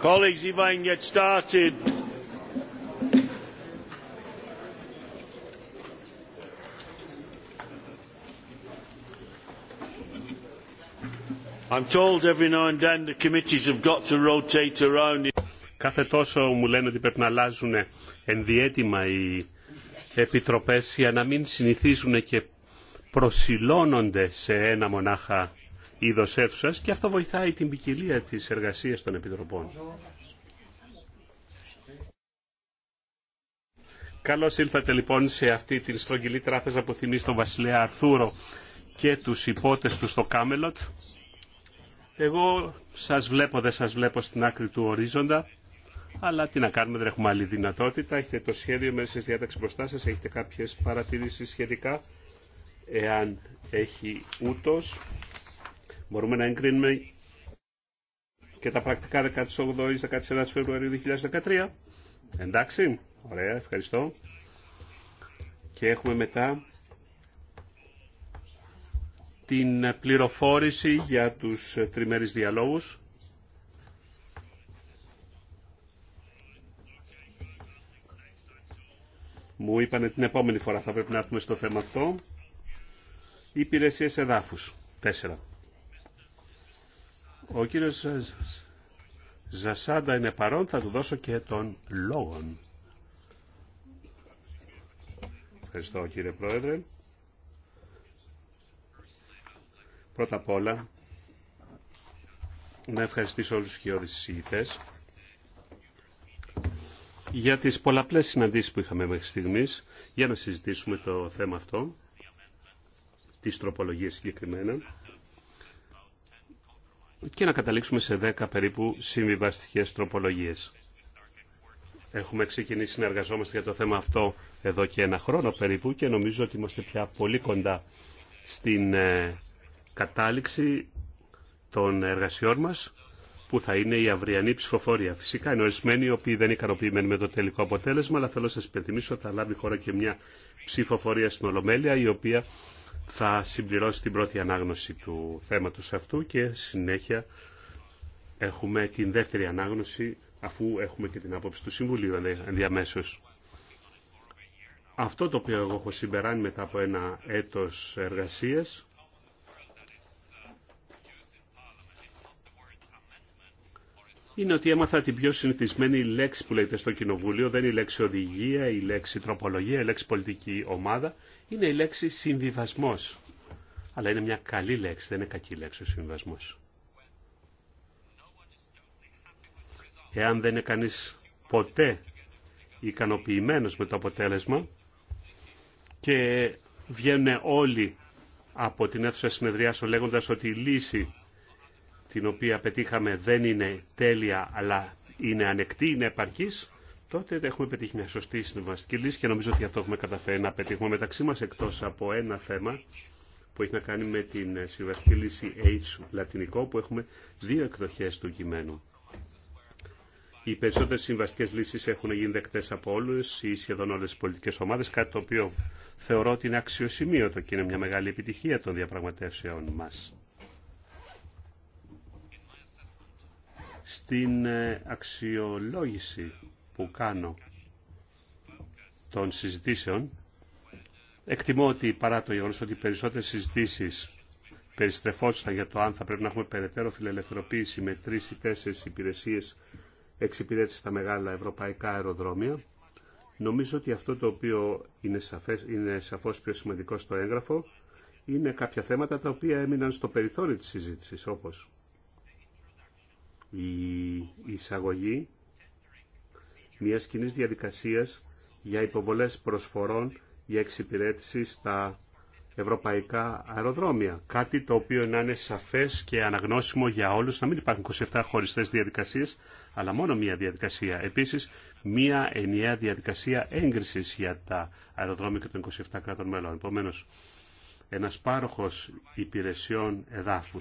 Colleagues, if I can get started. I'm told every now and then the committees have got to rotate around. Κάθε τόσο μου λένε ότι πρέπει να αλλάζουν ενδιέτοιμα οι επιτροπές για να μην συνηθίζουν και προσιλώνονται σε ένα μονάχα είδος αίθουσας και αυτό βοηθάει την ποικιλία της εργασίας των επιτροπών. Καλώς ήλθατε λοιπόν σε αυτή την στρογγυλή τράπεζα που θυμίζει τον βασιλέα Αρθούρο και τους υπότες του στο Κάμελοτ. Εγώ σας βλέπω, δεν σας βλέπω στην άκρη του ορίζοντα. Αλλά τι να κάνουμε, δεν έχουμε άλλη δυνατότητα. Έχετε το σχέδιο μέσα στη διάταξη μπροστά σα. Έχετε κάποιε παρατηρήσει σχετικά. Εάν έχει ούτω, μπορούμε να εγκρίνουμε και τα πρακτικά 18-14 Φεβρουαρίου 2013. Εντάξει, ωραία, ευχαριστώ. Και έχουμε μετά την πληροφόρηση για τους τριμερείς διαλόγους. Μου είπαν την επόμενη φορά θα πρέπει να έρθουμε στο θέμα αυτό. Υπηρεσίε εδάφους τέσσερα Ο κύριο Ζασάντα είναι παρόν, θα του δώσω και τον λόγο. Ευχαριστώ κύριε Πρόεδρε. Πρώτα απ' όλα, να ευχαριστήσω όλους τους χειώδεις συζητητές για τις πολλαπλές συναντήσεις που είχαμε μέχρι στιγμής για να συζητήσουμε το θέμα αυτό, τις τροπολογίες συγκεκριμένα και να καταλήξουμε σε 10 περίπου συμβιβαστικές τροπολογίες. Έχουμε ξεκινήσει να εργαζόμαστε για το θέμα αυτό εδώ και ένα χρόνο περίπου και νομίζω ότι είμαστε πια πολύ κοντά στην ε, κατάληξη των εργασιών μας που θα είναι η αυριανή ψηφοφορία. Φυσικά είναι ορισμένοι οι οποίοι δεν ικανοποιημένοι με το τελικό αποτέλεσμα, αλλά θέλω να σα υπενθυμίσω ότι θα λάβει χώρα και μια ψηφοφορία στην Ολομέλεια, η οποία θα συμπληρώσει την πρώτη ανάγνωση του θέματος αυτού και συνέχεια έχουμε την δεύτερη ανάγνωση αφού έχουμε και την άποψη του Συμβουλίου ενδιαμέσως. Αυτό το οποίο εγώ έχω συμπεράνει μετά από ένα έτος εργασίας είναι ότι έμαθα την πιο συνηθισμένη λέξη που λέγεται στο Κοινοβούλιο. Δεν είναι η λέξη οδηγία, η λέξη τροπολογία, η λέξη πολιτική ομάδα. Είναι η λέξη συμβιβασμό. Αλλά είναι μια καλή λέξη, δεν είναι κακή λέξη ο συμβιβασμό. Εάν δεν είναι κανεί ποτέ ικανοποιημένο με το αποτέλεσμα και βγαίνουν όλοι από την αίθουσα συνεδριάσεων λέγοντας ότι η λύση την οποία πετύχαμε δεν είναι τέλεια αλλά είναι ανεκτή, είναι επαρκή. τότε έχουμε πετύχει μια σωστή συμβαστική λύση και νομίζω ότι αυτό έχουμε καταφέρει να πετύχουμε μεταξύ μα εκτό από ένα θέμα που έχει να κάνει με την συμβαστική λύση H λατινικό που έχουμε δύο εκδοχέ του κειμένου. Οι περισσότερε συμβαστικέ λύσει έχουν γίνει δεκτέ από όλου ή σχεδόν όλε τι πολιτικέ ομάδε, κάτι το οποίο θεωρώ ότι είναι αξιοσημείωτο και είναι μια μεγάλη επιτυχία των διαπραγματεύσεων μα. στην ε, αξιολόγηση που κάνω των συζητήσεων, εκτιμώ ότι παρά το γεγονό ότι οι περισσότερες συζητήσεις περιστρεφόντουσαν για το αν θα πρέπει να έχουμε περαιτέρω φιλελευθερωποίηση με τρεις ή τέσσερις υπηρεσίες εξυπηρέτηση στα μεγάλα ευρωπαϊκά αεροδρόμια, νομίζω ότι αυτό το οποίο είναι, σαφές, είναι σαφώς πιο σημαντικό στο έγγραφο είναι κάποια θέματα τα οποία έμειναν στο περιθώριο της συζήτησης, όπως η εισαγωγή μια κοινή διαδικασίας για υποβολές προσφορών για εξυπηρέτηση στα ευρωπαϊκά αεροδρόμια. Κάτι το οποίο να είναι σαφές και αναγνώσιμο για όλους, να μην υπάρχουν 27 χωριστέ διαδικασίες, αλλά μόνο μία διαδικασία. Επίσης, μία ενιαία διαδικασία έγκρισης για τα αεροδρόμια και των 27 κράτων μέλων. Επομένω, ένα πάροχο υπηρεσιών εδάφου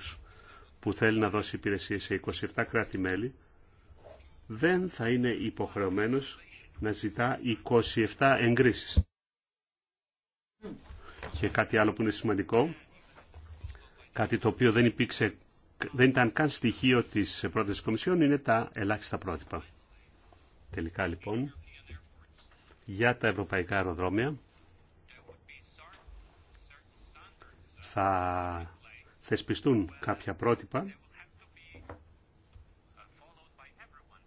που θέλει να δώσει υπηρεσία σε 27 κράτη-μέλη, δεν θα είναι υποχρεωμένος να ζητά 27 εγκρίσεις. Και κάτι άλλο που είναι σημαντικό, κάτι το οποίο δεν δεν ήταν καν στοιχείο της πρώτης Κομισιόν, είναι τα ελάχιστα πρότυπα. Τελικά λοιπόν, για τα ευρωπαϊκά αεροδρόμια θα θεσπιστούν κάποια πρότυπα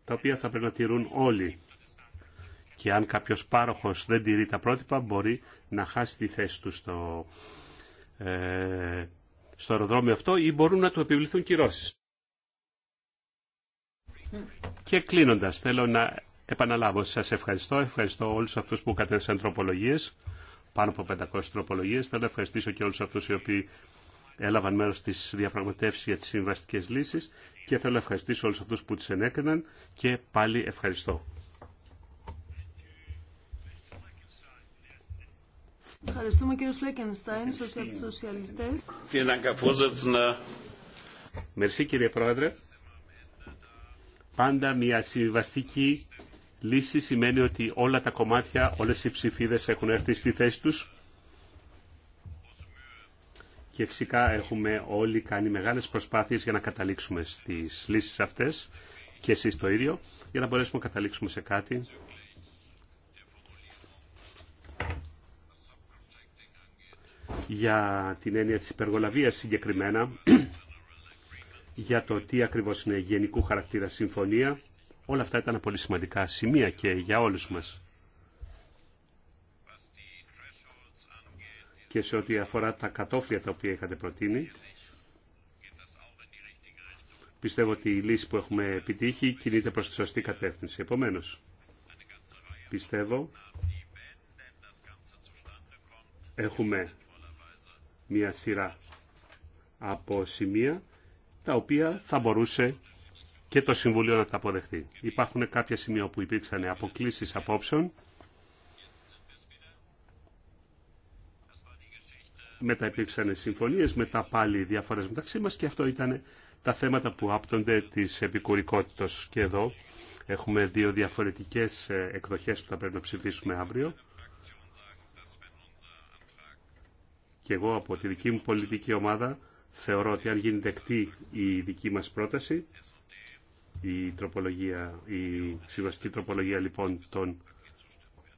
τα οποία θα πρέπει να τηρούν όλοι. Και αν κάποιος πάροχος δεν τηρεί τα πρότυπα μπορεί να χάσει τη θέση του στο, ε, στο αεροδρόμιο αυτό ή μπορούν να του επιβληθούν κυρώσεις. Και κλείνοντας, θέλω να επαναλάβω. Σας ευχαριστώ. Ευχαριστώ όλους αυτούς που κατέθεσαν τροπολογίες. Πάνω από 500 τροπολογίες. Θέλω να ευχαριστήσω και όλους αυτούς οι οποίοι έλαβαν μέρος στις διαπραγματεύσεις για τις συμβαστικές λύσεις και θέλω να ευχαριστήσω όλους αυτούς που τις ενέκριναν και πάλι ευχαριστώ. Ευχαριστούμε κύριο Φλέκενστάιν, σοσιαλιστές. Μερσή κύριε Πρόεδρε. Πάντα μια συμβαστική λύση σημαίνει ότι όλα τα κομμάτια, όλες οι ψηφίδες έχουν έρθει στη θέση τους και φυσικά έχουμε όλοι κάνει μεγάλες προσπάθειες για να καταλήξουμε στις λύσεις αυτές και εσείς το ίδιο για να μπορέσουμε να καταλήξουμε σε κάτι για την έννοια της υπεργολαβίας συγκεκριμένα για το τι ακριβώς είναι γενικού χαρακτήρα συμφωνία όλα αυτά ήταν πολύ σημαντικά σημεία και για όλους μας και σε ό,τι αφορά τα κατόφλια τα οποία είχατε προτείνει. Πιστεύω ότι η λύση που έχουμε επιτύχει κινείται προς τη σωστή κατεύθυνση. Επομένως, πιστεύω έχουμε μία σειρά από σημεία τα οποία θα μπορούσε και το Συμβουλίο να τα αποδεχτεί. Υπάρχουν κάποια σημεία όπου υπήρξαν αποκλήσεις απόψεων μετά υπήρξαν συμφωνίες, μετά πάλι διαφορές μεταξύ μας και αυτό ήταν τα θέματα που άπτονται της επικουρικότητος. Και εδώ έχουμε δύο διαφορετικές ε, εκδοχές που θα πρέπει να ψηφίσουμε αύριο. Και εγώ από τη δική μου πολιτική ομάδα θεωρώ ότι αν γίνει δεκτή η δική μας πρόταση, η, τροπολογία, η συμβαστική τροπολογία λοιπόν των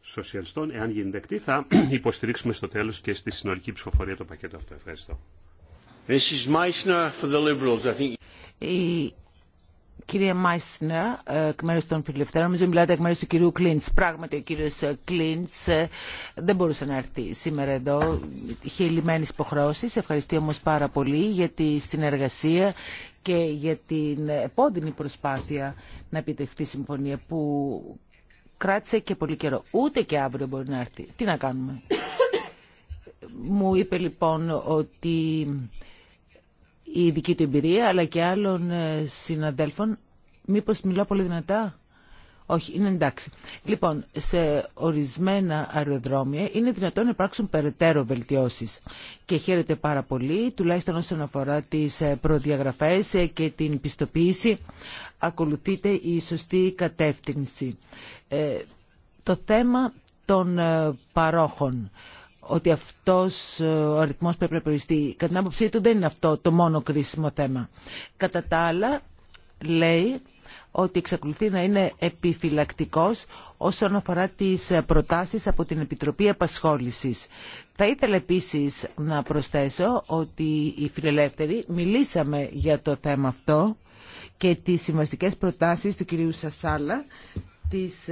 σοσιαλιστών, εάν γίνει δεκτή, θα υποστηρίξουμε στο τέλο και στη συνολική ψηφοφορία το πακέτο αυτό. Ευχαριστώ. Η κυρία Μάισνερ, εκ μέρου των Φιλελευθέρων, νομίζω μιλάτε εκ μέρου του κυρίου Κλίντ. Πράγματι, ο κύριο ε, Κλίντ ε, δεν μπορούσε να έρθει σήμερα εδώ. Είχε λυμμένε υποχρεώσει. Ευχαριστώ όμω πάρα πολύ για τη συνεργασία και για την επώδυνη προσπάθεια να επιτευχθεί συμφωνία που κράτησε και πολύ καιρό. Ούτε και αύριο μπορεί να έρθει. Τι να κάνουμε. Μου είπε λοιπόν ότι η δική του εμπειρία αλλά και άλλων ε, συναδέλφων μήπως μιλά πολύ δυνατά. Όχι, είναι εντάξει. Λοιπόν, σε ορισμένα αεροδρόμια είναι δυνατόν να υπάρξουν περαιτέρω βελτιώσεις. Και χαίρεται πάρα πολύ, τουλάχιστον όσον αφορά τις ε, προδιαγραφές ε, και την πιστοποίηση, ακολουθείται η σωστή κατεύθυνση. Ε, το θέμα των παρόχων ότι αυτός ο αριθμός πρέπει να περιοριστεί. Κατά την άποψή του δεν είναι αυτό το μόνο κρίσιμο θέμα. Κατά τα άλλα, λέει ότι εξακολουθεί να είναι επιφυλακτικός όσον αφορά τις προτάσεις από την Επιτροπή Επασχόλησης. Θα ήθελα επίσης να προσθέσω ότι οι φιλελεύθεροι μιλήσαμε για το θέμα αυτό και τις σημαντικές προτάσεις του κυρίου Σασάλα τις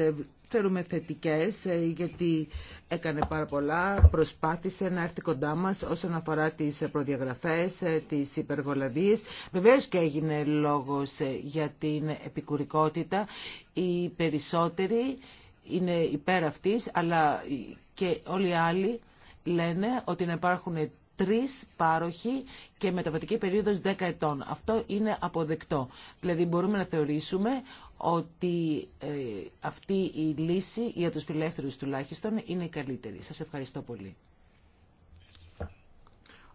θεωρούμε θετικές ε, γιατί έκανε πάρα πολλά, προσπάθησε να έρθει κοντά μας όσον αφορά τις προδιαγραφές, ε, τις υπεργολαβίες. Βεβαίως και έγινε λόγος ε, για την επικουρικότητα. Οι περισσότεροι είναι υπέρ αυτής, αλλά και όλοι οι άλλοι λένε ότι να υπάρχουν τρεις πάροχοι και μεταβατική περίοδος 10 ετών. Αυτό είναι αποδεκτό. Δηλαδή μπορούμε να θεωρήσουμε ότι ε, αυτή η λύση, για τους φιλεύθερους τουλάχιστον, είναι η καλύτερη. Σας ευχαριστώ πολύ.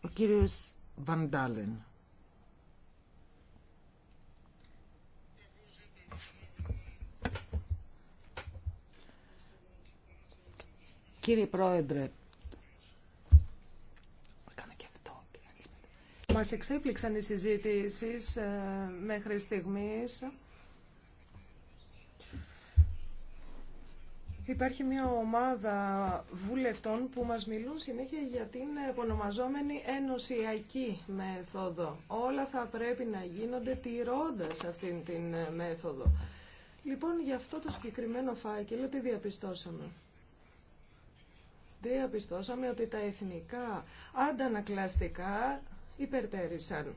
Ο κύριος Βαντάλεν. Κύριε Πρόεδρε, μας εξέπληξαν οι συζήτησεις ε, μέχρι στιγμής Υπάρχει μια ομάδα βουλευτών που μας μιλούν συνέχεια για την επωνομαζόμενη ενωσιακή μέθοδο. Όλα θα πρέπει να γίνονται τηρώντας αυτήν την μέθοδο. Λοιπόν, για αυτό το συγκεκριμένο φάκελο τι διαπιστώσαμε. Διαπιστώσαμε ότι τα εθνικά αντανακλαστικά υπερτέρησαν.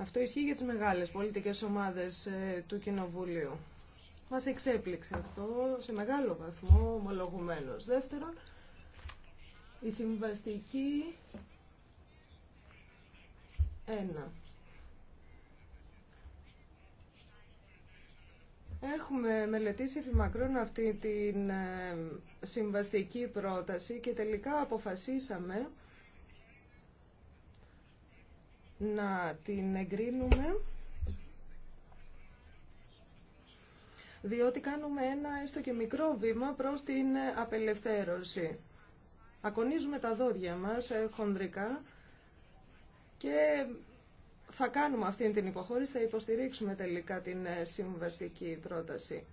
Αυτό ισχύει για τις μεγάλες πολιτικές ομάδες ε, του Κοινοβουλίου. Μα εξέπληξε αυτό σε μεγάλο βαθμό ομολογουμένω. Δεύτερον, η συμβαστική 1. Έχουμε μελετήσει μακρόν αυτή την ε, συμβαστική πρόταση και τελικά αποφασίσαμε να την εγκρίνουμε διότι κάνουμε ένα έστω και μικρό βήμα προς την απελευθέρωση. Ακονίζουμε τα δόντια μας ε, χονδρικά και θα κάνουμε αυτή την υποχώρηση, θα υποστηρίξουμε τελικά την ε, συμβαστική πρόταση.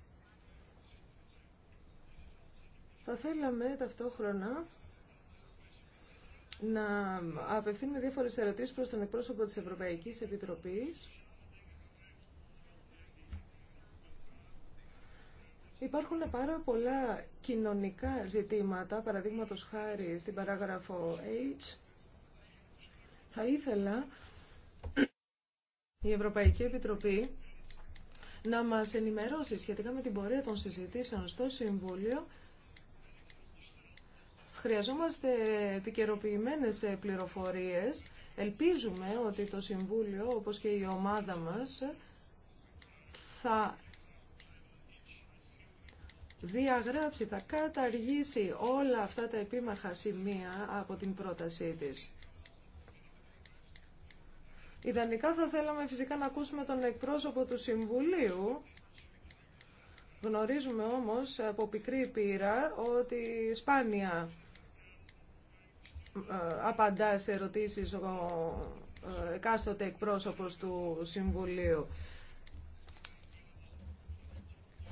Θα θέλαμε ταυτόχρονα να απευθύνουμε διάφορες ερωτήσεις προς τον εκπρόσωπο της Ευρωπαϊκής Επιτροπής Υπάρχουν πάρα πολλά κοινωνικά ζητήματα, παραδείγματο χάρη στην παράγραφο H. Θα ήθελα η Ευρωπαϊκή Επιτροπή να μας ενημερώσει σχετικά με την πορεία των συζητήσεων στο Συμβούλιο. Χρειαζόμαστε επικαιροποιημένε πληροφορίες. Ελπίζουμε ότι το Συμβούλιο, όπως και η ομάδα μας, θα διαγράψει, θα καταργήσει όλα αυτά τα επίμαχα σημεία από την πρότασή της. Ιδανικά θα θέλαμε φυσικά να ακούσουμε τον εκπρόσωπο του Συμβουλίου. Γνωρίζουμε όμως από πικρή πείρα ότι σπάνια ε, απαντά σε ερωτήσεις ο ε, εκάστοτε εκπρόσωπος του Συμβουλίου.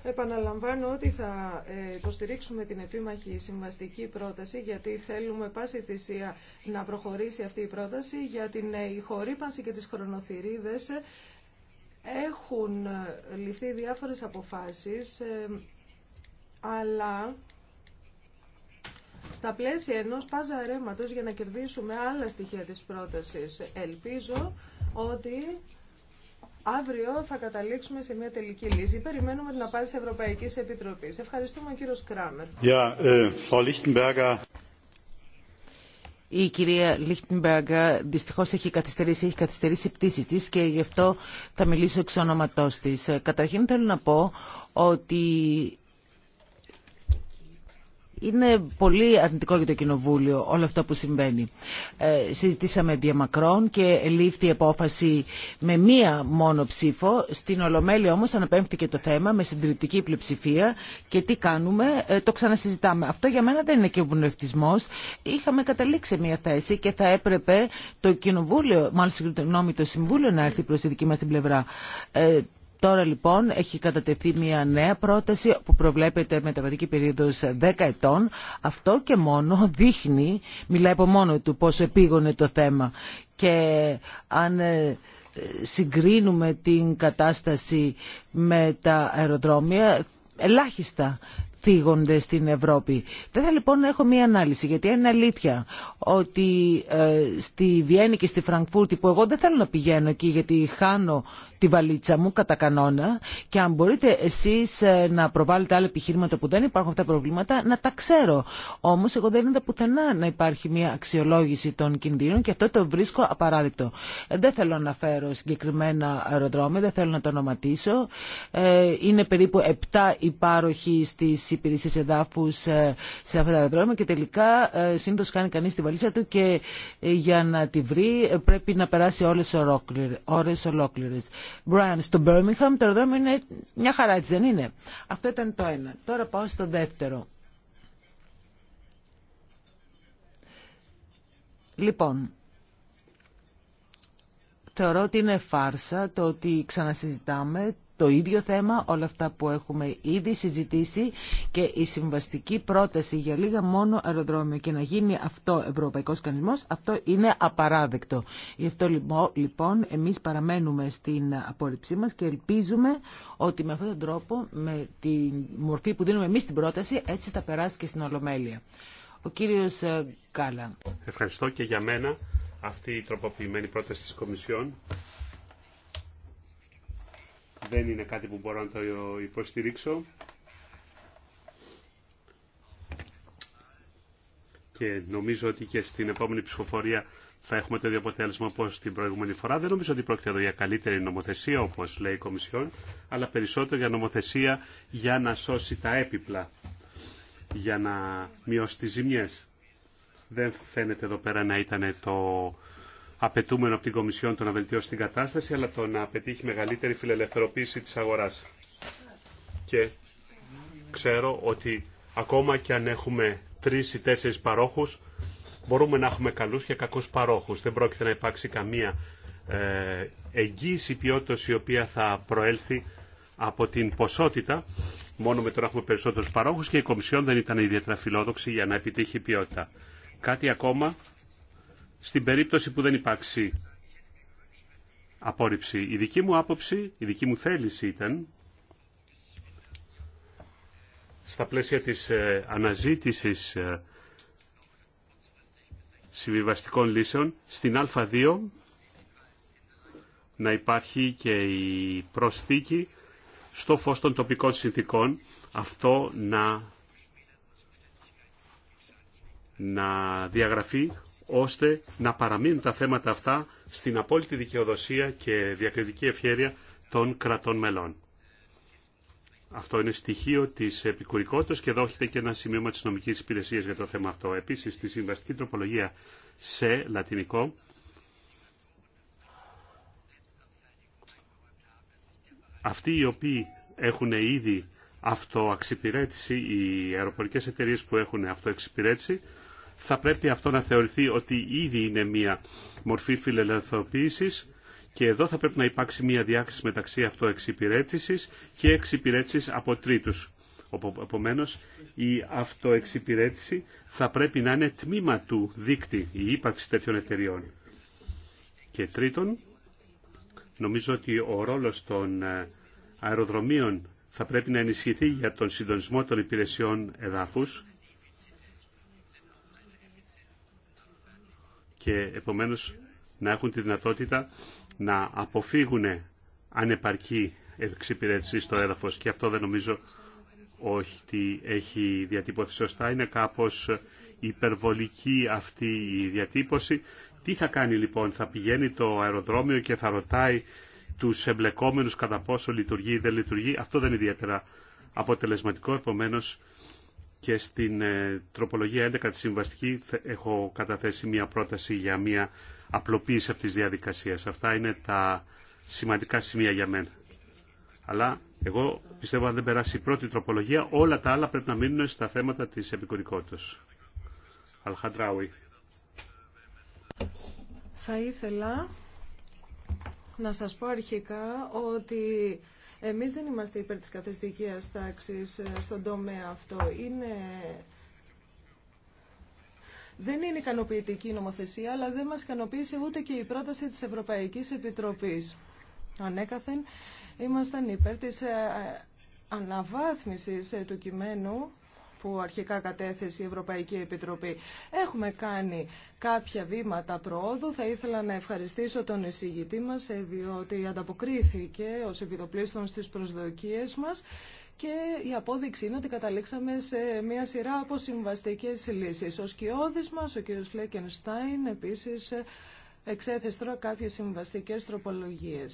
Επαναλαμβάνω ότι θα ε, υποστηρίξουμε την επίμαχη συμβαστική πρόταση γιατί θέλουμε πάση θυσία να προχωρήσει αυτή η πρόταση για την ναι, χορύπανση και τις χρονοθυρίδες έχουν ε, ληφθεί διάφορες αποφάσεις ε, αλλά στα πλαίσια ενός πάζα ρέματος για να κερδίσουμε άλλα στοιχεία της πρότασης ελπίζω ότι Αύριο θα καταλήξουμε σε μια τελική λύση. Περιμένουμε την απάντηση ευρωπαϊκή Επιτροπή. Ευχαριστούμε, κύριο Κράμερ. Ε, η κυρία Λίχτενμπεργκ δυστυχώ έχει καθυστερήσει, έχει καθυστερήσει πτήση τη και γι' αυτό θα μιλήσω εξ ονόματό τη. Ε, καταρχήν θέλω να πω ότι είναι πολύ αρνητικό για το Κοινοβούλιο όλο αυτό που συμβαίνει. Ε, συζητήσαμε διαμακρών και λήφθη η απόφαση με μία μόνο ψήφο. Στην Ολομέλη όμως αναπέμφθηκε το θέμα με συντηρητική πλειοψηφία και τι κάνουμε, ε, το ξανασυζητάμε. Αυτό για μένα δεν είναι και βουλευτισμό. Είχαμε καταλήξει μία θέση και θα έπρεπε το Κοινοβούλιο, μάλλον συγγνώμη το Συμβούλιο να έρθει προ τη δική μα την πλευρά. Ε, Τώρα λοιπόν έχει κατατεθεί μια νέα πρόταση που προβλέπεται μεταβατική περίοδο 10 ετών. Αυτό και μόνο δείχνει, μιλάει από μόνο του πόσο επίγονε το θέμα. Και αν ε, συγκρίνουμε την κατάσταση με τα αεροδρόμια, ελάχιστα θίγονται στην Ευρώπη. Δεν θα λοιπόν έχω μία ανάλυση, γιατί είναι αλήθεια ότι ε, στη Βιέννη και στη Φραγκφούρτη, που εγώ δεν θέλω να πηγαίνω εκεί γιατί χάνω τη βαλίτσα μου κατά κανόνα και αν μπορείτε εσείς ε, να προβάλλετε άλλα επιχείρηματα που δεν υπάρχουν αυτά τα προβλήματα να τα ξέρω. Όμως εγώ δεν είδα πουθενά να υπάρχει μια αξιολόγηση των κινδύνων και αυτό το βρίσκω απαράδεκτο. Ε, δεν θέλω να φέρω συγκεκριμένα αεροδρόμια, δεν θέλω να το ονοματίσω. Ε, είναι περίπου 7 υπάροχοι στις υπηρεσίες εδάφους σε αυτά τα αεροδρόμια και τελικά συνήθω κάνει κανείς τη βαλίτσα του και για να τη βρει πρέπει να περάσει όλες ώρες ολόκληρες. Brian στο Birmingham, το αεροδρόμιο είναι μια χαρά, έτσι δεν είναι. Αυτό ήταν το ένα. Τώρα πάω στο δεύτερο. Λοιπόν, θεωρώ ότι είναι φάρσα το ότι ξανασυζητάμε το ίδιο θέμα, όλα αυτά που έχουμε ήδη συζητήσει και η συμβαστική πρόταση για λίγα μόνο αεροδρόμιο και να γίνει αυτό ευρωπαϊκός κανονισμός, αυτό είναι απαράδεκτο. Γι' αυτό λοιπόν εμείς παραμένουμε στην απόρριψή μας και ελπίζουμε ότι με αυτόν τον τρόπο, με τη μορφή που δίνουμε εμείς την πρόταση, έτσι θα περάσει και στην Ολομέλεια. Ο κύριο ε, Κάλα. Ευχαριστώ και για μένα αυτή η τροποποιημένη πρόταση τη Κομισιόν δεν είναι κάτι που μπορώ να το υποστηρίξω. Και νομίζω ότι και στην επόμενη ψηφοφορία θα έχουμε το ίδιο αποτέλεσμα όπω την προηγούμενη φορά. Δεν νομίζω ότι πρόκειται εδώ για καλύτερη νομοθεσία, όπω λέει η Κομισιόν, αλλά περισσότερο για νομοθεσία για να σώσει τα έπιπλα, για να μειώσει τι ζημιέ. Δεν φαίνεται εδώ πέρα να ήταν το απαιτούμενο από την Κομισιόν το να βελτιώσει την κατάσταση, αλλά το να πετύχει μεγαλύτερη φιλελευθερωποίηση της αγοράς. Και ξέρω ότι ακόμα και αν έχουμε τρεις ή τέσσερις παρόχους, μπορούμε να έχουμε καλούς και κακούς παρόχους. Δεν πρόκειται να υπάρξει καμία ε, εγγύηση ποιότητας η οποία θα προέλθει από την ποσότητα, μόνο με το να έχουμε περισσότερους παρόχους και η Κομισιόν δεν ήταν ιδιαίτερα φιλόδοξη για να επιτύχει ποιότητα. Κάτι ακόμα στην περίπτωση που δεν υπάρξει απόρριψη. Η δική μου άποψη, η δική μου θέληση ήταν στα πλαίσια της ε, αναζήτησης ε, συμβιβαστικών λύσεων στην Α2 να υπάρχει και η προσθήκη στο φως των τοπικών συνθήκων αυτό να, να διαγραφεί ώστε να παραμείνουν τα θέματα αυτά στην απόλυτη δικαιοδοσία και διακριτική ευχέρεια των κρατών μελών. Αυτό είναι στοιχείο τη επικουρικότητα και εδώ έχετε και ένα σημείωμα τη νομική υπηρεσία για το θέμα αυτό. Επίση, στη συμβαστική τροπολογία σε λατινικό. Αυτοί οι οποίοι έχουν ήδη αυτοαξυπηρέτηση, οι αεροπορικές εταιρείες που έχουν αυτοεξυπηρέτηση, θα πρέπει αυτό να θεωρηθεί ότι ήδη είναι μια μορφή φιλελευθεροποίησης και εδώ θα πρέπει να υπάρξει μια διάκριση μεταξύ αυτοεξυπηρέτησης και εξυπηρέτησης από τρίτους. Επομένω, η αυτοεξυπηρέτηση θα πρέπει να είναι τμήμα του δίκτυ, η ύπαρξη τέτοιων εταιριών. Και τρίτον, νομίζω ότι ο ρόλος των ε, αεροδρομίων θα πρέπει να ενισχυθεί για τον συντονισμό των υπηρεσιών εδάφους και επομένως να έχουν τη δυνατότητα να αποφύγουν ανεπαρκή εξυπηρέτηση στο έδαφος και αυτό δεν νομίζω ότι έχει διατύπωθει σωστά. Είναι κάπως υπερβολική αυτή η διατύπωση. Τι θα κάνει λοιπόν, θα πηγαίνει το αεροδρόμιο και θα ρωτάει τους εμπλεκόμενους κατά πόσο λειτουργεί ή δεν λειτουργεί. Αυτό δεν είναι ιδιαίτερα αποτελεσματικό, επομένως και στην ε, τροπολογία 11 της συμβαστική έχω καταθέσει μια πρόταση για μια απλοποίηση αυτής της διαδικασίας. Αυτά είναι τα σημαντικά σημεία για μένα. Αλλά εγώ πιστεύω αν δεν περάσει η πρώτη τροπολογία, όλα τα άλλα πρέπει να μείνουν στα θέματα της επικουρικότητας. Αλχαντράουι. Θα ήθελα να σας πω αρχικά ότι εμείς δεν είμαστε υπέρ της καθεστικής τάξης ε, στον τομέα αυτό. Είναι... Δεν είναι ικανοποιητική η νομοθεσία, αλλά δεν μας ικανοποίησε ούτε και η πρόταση της Ευρωπαϊκής Επιτροπής. Ανέκαθεν, ήμασταν υπέρ της ε, ε, αναβάθμισης του κειμένου που αρχικά κατέθεσε η Ευρωπαϊκή Επιτροπή. Έχουμε κάνει κάποια βήματα προόδου. Θα ήθελα να ευχαριστήσω τον εισηγητή μας, ε, διότι ανταποκρίθηκε ως επιτοπλίστων στις προσδοκίες μας και η απόδειξη είναι ότι καταλήξαμε σε μια σειρά από συμβαστικέ λύσει. Ο σκιώδη μα, ο κ. Φλέκενστάιν, επίση ε, εξέθεσε τώρα κάποιε συμβαστικέ τροπολογίε.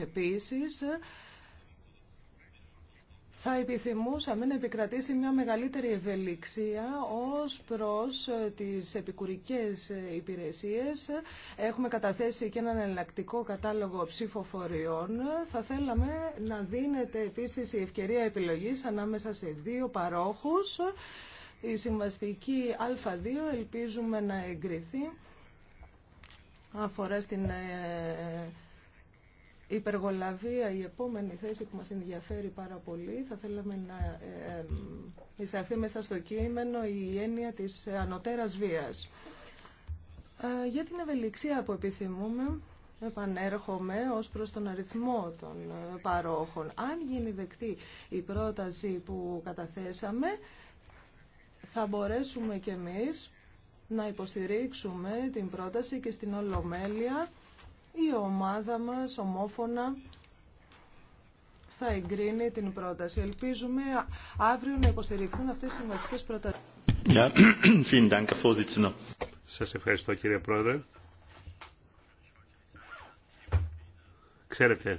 Επίσης, ε, θα επιθυμούσαμε να επικρατήσει μια μεγαλύτερη ευελιξία ως προς ε, τις επικουρικές ε, υπηρεσίες. Έχουμε καταθέσει και έναν εναλλακτικό κατάλογο ψηφοφοριών. Θα θέλαμε να δίνεται επίσης η ευκαιρία επιλογής ανάμεσα σε δύο παρόχους. Η συμβαστική Α2 ελπίζουμε να εγκριθεί αφορά στην ε, υπεργολαβία η επόμενη θέση που μας ενδιαφέρει πάρα πολύ. Θα θέλαμε να ε, ε, εισαχθεί μέσα στο κείμενο η έννοια της ανωτέρας βίας. Ε, για την ευελιξία που επιθυμούμε, επανέρχομαι ως προς τον αριθμό των παρόχων. Αν γίνει δεκτή η πρόταση που καταθέσαμε, θα μπορέσουμε κι εμείς να υποστηρίξουμε την πρόταση και στην Ολομέλεια η ομάδα μας ομόφωνα θα εγκρίνει την πρόταση. Ελπίζουμε αύριο να υποστηριχθούν αυτές οι συμβαστικές προτάσεις. Σα Σας ευχαριστώ κύριε Πρόεδρε. Ξέρετε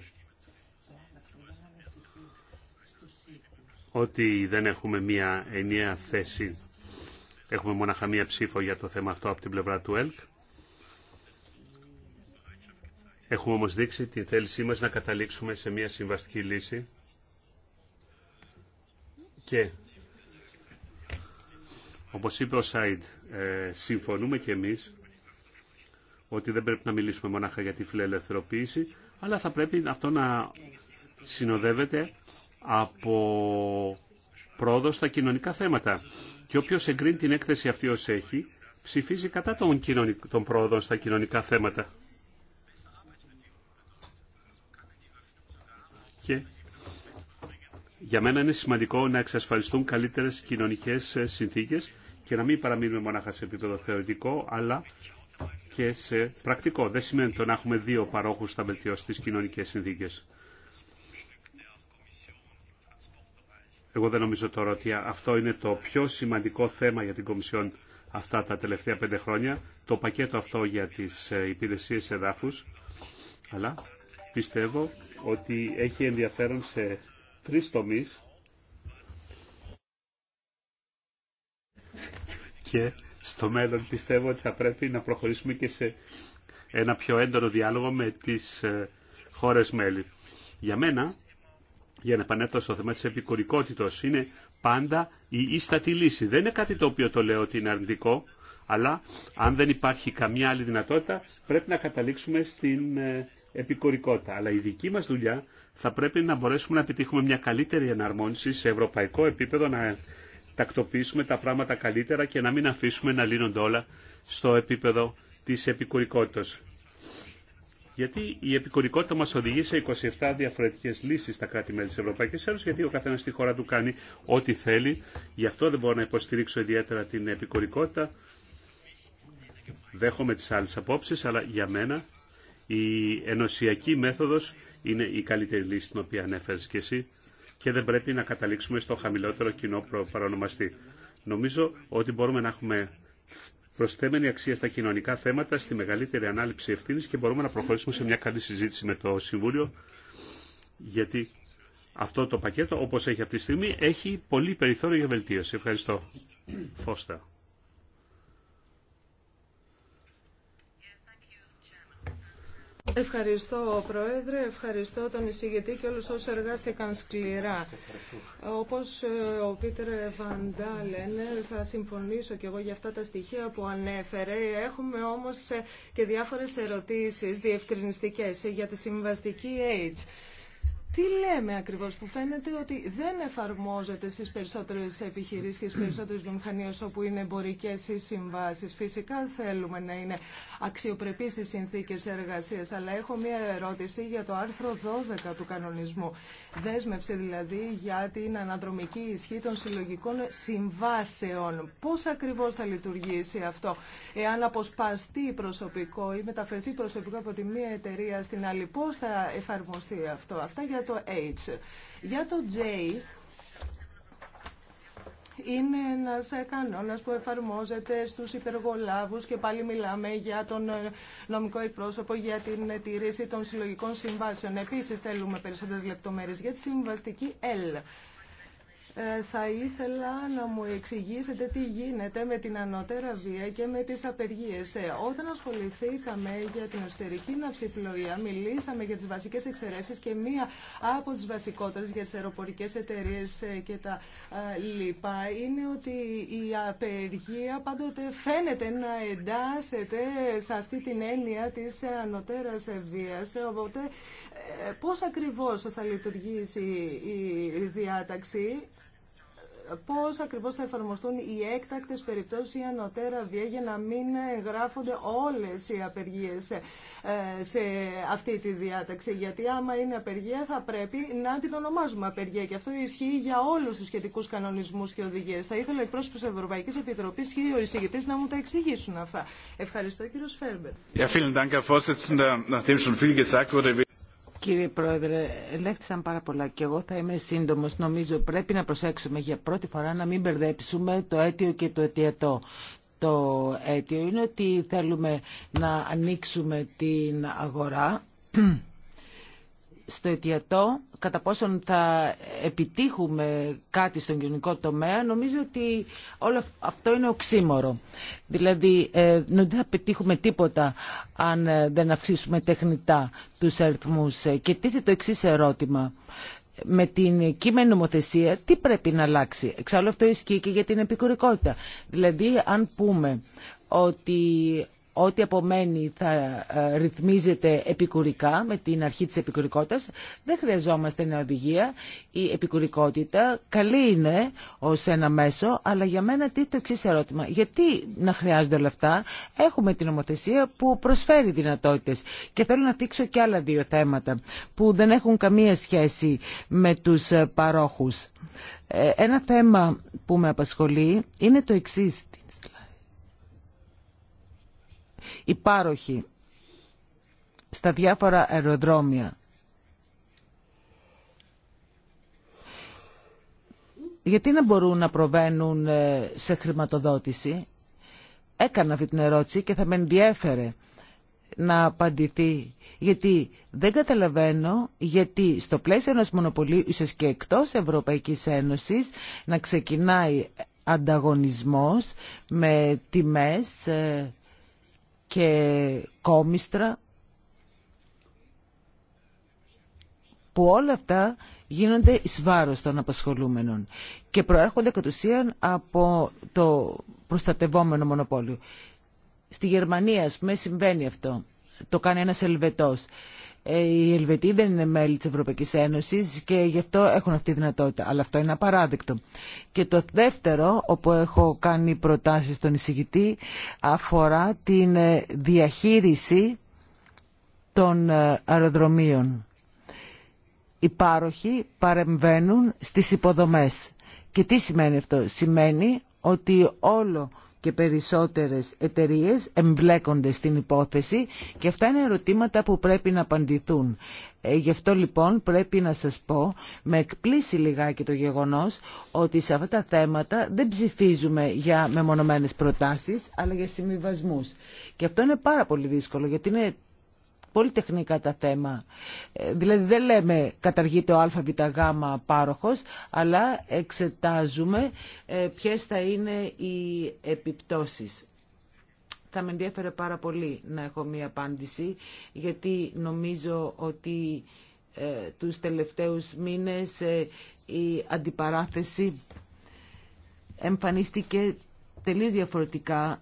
ότι δεν έχουμε μία ενιαία θέση. Έχουμε μόνο μία ψήφο για το θέμα αυτό από την πλευρά του ΕΛΚ. Έχουμε όμως δείξει την θέλησή μας να καταλήξουμε σε μια συμβαστική λύση και όπως είπε ο Σάιντ, ε, συμφωνούμε και εμείς ότι δεν πρέπει να μιλήσουμε μονάχα για τη φιλελευθερωποίηση, αλλά θα πρέπει αυτό να συνοδεύεται από πρόοδο στα κοινωνικά θέματα. Και όποιος εγκρίνει την έκθεση αυτή ως έχει, ψηφίζει κατά των, των πρόοδων στα κοινωνικά θέματα. και για μένα είναι σημαντικό να εξασφαλιστούν καλύτερες κοινωνικές ε, συνθήκες και να μην παραμείνουμε μονάχα σε επίπεδο θεωρητικό, αλλά και σε πρακτικό. Δεν σημαίνει το να έχουμε δύο παρόχους στα βελτιώσει τις κοινωνικές συνθήκες. Εγώ δεν νομίζω τώρα ότι αυτό είναι το πιο σημαντικό θέμα για την Κομισιόν αυτά τα τελευταία πέντε χρόνια, το πακέτο αυτό για τις ε, υπηρεσίες εδάφους, αλλά πιστεύω ότι έχει ενδιαφέρον σε τρει τομεί. και στο μέλλον πιστεύω ότι θα πρέπει να προχωρήσουμε και σε ένα πιο έντονο διάλογο με τις ε, χώρες μέλη. Για μένα, για να επανέλθω στο θέμα της επικουρικότητας, είναι πάντα η ίστατη λύση. Δεν είναι κάτι το οποίο το λέω ότι είναι αρνητικό, αλλά αν δεν υπάρχει καμιά άλλη δυνατότητα, πρέπει να καταλήξουμε στην ε, επικορικότητα. Αλλά η δική μας δουλειά θα πρέπει να μπορέσουμε να επιτύχουμε μια καλύτερη εναρμόνιση σε ευρωπαϊκό επίπεδο, να τακτοποιήσουμε τα πράγματα καλύτερα και να μην αφήσουμε να λύνονται όλα στο επίπεδο της επικουρικότητας. Γιατί η επικουρικότητα μας οδηγεί σε 27 διαφορετικές λύσεις στα κράτη-μέλη τη Ευρωπαϊκή Ένωση, γιατί ο καθένας στη χώρα του κάνει ό,τι θέλει. Γι' αυτό δεν μπορώ να υποστηρίξω ιδιαίτερα την επικουρικότητα. Δέχομαι τις άλλες απόψεις, αλλά για μένα η ενωσιακή μέθοδος είναι η καλύτερη λύση την οποία ανέφερες και εσύ και δεν πρέπει να καταλήξουμε στο χαμηλότερο κοινό παρονομαστή. Νομίζω ότι μπορούμε να έχουμε προσθέμενη αξία στα κοινωνικά θέματα, στη μεγαλύτερη ανάληψη ευθύνη και μπορούμε να προχωρήσουμε σε μια καλή συζήτηση με το Συμβούλιο, γιατί αυτό το πακέτο, όπως έχει αυτή τη στιγμή, έχει πολύ περιθώριο για βελτίωση. Ευχαριστώ. Φώστα. Ευχαριστώ, Πρόεδρε. Ευχαριστώ τον εισηγητή και όλους όσους εργάστηκαν σκληρά. Όπως ε, ο Πίτερ Βαντάλεν, θα συμφωνήσω και εγώ για αυτά τα στοιχεία που ανέφερε. Έχουμε όμως ε, και διάφορες ερωτήσεις διευκρινιστικές για τη συμβαστική AIDS τι λέμε ακριβώς που φαίνεται ότι δεν εφαρμόζεται στις περισσότερες επιχειρήσεις και στις περισσότερες βιομηχανίες όπου είναι εμπορικές ή συμβάσεις. Φυσικά θέλουμε να είναι αξιοπρεπείς οι συνθήκες εργασίας, αλλά έχω μία ερώτηση για το άρθρο 12 του κανονισμού. Δέσμευση δηλαδή για την αναδρομική ισχύ των συλλογικών συμβάσεων. Πώς ακριβώς θα λειτουργήσει αυτό, εάν αποσπαστεί προσωπικό ή μεταφερθεί προσωπικό από τη μία εταιρεία στην άλλη, πώ θα εφαρμοστεί αυτό. Αυτά για το H. Για το J, είναι ένας κανόνας που εφαρμόζεται στους υπεργολάβους και πάλι μιλάμε για τον νομικό εκπρόσωπο για την τηρήση των συλλογικών συμβάσεων. Επίσης θέλουμε περισσότερες λεπτομέρειες για τη συμβαστική L. Ε, θα ήθελα να μου εξηγήσετε τι γίνεται με την ανώτερα βία και με τις απεργίες. Ε, όταν ασχοληθήκαμε για την εσωτερική ναυσιπλοεία, μιλήσαμε για τις βασικές εξαιρέσεις και μία από τις βασικότερες για τις αεροπορικές εταιρείε ε, και τα λοιπά είναι ότι η απεργία πάντοτε φαίνεται να εντάσσεται σε αυτή την έννοια της ανωτέρας βίας. Οπότε πώς ακριβώς θα λειτουργήσει η διάταξη Πώ ακριβώ θα εφαρμοστούν οι έκτακτε περιπτώσει ή ανωτέρα βία για να μην γράφονται όλε οι απεργίε ε, σε αυτή τη διάταξη. Γιατί άμα είναι απεργία θα πρέπει να την ονομάζουμε απεργία και αυτό ισχύει για όλου του σχετικού κανονισμού και οδηγίε. Θα ήθελα πρόσωποι τη Ευρωπαϊκή Επιτροπή και ο εισηγητής να μου τα εξηγήσουν αυτά. Ευχαριστώ κύριο Φέρμπερ. Κύριε Πρόεδρε, ελέγχθησαν πάρα πολλά και εγώ θα είμαι σύντομος. Νομίζω πρέπει να προσέξουμε για πρώτη φορά να μην μπερδέψουμε το αίτιο και το αιτιατό. Το αίτιο είναι ότι θέλουμε να ανοίξουμε την αγορά στο αιτιατό, κατά πόσον θα επιτύχουμε κάτι στον κοινωνικό τομέα, νομίζω ότι όλο αυτό είναι οξύμορο. Δηλαδή, ε, δεν θα πετύχουμε τίποτα αν ε, δεν αυξήσουμε τεχνητά τους αριθμούς. Ε, και τίθεται το εξή ερώτημα. Με την κείμενη νομοθεσία, τι πρέπει να αλλάξει. Εξάλλου αυτό ισχύει και για την επικουρικότητα. Δηλαδή, αν πούμε ότι ό,τι απομένει θα ε, ρυθμίζεται επικουρικά με την αρχή της επικουρικότητας. Δεν χρειαζόμαστε νέα οδηγία. Η επικουρικότητα καλή είναι ως ένα μέσο, αλλά για μένα τι το εξή ερώτημα. Γιατί να χρειάζονται όλα αυτά. Έχουμε την νομοθεσία που προσφέρει δυνατότητες. Και θέλω να δείξω και άλλα δύο θέματα που δεν έχουν καμία σχέση με τους ε, παρόχους. Ε, ένα θέμα που με απασχολεί είναι το εξή υπάροχοι στα διάφορα αεροδρόμια. Γιατί να μπορούν να προβαίνουν ε, σε χρηματοδότηση. Έκανα αυτή την ερώτηση και θα με ενδιέφερε να απαντηθεί. Γιατί δεν καταλαβαίνω γιατί στο πλαίσιο ενός μονοπολίου ίσως και εκτός Ευρωπαϊκής Ένωσης, να ξεκινάει ανταγωνισμός με τιμές ε, και κόμιστρα που όλα αυτά γίνονται εις βάρος των απασχολούμενων και προέρχονται κατ' ουσίαν από το προστατευόμενο μονοπόλιο. Στη Γερμανία, ας πούμε, συμβαίνει αυτό. Το κάνει ένας Ελβετός. Ε, οι Ελβετοί δεν είναι μέλη της Ευρωπαϊκής Ένωσης και γι' αυτό έχουν αυτή τη δυνατότητα. Αλλά αυτό είναι απαράδεκτο. Και το δεύτερο, όπου έχω κάνει προτάσεις στον εισηγητή, αφορά την ε, διαχείριση των ε, αεροδρομίων. Οι πάροχοι παρεμβαίνουν στις υποδομές. Και τι σημαίνει αυτό. Σημαίνει ότι όλο και περισσότερες εταιρείες εμπλέκονται στην υπόθεση και αυτά είναι ερωτήματα που πρέπει να απαντηθούν. Ε, γι' αυτό λοιπόν πρέπει να σας πω, με εκπλήσει λιγάκι το γεγονός ότι σε αυτά τα θέματα δεν ψηφίζουμε για μεμονωμένες προτάσεις αλλά για συμβιβασμού. Και αυτό είναι πάρα πολύ δύσκολο γιατί είναι πολύ τεχνικά τα θέμα. Ε, δηλαδή δεν λέμε καταργείται ο ΑΒΓ πάροχος, αλλά εξετάζουμε ε, ποιες θα είναι οι επιπτώσεις. Θα με ενδιαφέρε πάρα πολύ να έχω μία απάντηση, γιατί νομίζω ότι ε, τους τελευταίους μήνες η αντιπαράθεση εμφανίστηκε τελείως διαφορετικά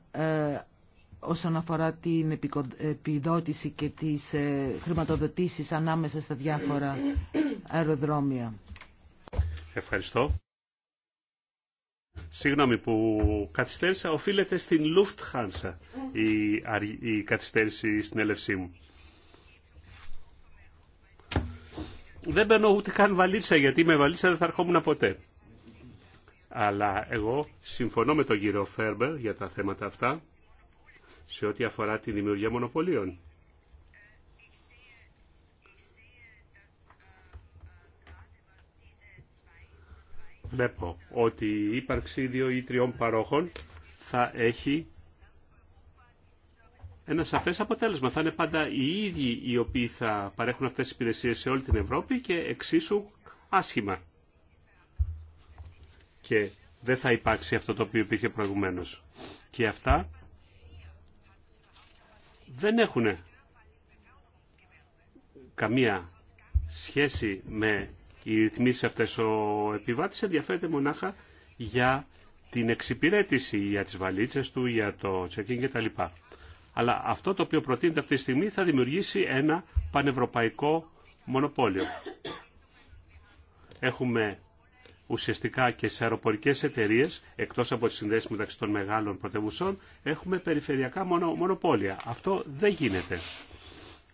όσον αφορά την επιδότηση και τις ε, χρηματοδοτήσεις ανάμεσα στα διάφορα αεροδρόμια. Ευχαριστώ. Συγγνώμη που καθυστέρησα, οφείλεται στην Lufthansa η, η καθυστέρηση στην έλευσή μου. Δεν μπαίνω ούτε καν βαλίτσα, γιατί με βαλίτσα δεν θα ερχόμουν ποτέ. Αλλά εγώ συμφωνώ με τον κύριο Φέρμπερ για τα θέματα αυτά σε ό,τι αφορά τη δημιουργία μονοπωλίων. Βλέπω ότι η ύπαρξη δύο ή τριών παρόχων θα έχει ένα σαφές αποτέλεσμα. Θα είναι πάντα οι ίδιοι οι οποίοι θα παρέχουν αυτές τις υπηρεσίες σε όλη την Ευρώπη και εξίσου άσχημα. Και δεν θα υπάρξει αυτό το οποίο υπήρχε προηγουμένως. Και αυτά δεν έχουν καμία σχέση με οι ρυθμίσεις αυτές. Ο επιβάτης ενδιαφέρεται μονάχα για την εξυπηρέτηση, για τις βαλίτσες του, για το και τα κτλ. Αλλά αυτό το οποίο προτείνεται αυτή τη στιγμή θα δημιουργήσει ένα πανευρωπαϊκό μονοπόλιο. Έχουμε ουσιαστικά και σε αεροπορικές εταιρείε, εκτός από τις συνδέσει μεταξύ των μεγάλων πρωτεύουσων, έχουμε περιφερειακά μονο, μονοπόλια. Αυτό δεν γίνεται.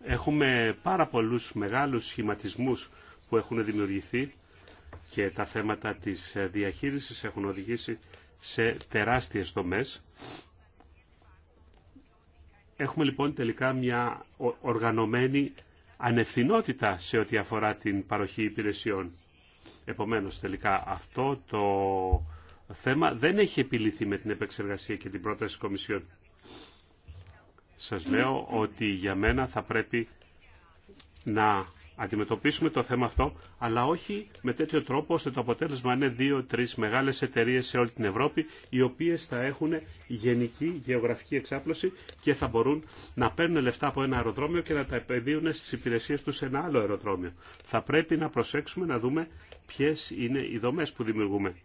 Έχουμε πάρα πολλού μεγάλους σχηματισμούς που έχουν δημιουργηθεί και τα θέματα της ε, διαχείρισης έχουν οδηγήσει σε τεράστιες δομές. Έχουμε λοιπόν τελικά μια οργανωμένη ανευθυνότητα σε ό,τι αφορά την παροχή υπηρεσιών. Επομένως, τελικά αυτό το θέμα δεν έχει επιληθεί με την επεξεργασία και την πρόταση της Κομισιόν. Σας λέω ότι για μένα θα πρέπει να αντιμετωπίσουμε το θέμα αυτό, αλλά όχι με τέτοιο τρόπο ώστε το αποτέλεσμα είναι δύο-τρει μεγάλε εταιρείε σε όλη την Ευρώπη, οι οποίε θα έχουν γενική γεωγραφική εξάπλωση και θα μπορούν να παίρνουν λεφτά από ένα αεροδρόμιο και να τα επενδύουν στι υπηρεσίε του σε ένα άλλο αεροδρόμιο. Θα πρέπει να προσέξουμε να δούμε ποιε είναι οι δομέ που δημιουργούμε.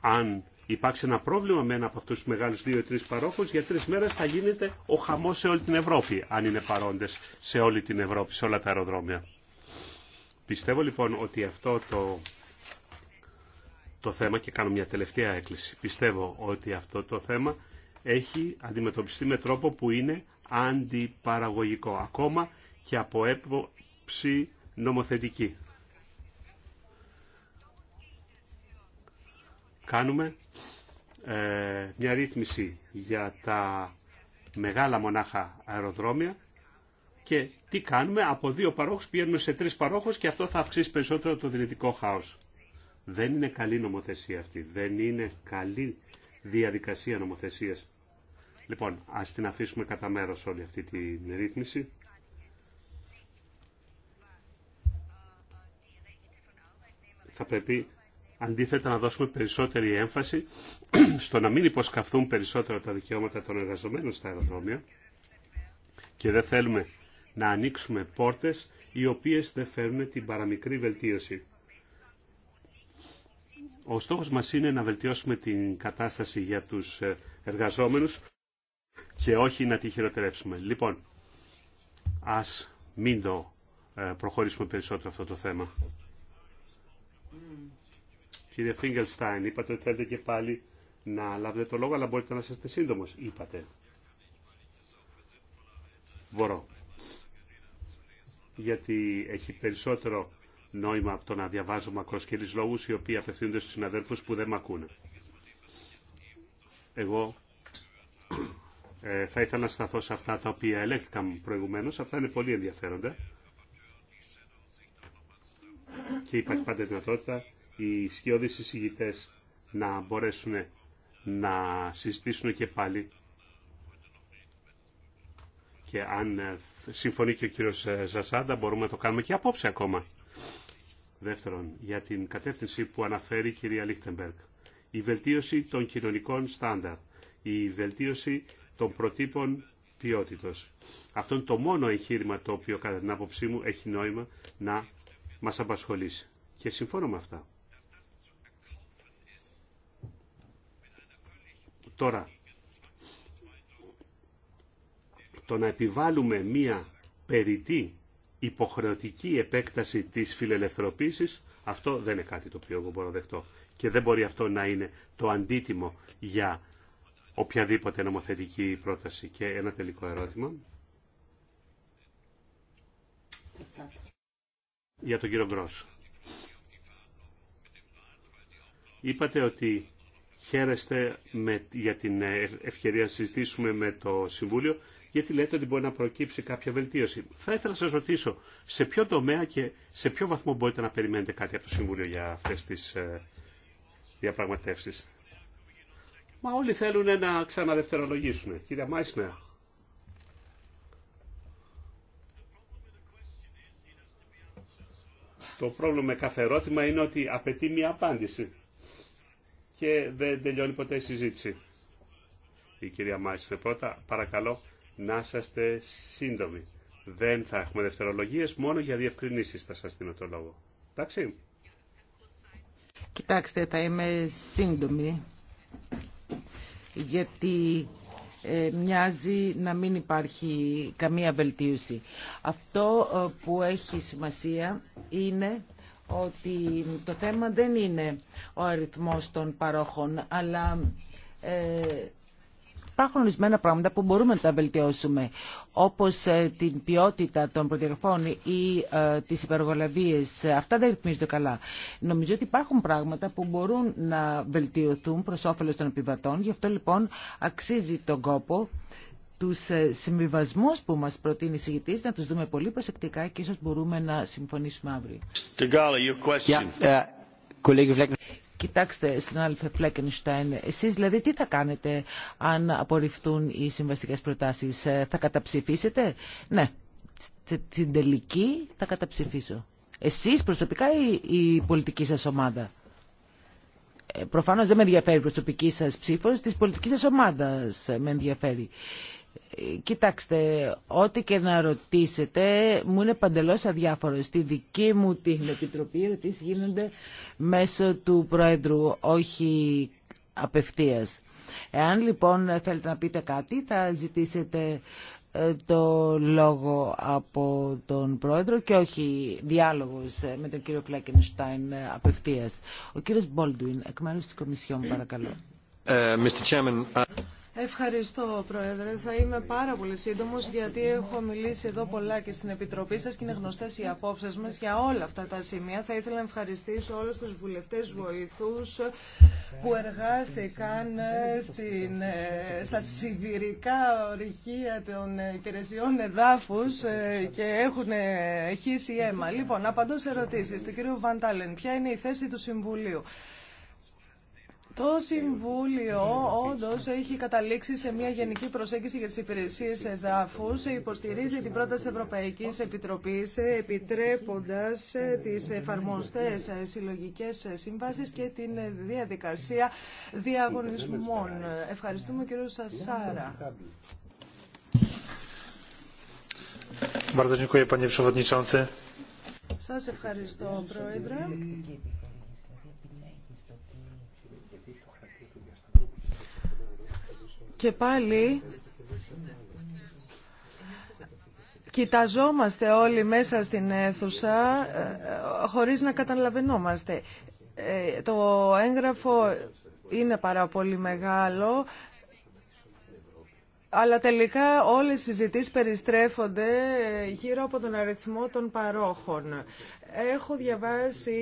Αν Υπάρχει ένα πρόβλημα με ένα από αυτού τους μεγάλους δύο ή τρεις παρόχους, για τρει μέρες θα γίνεται ο χαμός σε όλη την Ευρώπη, αν είναι παρόντες σε όλη την Ευρώπη, σε όλα τα αεροδρόμια. Πιστεύω λοιπόν ότι αυτό το, το θέμα, και κάνω μια τελευταία έκκληση, πιστεύω ότι αυτό το θέμα έχει αντιμετωπιστεί με τρόπο που είναι αντιπαραγωγικό, ακόμα και από έποψη νομοθετική. κάνουμε ε, μια ρύθμιση για τα μεγάλα μονάχα αεροδρόμια και τι κάνουμε, από δύο παρόχους πηγαίνουμε σε τρεις παρόχους και αυτό θα αυξήσει περισσότερο το δυνητικό χάος. Δεν είναι καλή νομοθεσία αυτή, δεν είναι καλή διαδικασία νομοθεσίας. Λοιπόν, ας την αφήσουμε κατά μέρο όλη αυτή τη ρύθμιση. Θα πρέπει αντίθετα να δώσουμε περισσότερη έμφαση στο να μην υποσκαφθούν περισσότερο τα δικαιώματα των εργαζομένων στα αεροδρόμια και δεν θέλουμε να ανοίξουμε πόρτες οι οποίες δεν φέρνουν την παραμικρή βελτίωση. Ο στόχος μας είναι να βελτιώσουμε την κατάσταση για τους ε, εργαζόμενους και όχι να τη χειροτερέψουμε. Λοιπόν, ας μην το ε, προχωρήσουμε περισσότερο αυτό το θέμα. Κύριε Φίγκελστάιν, είπατε ότι θέλετε και πάλι να λάβετε το λόγο, αλλά μπορείτε να είστε σύντομο, είπατε. Μπορώ. Γιατί έχει περισσότερο νόημα από το να διαβάζω μακροσκελείς λόγους οι οποίοι απευθύνονται στους συναδέλφους που δεν μ' ακούνε. Εγώ ε, θα ήθελα να σταθώ σε αυτά τα οποία ελέγχθηκαν προηγουμένως. Αυτά είναι πολύ ενδιαφέροντα. Και υπάρχει πάντα δυνατότητα οι σκιώδεις εισηγητές να μπορέσουν να συζητήσουν και πάλι και αν ε, συμφωνεί και ο κύριος ε, Ζασάντα μπορούμε να το κάνουμε και απόψε ακόμα. Δεύτερον, για την κατεύθυνση που αναφέρει η κυρία Λίχτεμπεργκ. Η βελτίωση των κοινωνικών στάνταρ. Η βελτίωση των προτύπων ποιότητος. Αυτό είναι το μόνο εγχείρημα το οποίο κατά την άποψή μου έχει νόημα να μας απασχολήσει. Και συμφώνω με αυτά. Τώρα, το να επιβάλλουμε μία περιττή υποχρεωτική επέκταση της φιλελευθερωποίησης, αυτό δεν είναι κάτι το οποίο εγώ μπορώ να δεχτώ. Και δεν μπορεί αυτό να είναι το αντίτιμο για οποιαδήποτε νομοθετική πρόταση. Και ένα τελικό ερώτημα. Για τον κύριο Γκρός. Είπατε ότι χαίρεστε με, για την ευκαιρία να συζητήσουμε με το Συμβούλιο, γιατί λέτε ότι μπορεί να προκύψει κάποια βελτίωση. Θα ήθελα να σας ρωτήσω, σε ποιο τομέα και σε ποιο βαθμό μπορείτε να περιμένετε κάτι από το Συμβούλιο για αυτές τις ε, διαπραγματεύσεις. Μα όλοι θέλουν να ξαναδευτερολογήσουν. Κύριε Μάισνερ. Το πρόβλημα με κάθε ερώτημα είναι ότι απαιτεί μια απάντηση και δεν τελειώνει ποτέ η συζήτηση. Η κυρία Μάισνε πρώτα, παρακαλώ να είσαστε σύντομοι. Δεν θα έχουμε δευτερολογίε μόνο για διευκρινήσει θα σα δίνω το λόγο. Εντάξει. Κοιτάξτε, θα είμαι σύντομη, γιατί ε, μοιάζει να μην υπάρχει καμία βελτίωση. Αυτό ε, που έχει σημασία είναι ότι το θέμα δεν είναι ο αριθμός των παρόχων, αλλά ε, υπάρχουν ορισμένα πράγματα που μπορούμε να τα βελτιώσουμε, όπως ε, την ποιότητα των προδιαγραφών ή ε, τις υπεργολαβίες. Αυτά δεν ρυθμίζονται καλά. Νομίζω ότι υπάρχουν πράγματα που μπορούν να βελτιωθούν προς όφελος των επιβατών. Γι' αυτό λοιπόν αξίζει τον κόπο τους ε, συμβιβασμού που μας προτείνει η συγητής να τους δούμε πολύ προσεκτικά και ίσως μπορούμε να συμφωνήσουμε αύριο. Ε, Κοιτάξτε, συνάδελφε Φλέκενστάιν, εσείς δηλαδή τι θα κάνετε αν απορριφθούν οι συμβαστικές προτάσεις. Ε, θα καταψηφίσετε. Ναι, στην τελική θα καταψηφίσω. Εσείς προσωπικά ή η πολιτική σας ομάδα. Ε, προφανώς δεν με ενδιαφέρει η προσωπική σας ψήφος, της πολιτικής σας ομάδας με ενδιαφέρει. Κοιτάξτε, ό,τι και να ρωτήσετε μου είναι παντελώς αδιάφορο. Στη δική μου την επιτροπή οι γίνονται μέσω του Πρόεδρου, όχι απευθείας. Εάν λοιπόν θέλετε να πείτε κάτι θα ζητήσετε ε, το λόγο από τον Πρόεδρο και όχι διάλογος ε, με τον κύριο Φλέκενστάιν ε, απευθείας. Ο κύριος Μπόλντουιν, εκ μέρους της Κομισιόν, παρακαλώ. Mr. Ευχαριστώ, Πρόεδρε. Θα είμαι πάρα πολύ σύντομο γιατί έχω μιλήσει εδώ πολλά και στην Επιτροπή σας και είναι γνωστέ οι απόψει μας για όλα αυτά τα σημεία. Θα ήθελα να ευχαριστήσω όλους τους βουλευτές βοηθούς που εργάστηκαν στην, στα σιβηρικά ορυχεία των υπηρεσιών εδάφου και έχουν χύσει αίμα. Λοιπόν, απαντώ σε ερωτήσει. του κ. Βαντάλεν. Ποια είναι η θέση του Συμβουλίου. Το Συμβούλιο όντω έχει καταλήξει σε μια γενική προσέγγιση για τι υπηρεσίε εδάφου. Υποστηρίζει την πρόταση Ευρωπαϊκή Επιτροπή, επιτρέποντα τι εφαρμοστέ συλλογικέ συμβάσει και την διαδικασία διαγωνισμών. Ευχαριστούμε, κύριο Σασάρα. Σα ευχαριστώ, Πρόεδρε. Και πάλι κοιταζόμαστε όλοι μέσα στην αίθουσα ε, χωρίς να καταλαβαίνόμαστε. Ε, το έγγραφο είναι πάρα πολύ μεγάλο. Αλλά τελικά όλες οι συζητήσεις περιστρέφονται ε, γύρω από τον αριθμό των παρόχων. Έχω διαβάσει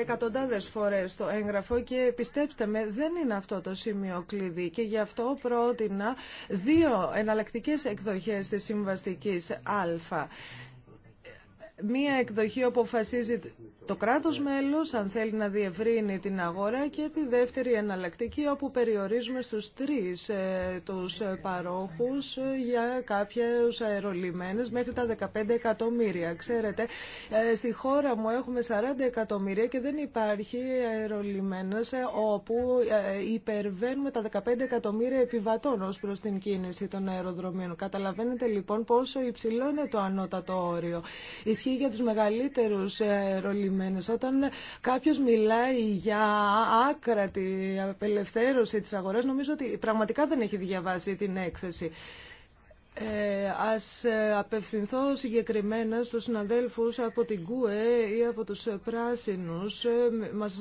εκατοντάδες φορές το έγγραφο και πιστέψτε με δεν είναι αυτό το σημείο κλειδί και γι' αυτό πρότεινα δύο εναλλακτικές εκδοχές της συμβαστικής Α. Μία εκδοχή που αποφασίζει το κράτος μέλος, αν θέλει να διευρύνει την αγορά και τη δεύτερη εναλλακτική, όπου περιορίζουμε στους τρεις ε, τους ε, παρόχους ε, για κάποιους αερολιμένες μέχρι τα 15 εκατομμύρια. Ξέρετε, στη χώρα μου έχουμε 40 εκατομμύρια και δεν υπάρχει αερολιμένες όπου υπερβαίνουμε τα 15 εκατομμύρια επιβατών ως προς την κίνηση των αεροδρομίων. Καταλαβαίνετε λοιπόν πόσο υψηλό είναι το ανώτατο όριο. Ισχύει για τους μεγαλύτερους αερολιμένες όταν κάποιος μιλάει για άκρατη απελευθέρωση τη αγοράς, νομίζω ότι πραγματικά δεν έχει διαβάσει την έκθεση. Ε, ας ε, απευθυνθώ συγκεκριμένα στους συναδέλφους από την ΚΟΕ ή από τους Πράσινους. Ε, μας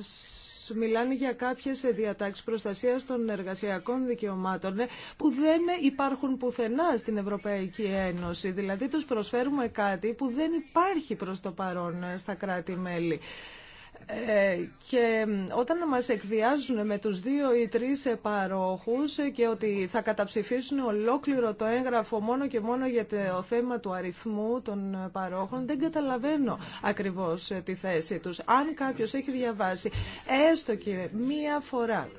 μιλάνε για κάποιες διατάξεις προστασίας των εργασιακών δικαιωμάτων ε, που δεν υπάρχουν πουθενά στην Ευρωπαϊκή Ένωση. Δηλαδή τους προσφέρουμε κάτι που δεν υπάρχει προς το παρόν ε, στα κράτη-μέλη. Ε, και όταν μας εκβιάζουν με τους δύο ή τρεις παρόχους ε, και ότι θα καταψηφίσουν ολόκληρο το έγγραφο μόνο και μόνο για το θέμα του αριθμού των παρόχων, δεν καταλαβαίνω ακριβώς ε, τη θέση τους. Αν κάποιος έχει διαβάσει έστω και μία φορά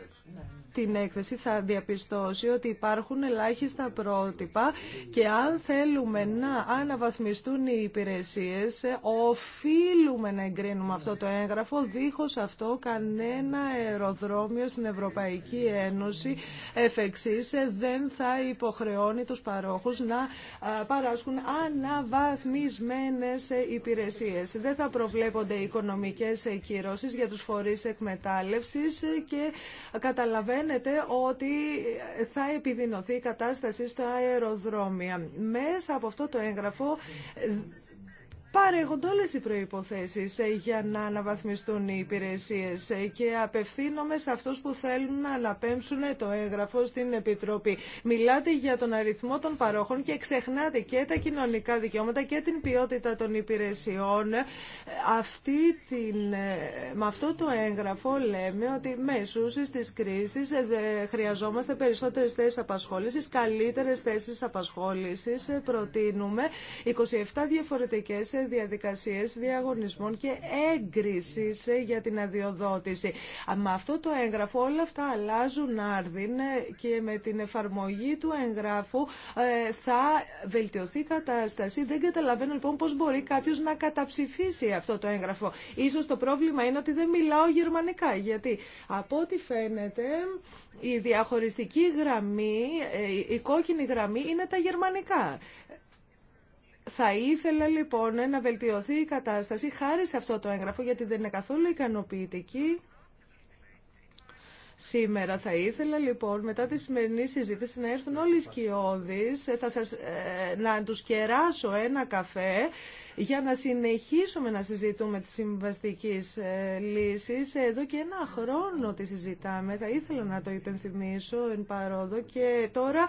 την έκθεση θα διαπιστώσει ότι υπάρχουν ελάχιστα πρότυπα και αν θέλουμε να αναβαθμιστούν οι υπηρεσίες οφείλουμε να εγκρίνουμε αυτό το έγγραφο δίχως αυτό κανένα αεροδρόμιο στην Ευρωπαϊκή Ένωση εφ' δεν θα υποχρεώνει τους παρόχους να παράσχουν αναβαθμισμένες υπηρεσίες. Δεν θα προβλέπονται οικονομικές κυρώσεις για τους φορείς εκμετάλλευσης και καταλαβαίνουμε φαίνεται ότι θα επιδεινωθεί η κατάσταση στα αεροδρόμια. Μέσα από αυτό το έγγραφο παρέχονται όλες οι προϋποθέσεις ε, για να αναβαθμιστούν οι υπηρεσίες ε, και απευθύνομαι σε αυτούς που θέλουν να αναπέμψουν ε, το έγγραφο στην Επιτροπή. Μιλάτε για τον αριθμό των παρόχων και ξεχνάτε και τα κοινωνικά δικαιώματα και την ποιότητα των υπηρεσιών. Αυτή την, με αυτό το έγγραφο λέμε ότι μέσουσες της κρίσης χρειαζόμαστε περισσότερες θέσεις απασχόλησης, καλύτερες θέσεις απασχόλησης προτείνουμε 27 διαφορετικές διαδικασίες διαγωνισμών και έγκρισης για την αδειοδότηση. Με αυτό το έγγραφο όλα αυτά αλλάζουν άρδιν και με την εφαρμογή του εγγράφου ε, θα βελτιωθεί η κατάσταση. Δεν καταλαβαίνω λοιπόν πώς μπορεί κάποιος να καταψηφίσει αυτό το έγγραφο. Ίσως το πρόβλημα είναι ότι δεν μιλάω γερμανικά, γιατί από ό,τι φαίνεται η διαχωριστική γραμμή, ε, η κόκκινη γραμμή είναι τα γερμανικά. Θα ήθελα λοιπόν να βελτιωθεί η κατάσταση χάρη σε αυτό το έγγραφο, γιατί δεν είναι καθόλου ικανοποιητική σήμερα. Θα ήθελα λοιπόν μετά τη σημερινή συζήτηση να έρθουν όλοι οι σκιώδεις, ε, θα σας, ε, να τους κεράσω ένα καφέ για να συνεχίσουμε να συζητούμε τις συμβαστικές ε, λύσεις. Εδώ και ένα χρόνο τη συζητάμε, θα ήθελα να το υπενθυμίσω εν παρόδο και τώρα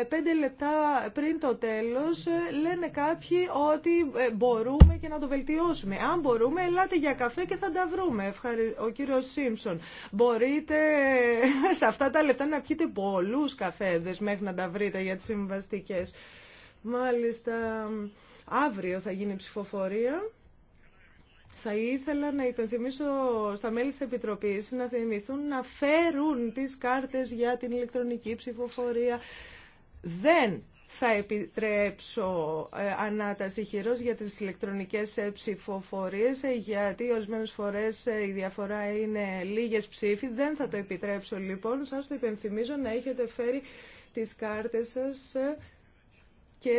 ε, πέντε λεπτά πριν το τέλος ε, λένε κάποιοι ότι μπορούμε και να το βελτιώσουμε. Αν μπορούμε, ελάτε για καφέ και θα τα βρούμε. Ο κύριος Σίμψον, μπορείτε σε αυτά τα λεπτά να πιείτε πολλούς καφέδες μέχρι να τα βρείτε για τις συμβαστικές. Μάλιστα... Αύριο θα γίνει ψηφοφορία. Θα ήθελα να υπενθυμίσω στα μέλη της Επιτροπής να θυμηθούν να φέρουν τις κάρτες για την ηλεκτρονική ψηφοφορία. Δεν θα επιτρέψω ε, ανάταση χειρός για τις ηλεκτρονικές ε, ψηφοφορίες ε, γιατί ορισμένε φορές ε, η διαφορά είναι λίγες ψήφοι. Δεν θα το επιτρέψω λοιπόν. Σας το υπενθυμίζω να έχετε φέρει τις κάρτες σας και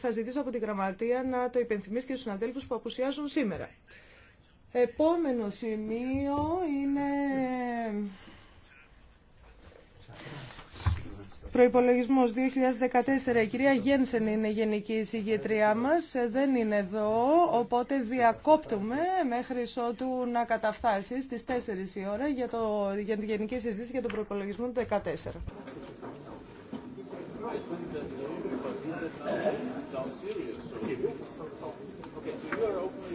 θα ζητήσω από την Γραμματεία να το υπενθυμίσει και στους συναδέλφους που απουσιάζουν σήμερα. Επόμενο σημείο είναι προϋπολογισμός 2014. Η κυρία Γένσεν είναι η γενική εισηγήτριά μας, δεν είναι εδώ, οπότε διακόπτουμε μέχρι ότου να καταφτάσει στις 4 η ώρα για, το, για τη γενική συζήτηση για τον προϋπολογισμό του 2014. I Okay, so you are openly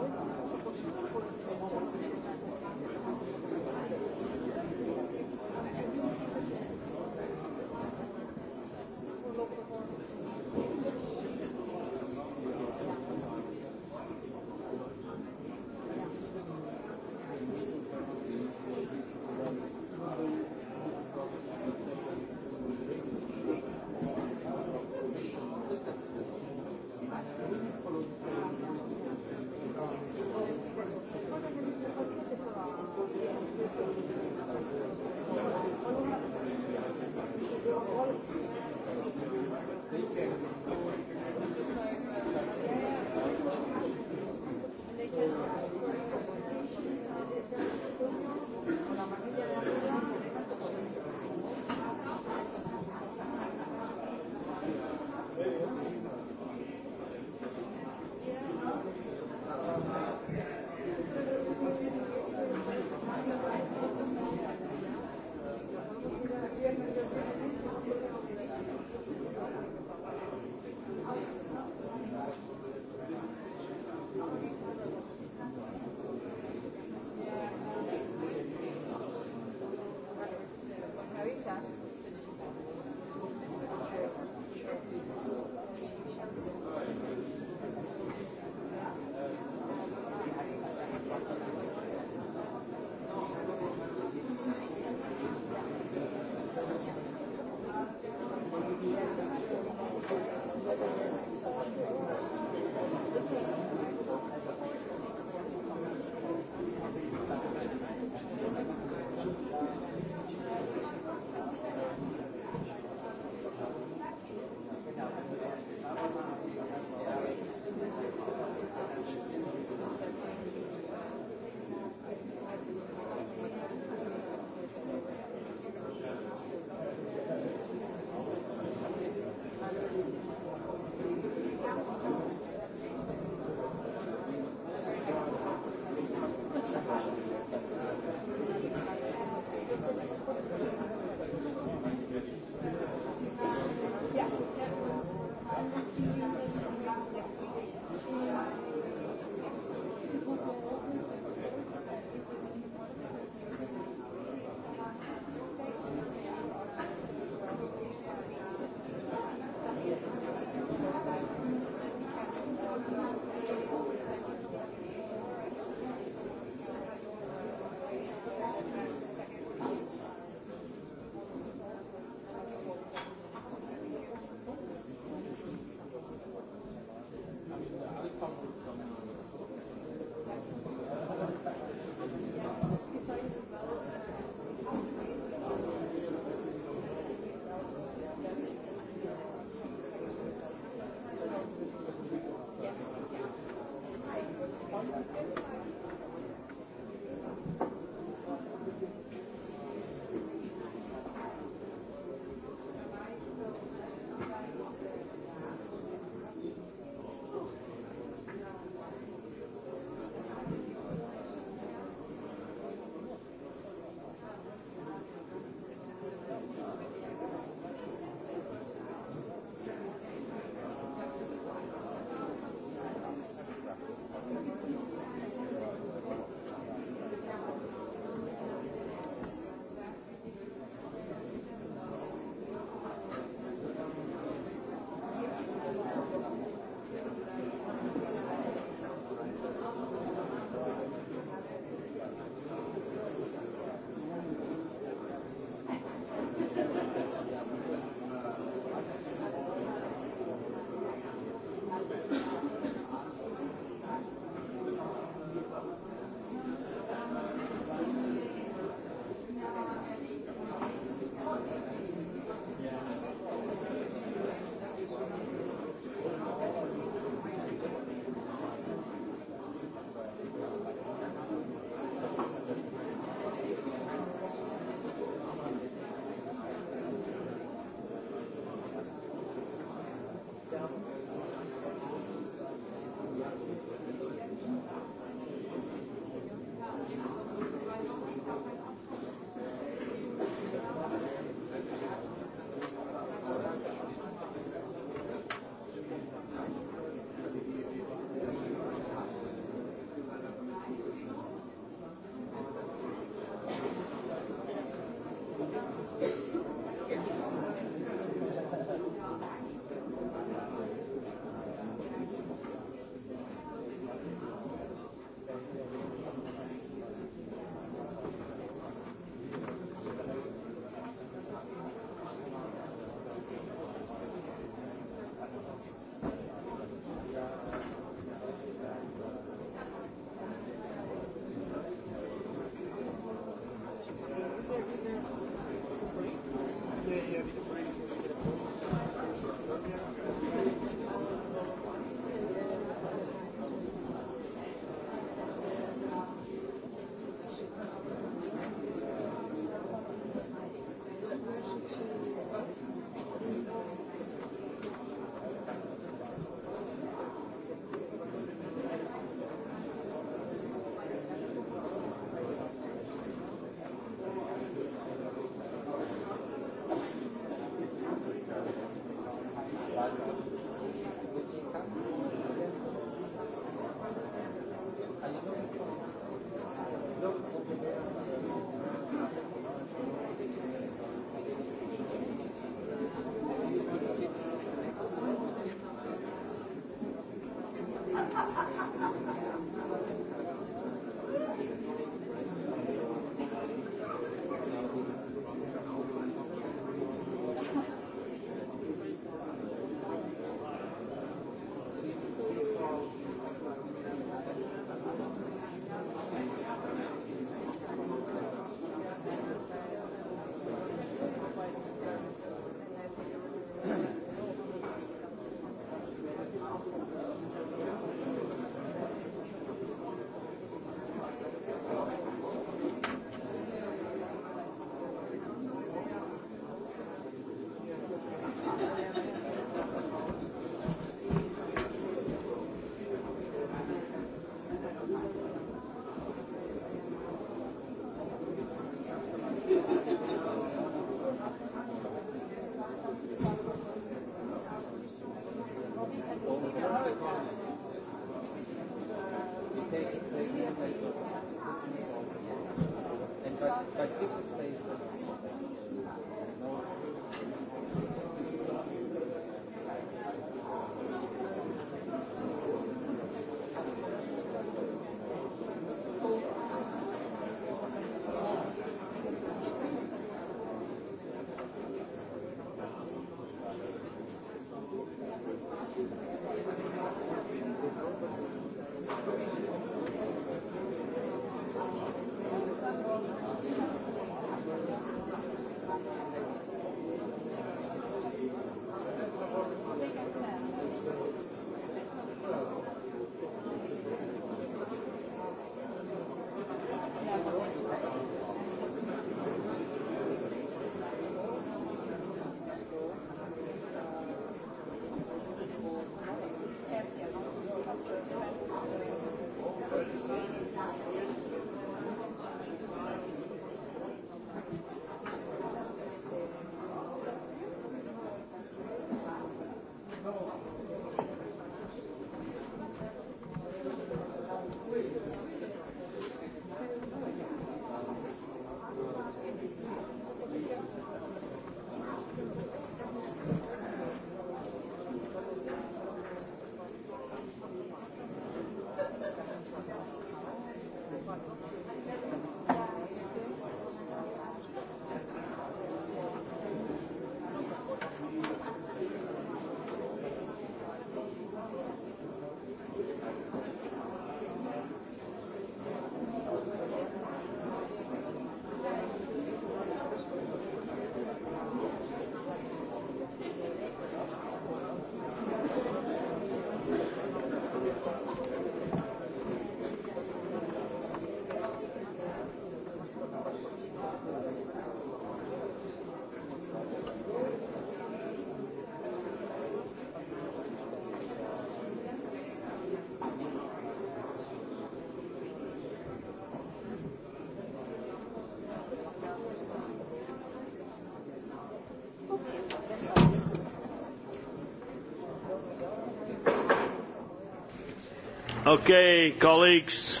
Okay, colleagues.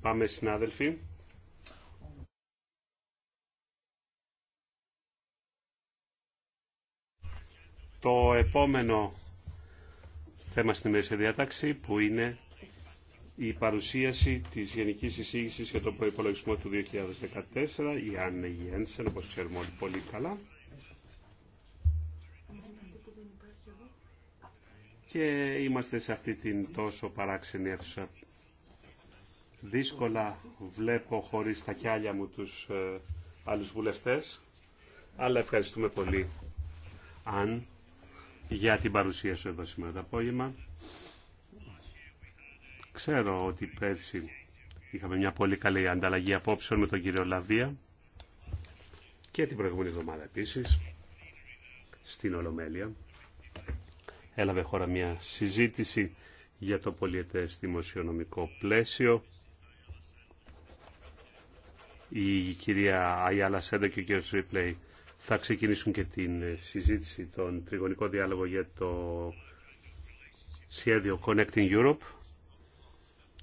Πάμε συνάδελφοι. Το επόμενο θέμα στην ημερήσια διάταξη που είναι η παρουσίαση της Γενικής Εισήγησης για τον προϋπολογισμό του 2014, η Άννη Γιένσεν, όπως ξέρουμε όλοι πολύ καλά. και είμαστε σε αυτή την τόσο παράξενη αίθουσα. Δύσκολα βλέπω χωρίς τα κιάλια μου τους ε, άλλους βουλευτές, αλλά ευχαριστούμε πολύ, Αν, για την παρουσία σου εδώ σήμερα το απόγευμα. Ξέρω ότι πέρσι είχαμε μια πολύ καλή ανταλλαγή απόψεων με τον κύριο Λαβία και την προηγούμενη εβδομάδα επίσης στην Ολομέλεια έλαβε χώρα μια συζήτηση για το πολιετές δημοσιονομικό πλαίσιο. Η κυρία Αιάλα Σέντα και ο κύριος Ρίπλεϊ θα ξεκινήσουν και την συζήτηση, τον τριγωνικό διάλογο για το σχέδιο Connecting Europe.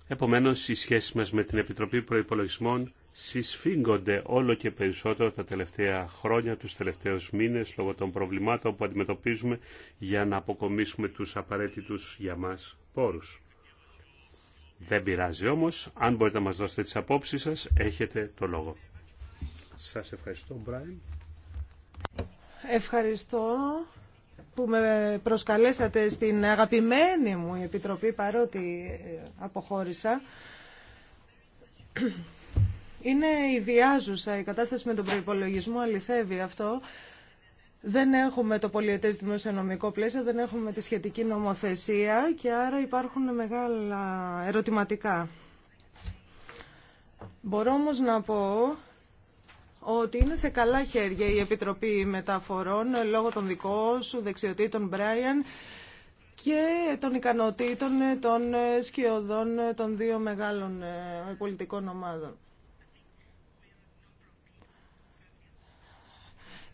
Επομένως, οι σχέσεις μας με την Επιτροπή Προϋπολογισμών συσφίγγονται όλο και περισσότερο τα τελευταία χρόνια, τους τελευταίους μήνες, λόγω των προβλημάτων που αντιμετωπίζουμε για να αποκομίσουμε τους απαραίτητους για μας πόρους. Δεν πειράζει όμως, αν μπορείτε να μας δώσετε τις απόψεις σας, έχετε το λόγο. Σας ευχαριστώ, Μπράιν. Ευχαριστώ που με προσκαλέσατε στην αγαπημένη μου επιτροπή, παρότι ε, αποχώρησα. Είναι ιδιάζουσα η κατάσταση με τον προπολογισμό αληθεύει αυτό. Δεν έχουμε το πολιετές νομικό πλαίσιο, δεν έχουμε τη σχετική νομοθεσία και άρα υπάρχουν μεγάλα ερωτηματικά. Μπορώ όμω να πω ότι είναι σε καλά χέρια η Επιτροπή Μεταφορών λόγω των δικών σου δεξιοτήτων, Μπράιαν, και των ικανοτήτων των σκιωδών των δύο μεγάλων ε, πολιτικών ομάδων.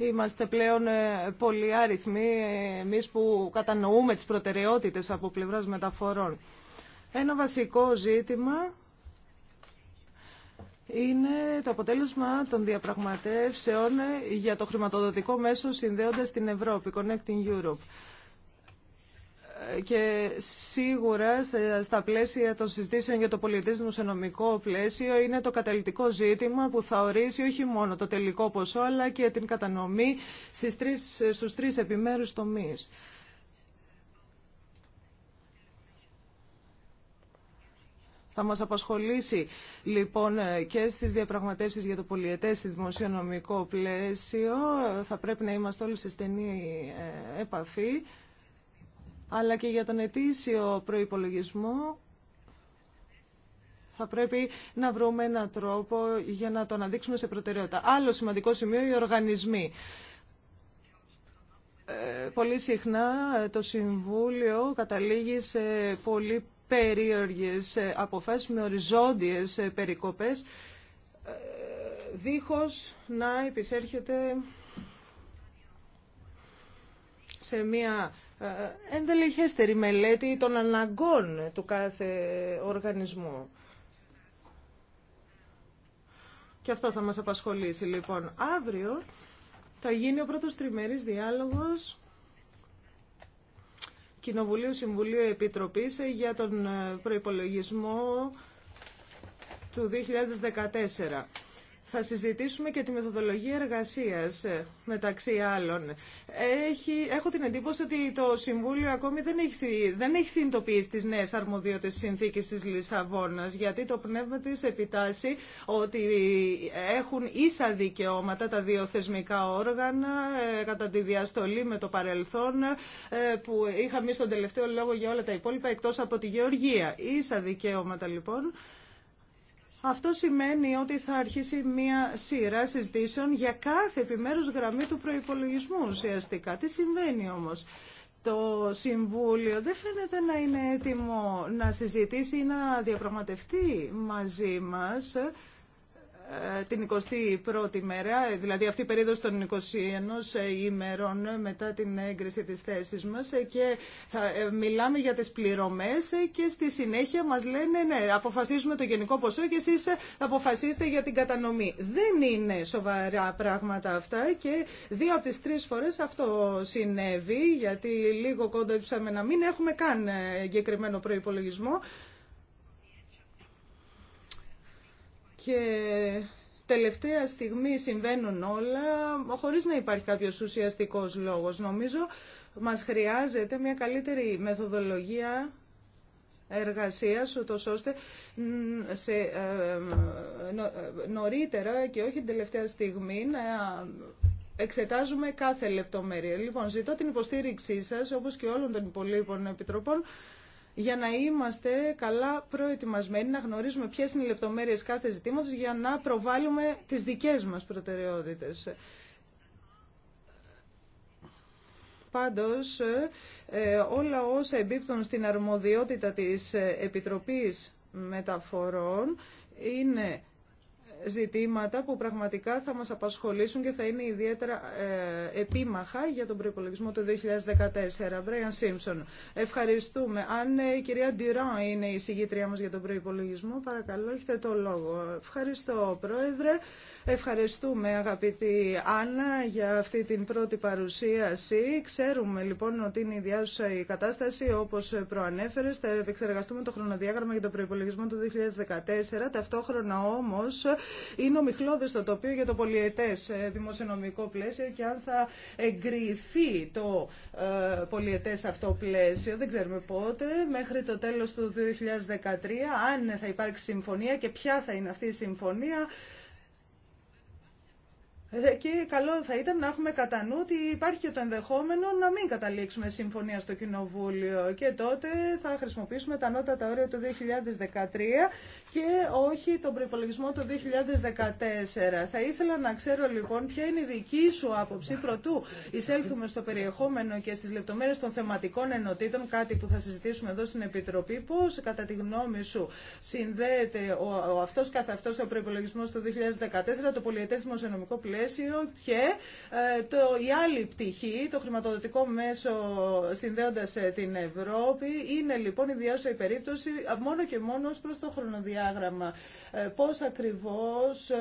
Είμαστε πλέον ε, πολύ άριθμοι ε, εμείς που κατανοούμε τις προτεραιότητες από πλευράς μεταφορών. Ένα βασικό ζήτημα είναι το αποτέλεσμα των διαπραγματεύσεων για το χρηματοδοτικό μέσο συνδέοντας την Ευρώπη, Connecting Europe και σίγουρα στα πλαίσια των συζητήσεων για το νομικό πλαίσιο είναι το καταλητικό ζήτημα που θα ορίσει όχι μόνο το τελικό ποσό αλλά και την κατανομή στις τρεις, στους τρεις επιμέρους τομείς. Θα μας απασχολήσει λοιπόν και στις διαπραγματεύσεις για το πολιετές δημοσιονομικό πλαίσιο. Θα πρέπει να είμαστε όλοι σε στενή ε, επαφή αλλά και για τον ετήσιο προϋπολογισμό θα πρέπει να βρούμε έναν τρόπο για να το αναδείξουμε σε προτεραιότητα. Άλλο σημαντικό σημείο, οι οργανισμοί. Ε, πολύ συχνά ε, το Συμβούλιο καταλήγει σε πολύ περίεργες ε, αποφάσεις με οριζόντιες ε, περικοπές, δίχως να επισέρχεται σε μία ε, ενδελεχέστερη μελέτη των αναγκών του κάθε οργανισμού. Και αυτό θα μας απασχολήσει λοιπόν. Αύριο θα γίνει ο πρώτος τριμερής διάλογος Κοινοβουλίου Συμβουλίου Επιτροπής για τον ε, προϋπολογισμό του 2014 θα συζητήσουμε και τη μεθοδολογία εργασίας ε, μεταξύ άλλων. Έχει, έχω την εντύπωση ότι το Συμβούλιο ακόμη δεν έχει, δεν έχει συνειδητοποιήσει τις νέες αρμοδιότητες συνθήκης της Λισαβόνας, γιατί το πνεύμα της επιτάσσει ότι έχουν ίσα δικαιώματα τα δύο θεσμικά όργανα ε, κατά τη διαστολή με το παρελθόν ε, που είχαμε στον τελευταίο λόγο για όλα τα υπόλοιπα εκτός από τη Γεωργία. Ίσα δικαιώματα λοιπόν. Αυτό σημαίνει ότι θα αρχίσει μία σειρά συζητήσεων για κάθε επιμέρους γραμμή του προϋπολογισμού ουσιαστικά. Τι συμβαίνει όμως. Το Συμβούλιο δεν φαίνεται να είναι έτοιμο να συζητήσει ή να διαπραγματευτεί μαζί μας την 21η μέρα, δηλαδή αυτή η περίοδος των 21 ημερών μετά την έγκριση της θέσης μας και θα ε, μιλάμε για τις πληρωμές και στη συνέχεια μας λένε ναι, αποφασίζουμε το γενικό ποσό και εσείς αποφασίστε για την κατανομή. Δεν είναι σοβαρά πράγματα αυτά και δύο από τις τρεις φορές αυτό συνέβη γιατί λίγο κόντεψαμε να μην έχουμε καν εγκεκριμένο προϋπολογισμό και τελευταία στιγμή συμβαίνουν όλα χωρίς να υπάρχει κάποιος ουσιαστικός λόγος. Νομίζω μας χρειάζεται μια καλύτερη μεθοδολογία εργασίας, ούτως ώστε σε, ε, ε, νωρίτερα και όχι την τελευταία στιγμή να εξετάζουμε κάθε λεπτομέρεια. Λοιπόν, ζητώ την υποστήριξή σας, όπως και όλων των υπολείπων επιτροπών, για να είμαστε καλά προετοιμασμένοι, να γνωρίζουμε ποιε είναι οι λεπτομέρειες κάθε ζητήματος για να προβάλλουμε τις δικές μας προτεραιότητες. Πάντως, ε, όλα όσα εμπίπτουν στην αρμοδιότητα της Επιτροπής Μεταφορών είναι ζητήματα που πραγματικά θα μας απασχολήσουν και θα είναι ιδιαίτερα ε, επίμαχα για τον προϋπολογισμό του 2014. Brian Simpson, ευχαριστούμε. Αν ε, η κυρία Ντυράν είναι η συγγήτριά μας για τον προϋπολογισμό, παρακαλώ έχετε το λόγο. Ευχαριστώ, Πρόεδρε. Ευχαριστούμε αγαπητή Άννα για αυτή την πρώτη παρουσίαση. Ξέρουμε λοιπόν ότι είναι ιδιάζουσα η κατάσταση όπως προανέφερες. Θα επεξεργαστούμε το χρονοδιάγραμμα για το προϋπολογισμό του 2014. Ταυτόχρονα όμως είναι ομιχλώδες το τοπίο για το πολιετές ε, δημοσιονομικό πλαίσιο και αν θα εγκριθεί το ε, πολιετές αυτό πλαίσιο, δεν ξέρουμε πότε, μέχρι το τέλος του 2013, αν θα υπάρξει συμφωνία και ποια θα είναι αυτή η συμφωνία. Και καλό θα ήταν να έχουμε κατά νου ότι υπάρχει και το ενδεχόμενο να μην καταλήξουμε συμφωνία στο Κοινοβούλιο και τότε θα χρησιμοποιήσουμε τα τα όρια του 2013 και όχι τον προπολογισμό το 2014. Θα ήθελα να ξέρω λοιπόν ποια είναι η δική σου άποψη προτού εισέλθουμε στο περιεχόμενο και στις λεπτομέρειες των θεματικών ενωτήτων, κάτι που θα συζητήσουμε εδώ στην Επιτροπή, πώς κατά τη γνώμη σου συνδέεται ο, αυτός καθ' αυτός ο προϋπολογισμός το 2014, το πολιετές δημοσιονομικό πλαίσιο και ε, το, η άλλη πτυχή, το χρηματοδοτικό μέσο συνδέοντας ε, την Ευρώπη, είναι λοιπόν η διάσωση περίπτωση μόνο και μόνο προς το χρονοδιάστημα Πώ ε, Πώς ακριβώς ε,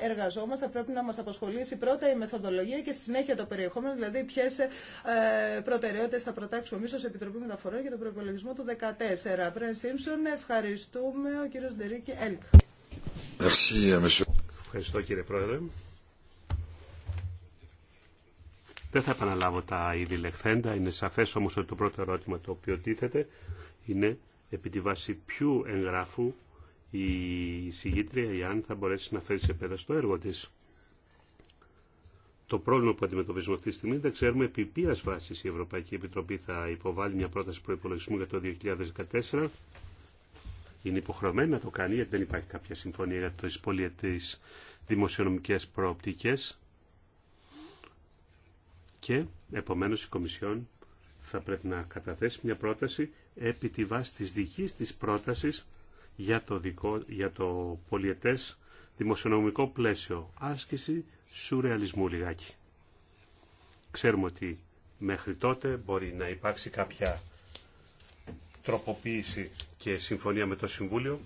εργαζόμαστε πρέπει να μας απασχολήσει πρώτα η μεθοδολογία και στη συνέχεια το περιεχόμενο, δηλαδή ποιε προτεραιότητε θα προτάξουμε εμείς ως Επιτροπή Μεταφορών για τον προπολογισμό του 2014. Πρέν Σίμψον, ευχαριστούμε ο κύριος Ντερίκη Ελκ. Ευχαριστώ κύριε Πρόεδρε. Δεν θα επαναλάβω τα ήδη λεχθέντα. Είναι σαφές όμως ότι το πρώτο ερώτημα το οποίο τίθεται είναι επί τη βάση ποιου εγγράφου η συγγήτρια η αν θα μπορέσει να φέρει σε πέρα στο έργο της. Το πρόβλημα που αντιμετωπίζουμε αυτή τη στιγμή δεν ξέρουμε επί ποια βάση η Ευρωπαϊκή Επιτροπή θα υποβάλει μια πρόταση προπολογισμού για το 2014. Είναι υποχρεωμένη να το κάνει γιατί δεν υπάρχει κάποια συμφωνία για τι πολιετές δημοσιονομικές προοπτικές. Και επομένως η Κομισιόν θα πρέπει να καταθέσει μια πρόταση επί τη βάση τη δική τη πρόταση για το, δικό, για το πολιετές δημοσιονομικό πλαίσιο. Άσκηση σουρεαλισμού λιγάκι. Ξέρουμε ότι μέχρι τότε μπορεί να υπάρξει κάποια τροποποίηση και συμφωνία με το Συμβούλιο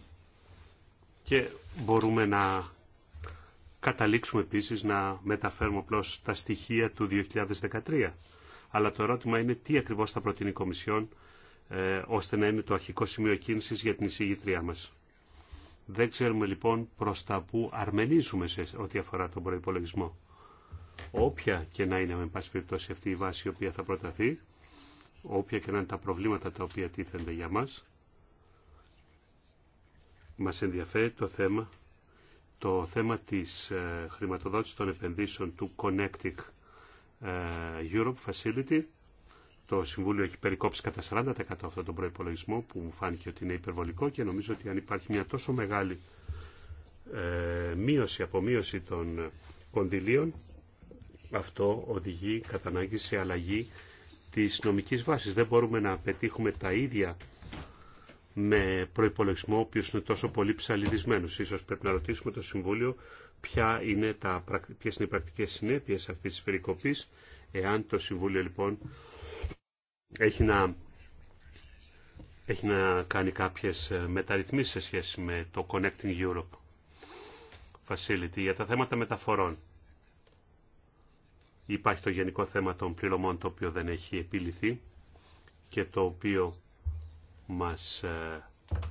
και μπορούμε να καταλήξουμε επίσης να μεταφέρουμε απλώ τα στοιχεία του 2013. Αλλά το ερώτημα είναι τι ακριβώς θα προτείνει η Κομισιόν ε, ώστε να είναι το αρχικό σημείο κίνησης για την εισηγητριά μας. Δεν ξέρουμε λοιπόν προς τα που αρμενίζουμε σε ό,τι αφορά τον προϋπολογισμό. Όποια και να είναι με πάση περιπτώσει αυτή η βάση η οποία θα προταθεί, όποια και να είναι τα προβλήματα τα οποία τίθενται για μας, μας ενδιαφέρει το θέμα, το θέμα της ε, χρηματοδότησης των επενδύσεων του Connecting ε, Europe Facility, το Συμβούλιο έχει περικόψει κατά 40% αυτό τον προπολογισμό που μου φάνηκε ότι είναι υπερβολικό και νομίζω ότι αν υπάρχει μια τόσο μεγάλη ε, μείωση, απομείωση των κονδυλίων, αυτό οδηγεί κατά ανάγκη σε αλλαγή της νομικής βάσης. Δεν μπορούμε να πετύχουμε τα ίδια με προπολογισμό ο οποίος είναι τόσο πολύ ψαλιδισμένος. Ίσως πρέπει να ρωτήσουμε το Συμβούλιο ποια είναι τα, ποιες είναι οι πρακτικές συνέπειες αυτής της περικοπής, εάν το Συμβούλιο λοιπόν έχει να, έχει να κάνει κάποιες ε, μεταρρυθμίσεις σε σχέση με το Connecting Europe Facility για τα θέματα μεταφορών. Υπάρχει το γενικό θέμα των πληρωμών το οποίο δεν έχει επιληθεί και το οποίο μας ε,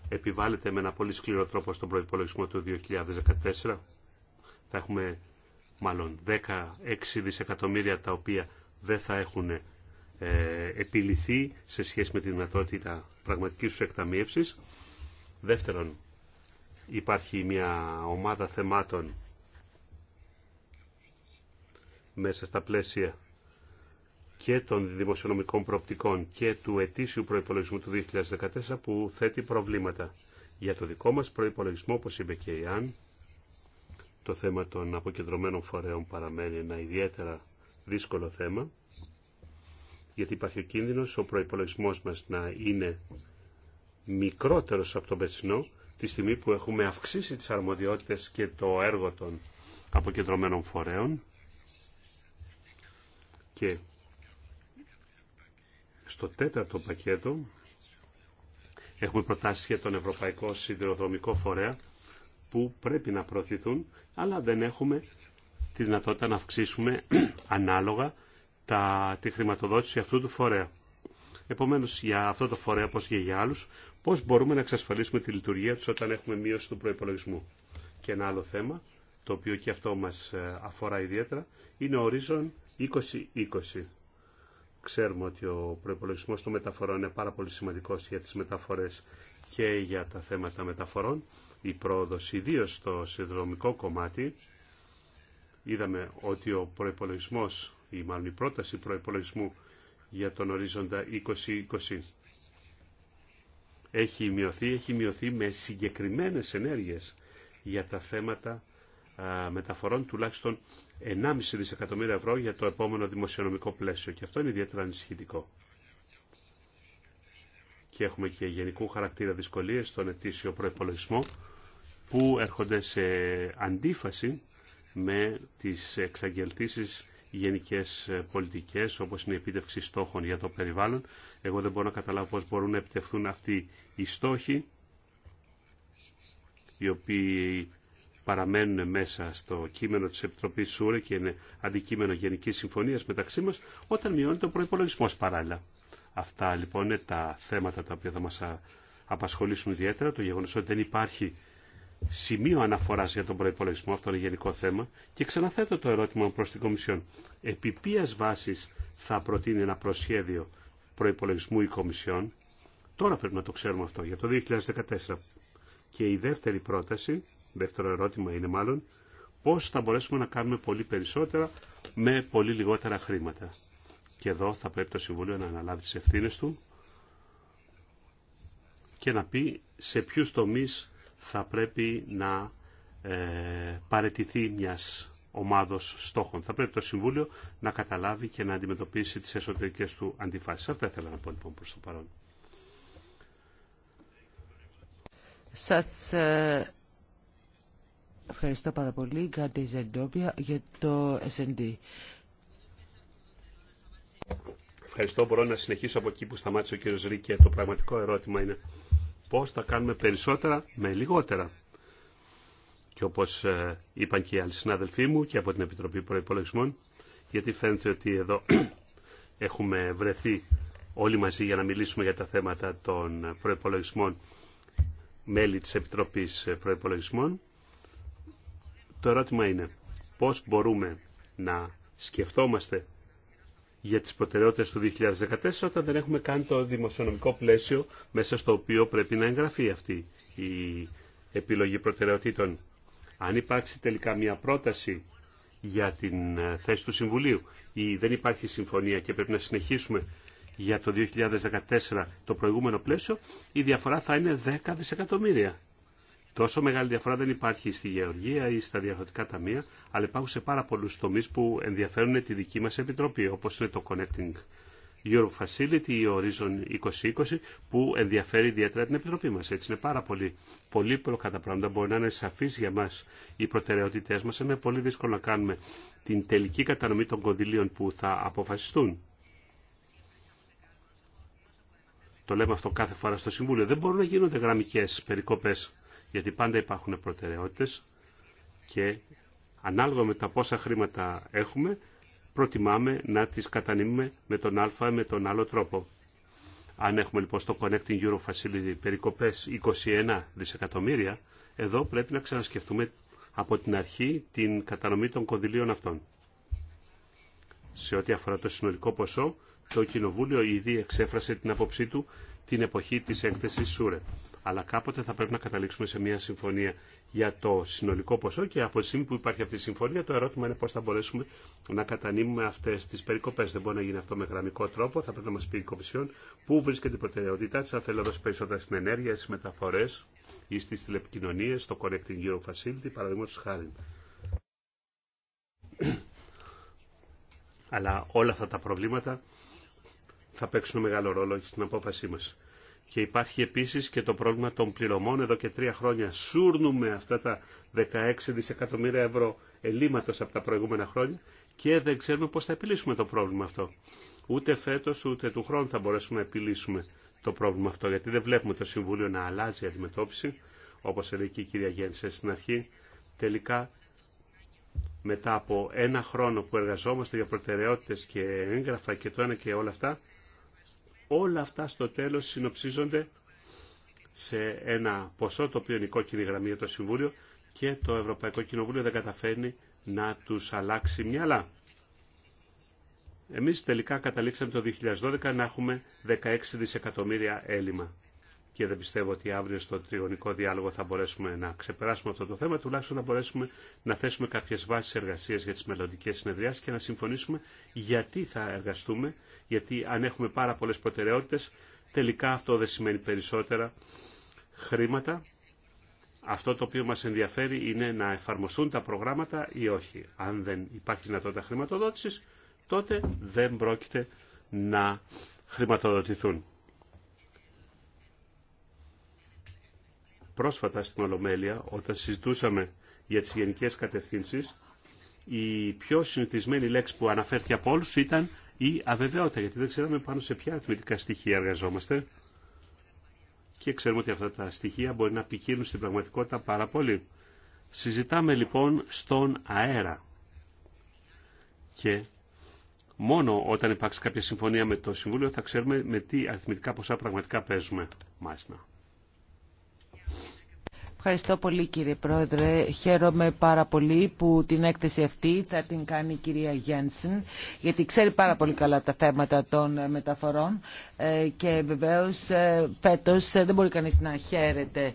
επιβάλλεται με ένα πολύ σκληρό τρόπο στον προϋπολογισμό του 2014. Θα έχουμε μάλλον 16 δισεκατομμύρια τα οποία δεν θα έχουν ε, επιληθεί σε σχέση με τη δυνατότητα πραγματικής του εκταμείευσης. Δεύτερον, υπάρχει μια ομάδα θεμάτων μέσα στα πλαίσια και των δημοσιονομικών προοπτικών και του ετήσιου προϋπολογισμού του 2014 που θέτει προβλήματα. Για το δικό μας προϋπολογισμό, όπως είπε και η Άν, το θέμα των αποκεντρωμένων φορέων παραμένει ένα ιδιαίτερα δύσκολο θέμα γιατί υπάρχει ο κίνδυνος ο προϋπολογισμός μας να είναι μικρότερος από τον πετσινό τη στιγμή που έχουμε αυξήσει τις αρμοδιότητες και το έργο των αποκεντρωμένων φορέων και στο τέταρτο πακέτο έχουμε προτάσεις για τον Ευρωπαϊκό Σιδηροδρομικό Φορέα που πρέπει να προωθηθούν αλλά δεν έχουμε τη δυνατότητα να αυξήσουμε ανάλογα τα, τη χρηματοδότηση αυτού του φορέα. Επομένω, για αυτό το φορέα, όπω και για άλλου, πώς μπορούμε να εξασφαλίσουμε τη λειτουργία του όταν έχουμε μείωση του προπολογισμού. Και ένα άλλο θέμα, το οποίο και αυτό μα ε, αφορά ιδιαίτερα, είναι ο ορίζον 2020. Ξέρουμε ότι ο προπολογισμό των μεταφορών είναι πάρα πολύ σημαντικό για τι μεταφορέ και για τα θέματα μεταφορών. Η πρόοδο ιδίω στο συνδρομικό κομμάτι, είδαμε ότι ο προπολογισμό ή μάλλον η πρόταση προϋπολογισμού για τον ορίζοντα 2020 έχει μειωθεί, έχει μειωθεί με συγκεκριμένες ενέργειες για τα θέματα μεταφορών τουλάχιστον 1,5 δισεκατομμύρια ευρώ για το επόμενο δημοσιονομικό πλαίσιο και αυτό είναι ιδιαίτερα ανησυχητικό. Και έχουμε και γενικού χαρακτήρα δυσκολίες στον ετήσιο προπολογισμό που έρχονται σε αντίφαση με τις εξαγγελτήσεις γενικές ε, πολιτικές όπως είναι η επίτευξη στόχων για το περιβάλλον. Εγώ δεν μπορώ να καταλάβω πώς μπορούν να επιτευχθούν αυτοί οι στόχοι οι οποίοι παραμένουν μέσα στο κείμενο της Επιτροπής ΣΟΥΡΕ και είναι αντικείμενο γενικής συμφωνίας μεταξύ μας όταν μειώνεται ο προπολογισμό παράλληλα. Αυτά λοιπόν είναι τα θέματα τα οποία θα μας απασχολήσουν ιδιαίτερα. Το γεγονός ότι δεν υπάρχει σημείο αναφοράς για τον προϋπολογισμό, αυτό είναι γενικό θέμα, και ξαναθέτω το ερώτημα προς την Κομισιόν. Επί ποιας βάσης θα προτείνει ένα προσχέδιο προϋπολογισμού η Κομισιόν, τώρα πρέπει να το ξέρουμε αυτό, για το 2014. Και η δεύτερη πρόταση, δεύτερο ερώτημα είναι μάλλον, πώς θα μπορέσουμε να κάνουμε πολύ περισσότερα με πολύ λιγότερα χρήματα. Και εδώ θα πρέπει το Συμβούλιο να αναλάβει τις ευθύνες του και να πει σε ποιους τομείς θα πρέπει να ε, παρετηθεί μιας ομάδος στόχων. Θα πρέπει το Συμβούλιο να καταλάβει και να αντιμετωπίσει τις εσωτερικές του αντιφάσεις. Αυτά ήθελα να πω λοιπόν προς το παρόν. Σας ε, ευχαριστώ πάρα πολύ, Γκάντε Ζεντόπια, για το S&D. Ευχαριστώ. Μπορώ να συνεχίσω από εκεί που σταμάτησε ο κύριος Ρίκια. Το πραγματικό ερώτημα είναι πώς θα κάνουμε περισσότερα με λιγότερα. Και όπως ε, είπαν και οι άλλοι συνάδελφοί μου και από την Επιτροπή Προϋπολογισμών, γιατί φαίνεται ότι εδώ έχουμε βρεθεί όλοι μαζί για να μιλήσουμε για τα θέματα των προϋπολογισμών μέλη της Επιτροπής Προϋπολογισμών. Το ερώτημα είναι πώς μπορούμε να σκεφτόμαστε για τις προτεραιότητες του 2014 όταν δεν έχουμε καν το δημοσιονομικό πλαίσιο μέσα στο οποίο πρέπει να εγγραφεί αυτή η επιλογή προτεραιοτήτων. Αν υπάρξει τελικά μια πρόταση για την ε, θέση του Συμβουλίου ή δεν υπάρχει συμφωνία και πρέπει να συνεχίσουμε για το 2014 το προηγούμενο πλαίσιο, η διαφορά θα είναι 10 δισεκατομμύρια. Τόσο μεγάλη διαφορά δεν υπάρχει στη γεωργία ή στα διαφορετικά ταμεία, αλλά υπάρχουν σε πάρα πολλού τομεί που ενδιαφέρουν τη δική μα επιτροπή, όπω είναι το Connecting Europe Facility ή Horizon 2020, που ενδιαφέρει ιδιαίτερα την επιτροπή μα. Έτσι είναι πάρα πολύ πολύπλοκα τα πράγματα. Μπορεί να είναι σαφεί για μα οι προτεραιότητέ μα, είναι πολύ δύσκολο να κάνουμε την τελική κατανομή των κονδυλίων που θα αποφασιστούν. Το λέμε αυτό κάθε φορά στο Συμβούλιο. Δεν μπορούν να γίνονται γραμμικέ περικοπέ γιατί πάντα υπάρχουν προτεραιότητες και ανάλογα με τα πόσα χρήματα έχουμε, προτιμάμε να τις κατανείμουμε με τον α ή με τον άλλο τρόπο. Αν έχουμε λοιπόν στο Connecting Euro Facility περικοπές 21 δισεκατομμύρια, εδώ πρέπει να ξανασκεφτούμε από την αρχή την κατανομή των κονδυλίων αυτών. Σε ό,τι αφορά το συνολικό ποσό, το Κοινοβούλιο ήδη εξέφρασε την άποψή του την εποχή της έκθεσης Σούρε αλλά κάποτε θα πρέπει να καταλήξουμε σε μια συμφωνία για το συνολικό ποσό και από τη στιγμή που υπάρχει αυτή η συμφωνία το ερώτημα είναι πώς θα μπορέσουμε να κατανείμουμε αυτές τις περικοπές. Δεν μπορεί να γίνει αυτό με γραμμικό τρόπο, θα πρέπει να μας πει η Κομισιόν πού βρίσκεται η προτεραιότητά της, αν θέλει να δώσει περισσότερα στην ενέργεια, στις μεταφορές ή στις τηλεπικοινωνίες, στο Connecting Euro Facility, παραδείγματος χάρη. Αλλά όλα αυτά τα προβλήματα θα παίξουν μεγάλο ρόλο στην απόφασή μας. Και υπάρχει επίσης και το πρόβλημα των πληρωμών. Εδώ και τρία χρόνια σούρνουμε αυτά τα 16 δισεκατομμύρια ευρώ ελλείμματος από τα προηγούμενα χρόνια και δεν ξέρουμε πώς θα επιλύσουμε το πρόβλημα αυτό. Ούτε φέτος ούτε του χρόνου θα μπορέσουμε να επιλύσουμε το πρόβλημα αυτό γιατί δεν βλέπουμε το Συμβούλιο να αλλάζει η αντιμετώπιση όπως έλεγε και η κυρία Γέννησε στην αρχή. Τελικά μετά από ένα χρόνο που εργαζόμαστε για προτεραιότητες και έγγραφα και το ένα και όλα αυτά Όλα αυτά στο τέλος συνοψίζονται σε ένα ποσό το οποίο είναι η κόκκινη γραμμή για το Συμβούλιο και το Ευρωπαϊκό Κοινοβούλιο δεν καταφέρνει να τους αλλάξει μυαλά. Εμείς τελικά καταλήξαμε το 2012 να έχουμε 16 δισεκατομμύρια έλλειμμα και δεν πιστεύω ότι αύριο στο τριγωνικό διάλογο θα μπορέσουμε να ξεπεράσουμε αυτό το θέμα, τουλάχιστον να μπορέσουμε να θέσουμε κάποιε βάσει εργασία για τι μελλοντικέ συνεδριάσει και να συμφωνήσουμε γιατί θα εργαστούμε, γιατί αν έχουμε πάρα πολλέ προτεραιότητε, τελικά αυτό δεν σημαίνει περισσότερα χρήματα. Αυτό το οποίο μας ενδιαφέρει είναι να εφαρμοστούν τα προγράμματα ή όχι. Αν δεν υπάρχει δυνατότητα χρηματοδότησης, τότε δεν πρόκειται να χρηματοδοτηθούν. πρόσφατα στην Ολομέλεια, όταν συζητούσαμε για τις γενικές κατευθύνσεις, η πιο συνηθισμένη λέξη που αναφέρθηκε από όλου ήταν η αβεβαιότητα, γιατί δεν ξέραμε πάνω σε ποια αριθμητικά στοιχεία εργαζόμαστε και ξέρουμε ότι αυτά τα στοιχεία μπορεί να επικύρουν στην πραγματικότητα πάρα πολύ. Συζητάμε λοιπόν στον αέρα και μόνο όταν υπάρξει κάποια συμφωνία με το Συμβούλιο θα ξέρουμε με τι αριθμητικά ποσά πραγματικά παίζουμε. Μάλιστα. Ευχαριστώ πολύ κύριε Πρόεδρε. Χαίρομαι πάρα πολύ που την έκθεση αυτή θα την κάνει η κυρία Γένσεν, γιατί ξέρει πάρα πολύ καλά τα θέματα των μεταφορών ε, και βεβαίως ε, φέτος ε, δεν μπορεί κανείς να χαίρεται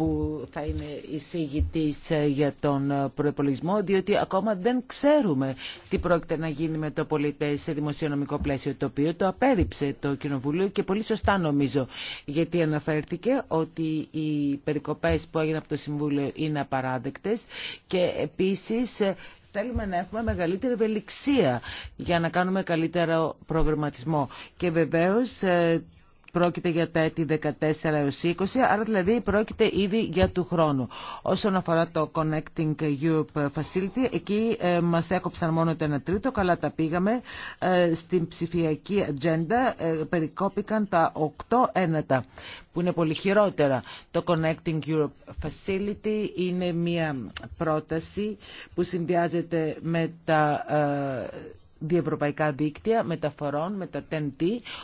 που θα είναι εισηγητής ε, για τον ε, προπολογισμό, διότι ακόμα δεν ξέρουμε τι πρόκειται να γίνει με το πολιτέ σε δημοσιονομικό πλαίσιο, το οποίο το απέρριψε το Κοινοβουλίο και πολύ σωστά νομίζω, γιατί αναφέρθηκε ότι οι περικοπές που έγιναν από το Συμβούλιο είναι απαράδεκτες και επίσης ε, Θέλουμε να έχουμε μεγαλύτερη ευελιξία για να κάνουμε καλύτερο προγραμματισμό. Και βεβαίως πρόκειται για τα έτη 14 έως 20, άρα δηλαδή πρόκειται ήδη για του χρόνου. Όσον αφορά το Connecting Europe Facility, εκεί ε, μας έκοψαν μόνο το 1 τρίτο, καλά τα πήγαμε. Ε, στην ψηφιακή ατζέντα ε, περικόπηκαν τα 8 ένατα, που είναι πολύ χειρότερα. Το Connecting Europe Facility είναι μια πρόταση που συνδυάζεται με τα διευρωπαϊκά δίκτυα μεταφορών με τα TNT.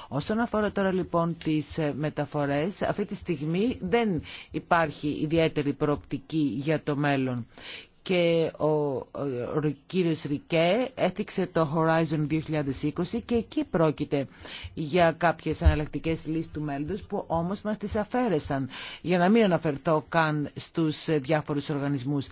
Όσον αφορά τώρα λοιπόν τις ε, μεταφορές, αυτή τη στιγμή δεν υπάρχει ιδιαίτερη προοπτική για το μέλλον και ο, ο, κύριος Ρικέ έθιξε το Horizon 2020 και εκεί πρόκειται για κάποιες αναλλακτικέ λύσεις του μέλλοντος που όμως μας τις αφαίρεσαν για να μην αναφερθώ καν στους ε, διάφορους οργανισμούς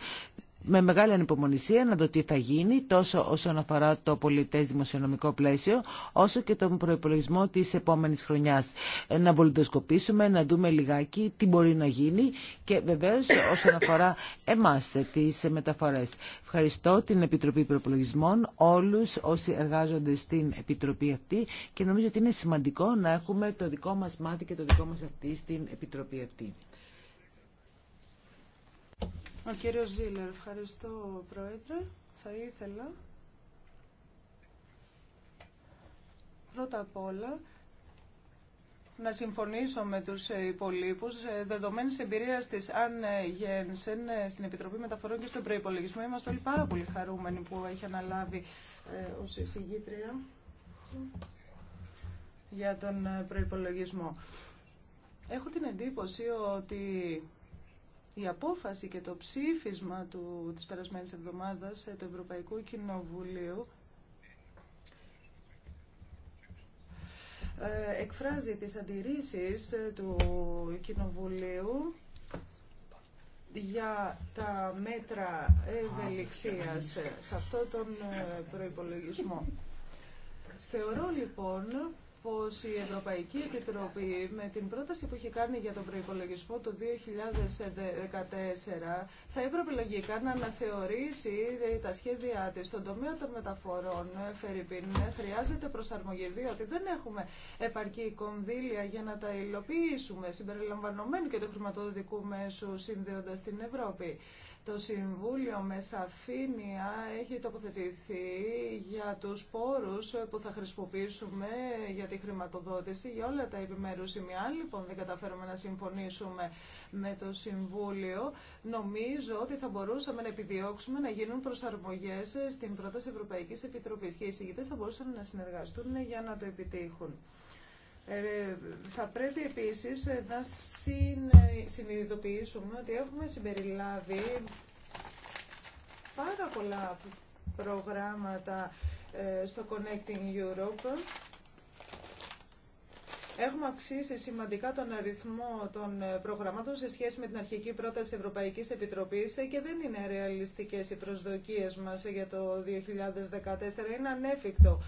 με μεγάλη ανυπομονησία να δω τι θα γίνει τόσο όσον αφορά το πολιτές δημοσιονομικό πλαίσιο όσο και τον προϋπολογισμό της επόμενης χρονιάς. Ε, να βολιδοσκοπήσουμε, να δούμε λιγάκι τι μπορεί να γίνει και βεβαίως όσον αφορά εμάς τις μεταφορές. Ευχαριστώ την Επιτροπή Προπολογισμών, όλους όσοι εργάζονται στην Επιτροπή αυτή και νομίζω ότι είναι σημαντικό να έχουμε το δικό μας μάτι και το δικό μας αυτή στην Επιτροπή αυτή. Ο κύριος Ζήλερ, ευχαριστώ Πρόεδρε. Θα ήθελα πρώτα απ' όλα να συμφωνήσω με τους υπολείπους. Ε, δεδομένης εμπειρίας της Αν Γένσεν στην Επιτροπή Μεταφορών και στον προϋπολογισμό είμαστε όλοι πάρα πολύ χαρούμενοι που έχει αναλάβει ε, ως εισηγήτρια για τον ε, προϋπολογισμό. Έχω την εντύπωση ότι η απόφαση και το ψήφισμα του, της περασμένης εβδομάδας ε, του Ευρωπαϊκού Κοινοβουλίου ε, εκφράζει τις αντιρρήσεις ε, του Κοινοβουλίου για τα μέτρα ευελιξίας σε αυτό τον προϋπολογισμό. Θεωρώ λοιπόν πως η Ευρωπαϊκή Επιτροπή με την πρόταση που είχε κάνει για τον προϋπολογισμό το 2014 θα έπρεπε λογικά να αναθεωρήσει ε, τα σχέδιά της στον τομέα των μεταφορών. Ε, Φερρυπίν, ε, χρειάζεται προσαρμογή διότι δεν έχουμε επαρκή κονδύλια για να τα υλοποιήσουμε συμπεριλαμβανομένου και του χρηματοδοτικού μέσου συνδέοντας την Ευρώπη. Το Συμβούλιο με σαφήνεια έχει τοποθετηθεί για τους πόρους που θα χρησιμοποιήσουμε για τη χρηματοδότηση για όλα τα επιμέρους σημεία. Λοιπόν, δεν καταφέρουμε να συμφωνήσουμε με το Συμβούλιο. Νομίζω ότι θα μπορούσαμε να επιδιώξουμε να γίνουν προσαρμογές στην πρόταση Ευρωπαϊκής Επιτροπής και οι συγκητές θα μπορούσαν να συνεργαστούν για να το επιτύχουν. Ε, θα πρέπει επίσης ε, να συνειδητοποιήσουμε ότι έχουμε συμπεριλάβει πάρα πολλά προγράμματα ε, στο Connecting Europe. Έχουμε αυξήσει σημαντικά τον αριθμό των προγραμμάτων σε σχέση με την αρχική πρόταση Ευρωπαϊκής Επιτροπής και δεν είναι ρεαλιστικές οι προσδοκίες μας για το 2014. Είναι ανέφικτο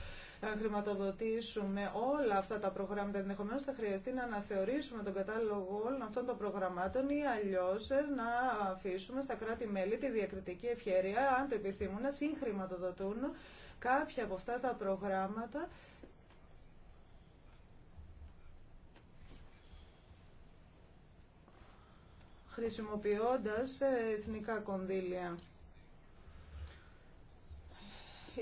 ε, χρηματοδοτήσουμε όλα αυτά τα προγράμματα. Ενδεχομένω θα χρειαστεί να αναθεωρήσουμε τον κατάλογο όλων αυτών των προγραμμάτων ή αλλιώ ε, να αφήσουμε στα κράτη-μέλη τη διακριτική ευχαίρεια, αν το επιθυμούν, να συγχρηματοδοτούν κάποια από αυτά τα προγράμματα. χρησιμοποιώντας ε, εθνικά κονδύλια.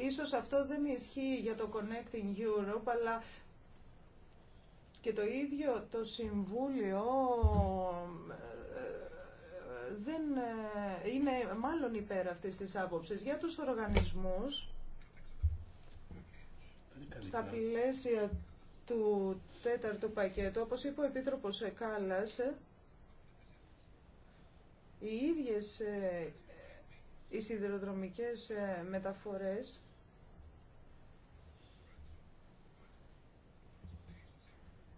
Ίσως αυτό δεν ισχύει για το Connecting Europe, αλλά και το ίδιο το Συμβούλιο ε, ε, δεν ε, είναι μάλλον υπέρ αυτής της άποψης. Για τους οργανισμούς, στα πλαίσια του τέταρτου πακέτου, όπως είπε ο Επίτροπος Κάλλας, οι ίδιες οι σιδηροδρομικές ε, μεταφορές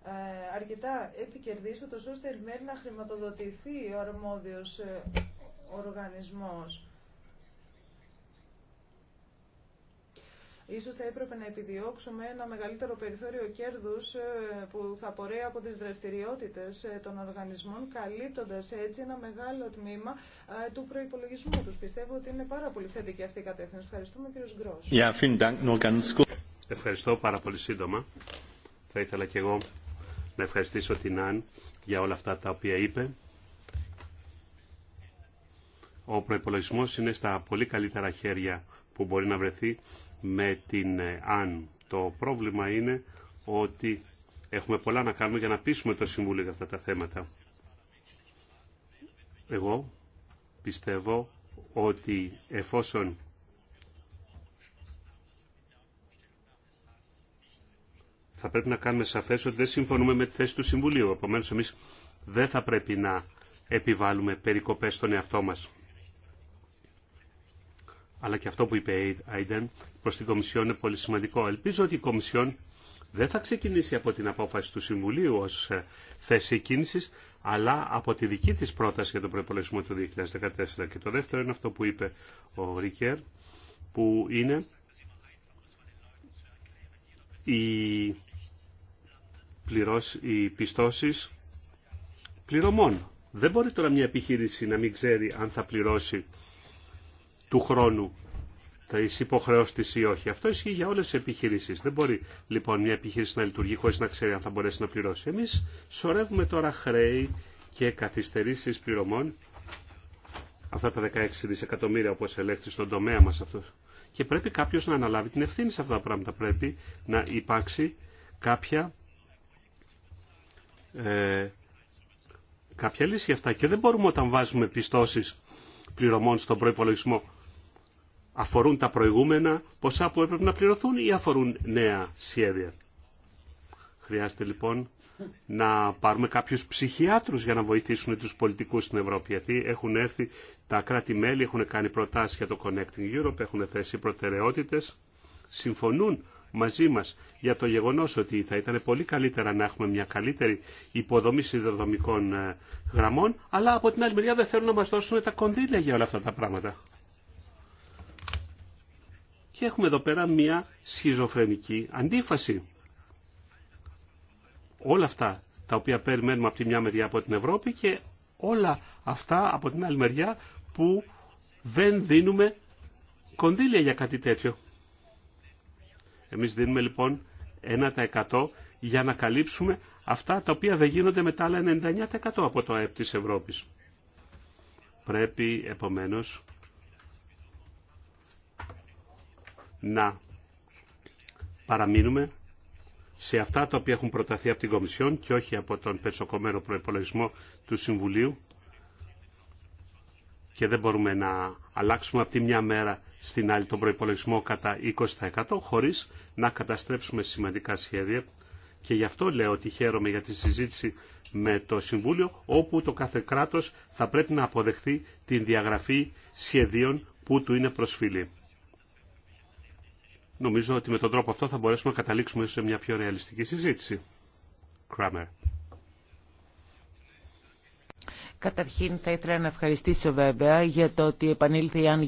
ε, αρκετά επικερδίσουν, ώστε εν μέρει να χρηματοδοτηθεί ο αρμόδιος ε, οργανισμός. Ίσως θα έπρεπε να επιδιώξουμε ένα μεγαλύτερο περιθώριο κέρδους ε, που θα πορεύει από τις δραστηριότητες ε, των οργανισμών, καλύπτοντας έτσι ένα μεγάλο τμήμα ε, του προϋπολογισμού τους. Πιστεύω ότι είναι πάρα πολύ θετική αυτή η κατεύθυνση. Ευχαριστούμε κύριο Γκρός. Ευχαριστώ πάρα πολύ σύντομα. Θα ήθελα και εγώ να ευχαριστήσω την Αν για όλα αυτά τα οποία είπε. Ο προϋπολογισμός είναι στα πολύ καλύτερα χέρια που μπορεί να βρεθεί με την ε, ΑΝ. Το πρόβλημα είναι ότι έχουμε πολλά να κάνουμε για να πείσουμε το Συμβούλιο για αυτά τα θέματα. Εγώ πιστεύω ότι εφόσον θα πρέπει να κάνουμε σαφές ότι δεν συμφωνούμε με τη θέση του Συμβουλίου. Επομένως, εμείς δεν θα πρέπει να επιβάλλουμε περικοπές στον εαυτό μας αλλά και αυτό που είπε η Άιντεν προς την Κομισιόν είναι πολύ σημαντικό. Ελπίζω ότι η Κομισιόν δεν θα ξεκινήσει από την απόφαση του Συμβουλίου ως ε, θέση κίνηση, αλλά από τη δική της πρόταση για τον προπολογισμό του 2014. Και το δεύτερο είναι αυτό που είπε ο Ρικέρ, που είναι οι, οι πιστώσεις πληρωμών. Δεν μπορεί τώρα μια επιχείρηση να μην ξέρει αν θα πληρώσει του χρόνου είσαι υποχρεώσει ή όχι. Αυτό ισχύει για όλε τι επιχειρήσει. Δεν μπορεί λοιπόν μια επιχείρηση να λειτουργεί χωρί να ξέρει αν θα μπορέσει να πληρώσει. Εμεί σωρεύουμε τώρα χρέη και καθυστερήσει πληρωμών. Αυτά τα 16 δισεκατομμύρια όπω ελέγχθη στον τομέα μα αυτό. Και πρέπει κάποιο να αναλάβει την ευθύνη σε αυτά τα πράγματα. Πρέπει να υπάρξει κάποια. Ε, κάποια λύση για αυτά. Και δεν μπορούμε όταν βάζουμε πιστώσει πληρωμών στον προπολογισμό αφορούν τα προηγούμενα ποσά που έπρεπε να πληρωθούν ή αφορούν νέα σχέδια. Χρειάζεται λοιπόν να πάρουμε κάποιους ψυχιάτρους για να βοηθήσουν τους πολιτικούς στην Ευρώπη, γιατί έχουν έρθει τα κράτη-μέλη, έχουν κάνει προτάσεις για το Connecting Europe, έχουν θέσει προτεραιότητες, συμφωνούν μαζί μας για το γεγονός ότι θα ήταν πολύ καλύτερα να έχουμε μια καλύτερη υποδομή συνδεδομικών ε, γραμμών, αλλά από την άλλη μεριά δεν θέλουν να μας δώσουν τα κονδύλια για όλα αυτά τα πράγματα. Και έχουμε εδώ πέρα μια σχιζοφρενική αντίφαση. Όλα αυτά τα οποία περιμένουμε από τη μια μεριά από την Ευρώπη και όλα αυτά από την άλλη μεριά που δεν δίνουμε κονδύλια για κάτι τέτοιο. Εμείς δίνουμε λοιπόν 1% για να καλύψουμε αυτά τα οποία δεν γίνονται με τα άλλα 99% από το ΑΕΠ της Ευρώπης. Πρέπει επομένως να παραμείνουμε σε αυτά τα οποία έχουν προταθεί από την Κομισιόν και όχι από τον πετσοκομμένο προπολογισμό του Συμβουλίου και δεν μπορούμε να αλλάξουμε από τη μια μέρα στην άλλη τον προϋπολογισμό κατά 20% χωρίς να καταστρέψουμε σημαντικά σχέδια. Και γι' αυτό λέω ότι χαίρομαι για τη συζήτηση με το Συμβούλιο, όπου το κάθε κράτος θα πρέπει να αποδεχθεί την διαγραφή σχεδίων που του είναι προσφυλή. Νομίζω ότι με τον τρόπο αυτό θα μπορέσουμε να καταλήξουμε σε μια πιο ρεαλιστική συζήτηση. Κράμερ. Καταρχήν θα ήθελα να ευχαριστήσω βέβαια για το ότι επανήλθε η Αν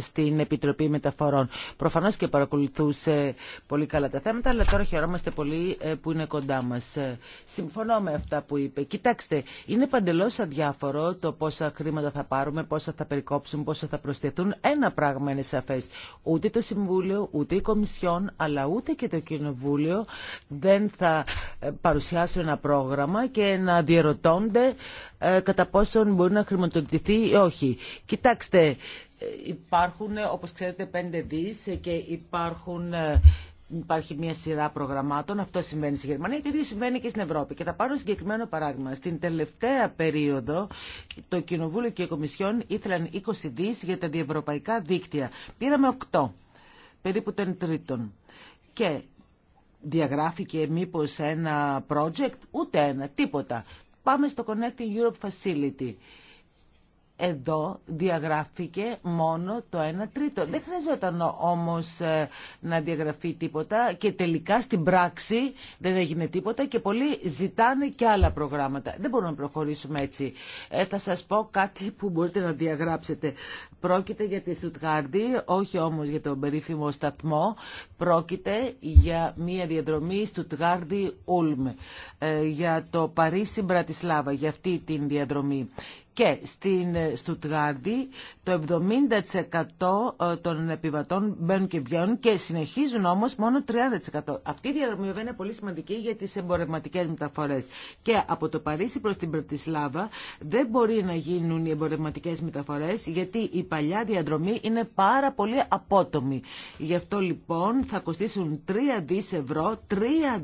στην Επιτροπή Μεταφορών. Προφανώς και παρακολουθούσε πολύ καλά τα θέματα, αλλά τώρα χαιρόμαστε πολύ ε, που είναι κοντά μας. Ε, συμφωνώ με αυτά που είπε. Κοιτάξτε, είναι παντελώς αδιάφορο το πόσα χρήματα θα πάρουμε, πόσα θα περικόψουν, πόσα θα προσθεθούν. Ένα πράγμα είναι σαφές. Ούτε το Συμβούλιο, ούτε η Κομισιόν, αλλά ούτε και το Κοινοβούλιο δεν θα ε, παρουσιάσουν ένα πρόγραμμα και να διερωτώνται ε, κατά πόσον μπορεί να χρηματοδοτηθεί ή όχι. Κοιτάξτε, ε, υπάρχουν όπως ξέρετε πέντε δις και υπάρχουν ε, υπάρχει μια σειρά προγραμμάτων. Αυτό συμβαίνει στη Γερμανία και το συμβαίνει και στην Ευρώπη. Και θα πάρω συγκεκριμένο παράδειγμα. Στην τελευταία περίοδο, το Κοινοβούλιο και η Κομισιόν ήθελαν 20 δι για τα διευρωπαϊκά δίκτυα. Πήραμε 8, περίπου τον τρίτον. Και διαγράφηκε μήπως ένα project, ούτε ένα, τίποτα πάμε στο Connecting Europe Facility. Εδώ διαγράφηκε μόνο το 1 τρίτο. Δεν χρειαζόταν όμως ε, να διαγραφεί τίποτα και τελικά στην πράξη δεν έγινε τίποτα και πολλοί ζητάνε και άλλα προγράμματα. Δεν μπορούμε να προχωρήσουμε έτσι. Ε, θα σας πω κάτι που μπορείτε να διαγράψετε. Πρόκειται για τη Στουτγάρντι, όχι όμως για τον περίφημο σταθμό. Πρόκειται για μια διαδρομή Στουτγάρντι-Ούλμ, ε, για το Παρίσι-Μπρατισλάβα, για αυτή την διαδρομή και στην ε, Στουτγάρδη το 70% ε, των επιβατών μπαίνουν και βγαίνουν και συνεχίζουν όμως μόνο 30%. Αυτή η διαδρομή βέβαια είναι πολύ σημαντική για τις εμπορευματικές μεταφορές. Και από το Παρίσι προς την Πρατισλάβα δεν μπορεί να γίνουν οι εμπορευματικές μεταφορές γιατί η παλιά διαδρομή είναι πάρα πολύ απότομη. Γι' αυτό λοιπόν θα κοστίσουν 3 δις ευρώ, 3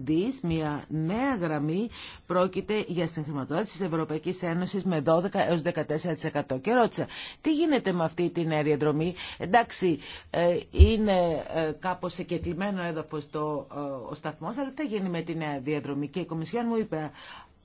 δις μια νέα γραμμή πρόκειται για συγχρηματοδότηση της Ευρωπαϊκής Ένωσης με 12 έως 14%. Και ρώτησα, τι γίνεται με αυτή την διαδρομή Εντάξει, ε, είναι ε, κάπως εκεκλημένο έδαφος το, ε, ο σταθμός, αλλά τι θα γίνει με την διαδρομή Και η Κομισιόν μου είπε,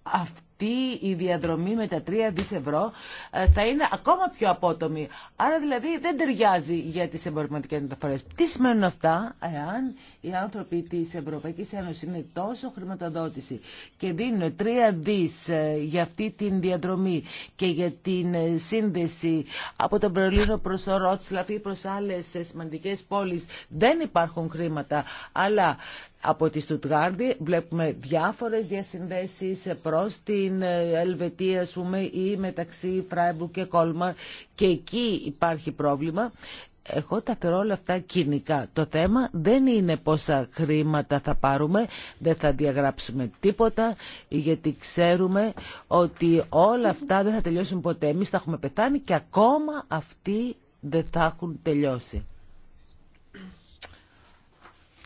αυτή αυτή η διαδρομή με τα 3 δις ευρώ ε, θα είναι ακόμα πιο απότομη. Άρα δηλαδή δεν ταιριάζει για τις εμπορευματικές μεταφορέ. Τι σημαίνουν αυτά εάν οι άνθρωποι της Ευρωπαϊκής Ένωσης είναι τόσο χρηματοδότηση και δίνουν 3 δις ε, για αυτή την διαδρομή και για την ε, σύνδεση από τον Περολίνο προς το Ρότσλαφ ή προς άλλες σημαντικές πόλεις δεν υπάρχουν χρήματα αλλά από τη Στουτγάρδη βλέπουμε διάφορες διασυνδέσεις προς την στην ε, Ελβετία πούμε, ή μεταξύ Φράιμπουργκ και Κόλμα και εκεί υπάρχει πρόβλημα. Εγώ τα θεωρώ όλα αυτά κοινικά. Το θέμα δεν είναι πόσα χρήματα θα πάρουμε, δεν θα διαγράψουμε τίποτα, γιατί ξέρουμε ότι όλα αυτά δεν θα τελειώσουν ποτέ. Εμεί θα έχουμε πεθάνει και ακόμα αυτοί δεν θα έχουν τελειώσει.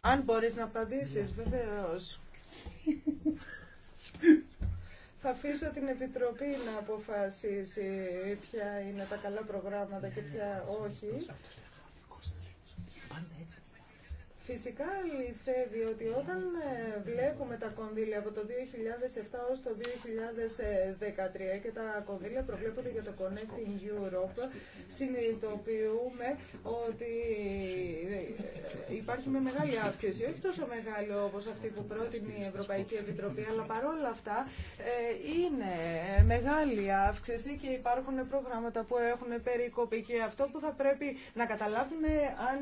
Αν μπορείς να απαντήσεις, βεβαίως. Θα αφήσω την Επιτροπή να αποφασίσει ποια είναι τα καλά προγράμματα και ποια όχι. Φυσικά αληθεύει ότι όταν ε, βλέπουμε τα κονδύλια από το 2007 ως το 2013 και τα κονδύλια προβλέπονται για το Connecting Europe, συνειδητοποιούμε ότι ε, υπάρχει μια μεγάλη αύξηση, όχι τόσο μεγάλη όπως αυτή που πρότεινε η Ευρωπαϊκή Επιτροπή, αλλά παρόλα αυτά ε, είναι μεγάλη αύξηση και υπάρχουν προγράμματα που έχουν περικοπή και αυτό που θα πρέπει να καταλάβουμε αν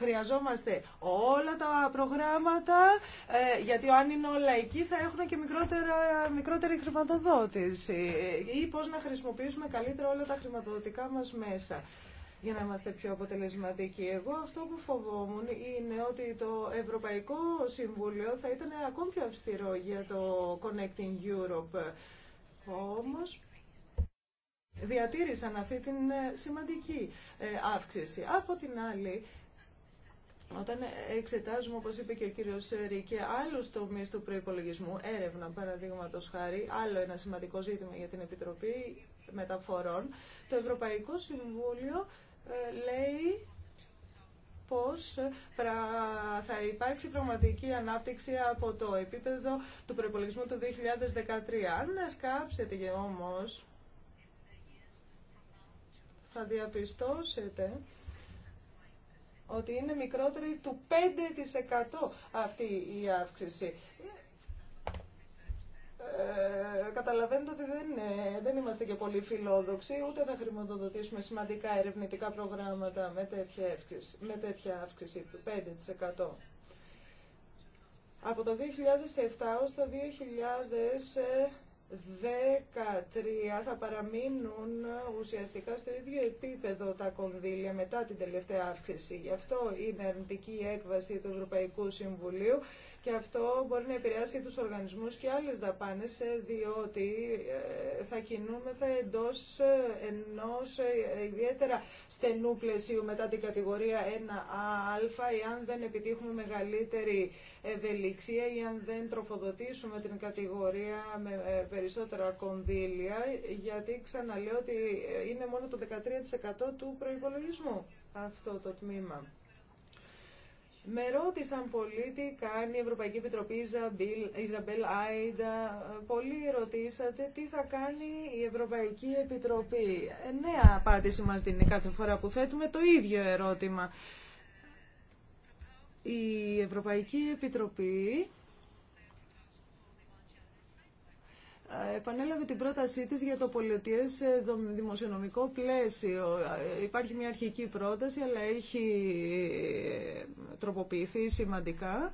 χρειαζόμαστε όλα τα προγράμματα, ε, γιατί αν είναι όλα εκεί θα έχουν και μικρότερα, μικρότερη χρηματοδότηση. Ε, ή πώς να χρησιμοποιήσουμε καλύτερα όλα τα χρηματοδοτικά μας μέσα για να είμαστε πιο αποτελεσματικοί. Εγώ αυτό που φοβόμουν είναι ότι το Ευρωπαϊκό Συμβούλιο θα ήταν ακόμη πιο αυστηρό για το Connecting Europe. Όμως διατήρησαν αυτή την ε, σημαντική αύξηση. Από την άλλη, όταν εξετάζουμε, όπως είπε και ο κύριος Σερι και άλλους τομείς του προϋπολογισμού, έρευνα παραδείγματο χάρη, άλλο ένα σημαντικό ζήτημα για την Επιτροπή Μεταφορών, το Ευρωπαϊκό Συμβούλιο ε, λέει πώς ε, θα υπάρξει πραγματική ανάπτυξη από το επίπεδο του προϋπολογισμού του 2013. Αν σκάψετε όμως, θα διαπιστώσετε ότι είναι μικρότερη του 5% αυτή η αύξηση. Ε, καταλαβαίνετε ότι δεν, ε, δεν είμαστε και πολύ φιλόδοξοι, ούτε θα χρηματοδοτήσουμε σημαντικά ερευνητικά προγράμματα με τέτοια αύξηση, με τέτοια αύξηση του 5%. Από το 2007 ως το 2000 13 θα παραμείνουν ουσιαστικά στο ίδιο επίπεδο τα κονδύλια μετά την τελευταία αύξηση. Γι' αυτό είναι αρνητική η έκβαση του Ευρωπαϊκού Συμβουλίου και αυτό μπορεί να επηρεάσει τους οργανισμούς και άλλες δαπάνες ε, διότι ε, θα κινούμεθα εντός ε, ενός ιδιαίτερα στενού πλαισίου μετά την κατηγορία 1α εάν δεν επιτύχουμε μεγαλύτερη ευελιξία ή αν δεν τροφοδοτήσουμε την κατηγορία με περισσότερα κονδύλια γιατί ξαναλέω ότι είναι μόνο το 13% του προϋπολογισμού αυτό το τμήμα. Με ρώτησαν πολλοί τι κάνει η Ευρωπαϊκή Επιτροπή Ιζαμπέλ Άιντα. Πολλοί ρωτήσατε τι θα κάνει η Ευρωπαϊκή Επιτροπή. Ε, νέα απάντηση μας δίνει κάθε φορά που θέτουμε το ίδιο ερώτημα. Η Ευρωπαϊκή Επιτροπή επανέλαβε την πρότασή της για το πολιτιές ε, δημοσιονομικό πλαίσιο. Ε, υπάρχει μια αρχική πρόταση, αλλά έχει ε, τροποποιηθεί σημαντικά.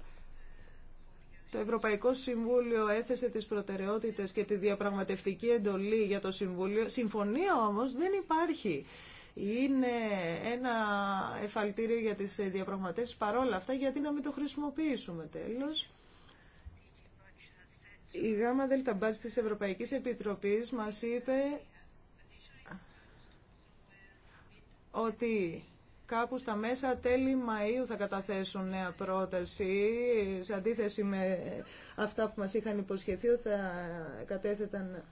Το Ευρωπαϊκό Συμβούλιο έθεσε τις προτεραιότητες και τη διαπραγματευτική εντολή για το Συμβούλιο. Συμφωνία όμως δεν υπάρχει. Είναι ένα εφαλτήριο για τις διαπραγματεύσεις παρόλα αυτά, γιατί να μην το χρησιμοποιήσουμε τέλος. Η γάμα δελτα μπάτς της Ευρωπαϊκής Επιτροπής μας είπε ότι κάπου στα μέσα τέλη Μαΐου θα καταθέσουν νέα πρόταση σε αντίθεση με αυτά που μας είχαν υποσχεθεί ότι θα κατέθεταν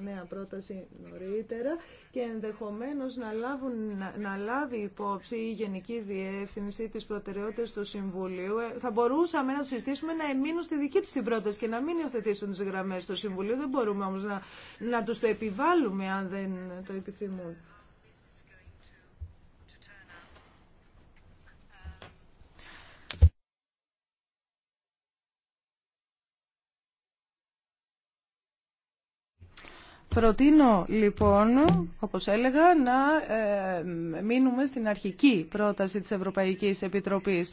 νέα πρόταση νωρίτερα και ενδεχομένως να, λάβουν, να, λάβει υπόψη η Γενική Διεύθυνση της προτεραιότητας του Συμβουλίου. Ε, θα μπορούσαμε να τους συστήσουμε να εμείνουν στη δική τους την πρόταση και να μην υιοθετήσουν τις γραμμές του Συμβουλίου. Δεν μπορούμε όμως να, να τους το επιβάλλουμε αν δεν το επιθυμούν. Προτείνω λοιπόν, όπως έλεγα, να ε, μείνουμε στην αρχική πρόταση της Ευρωπαϊκής Επιτροπής.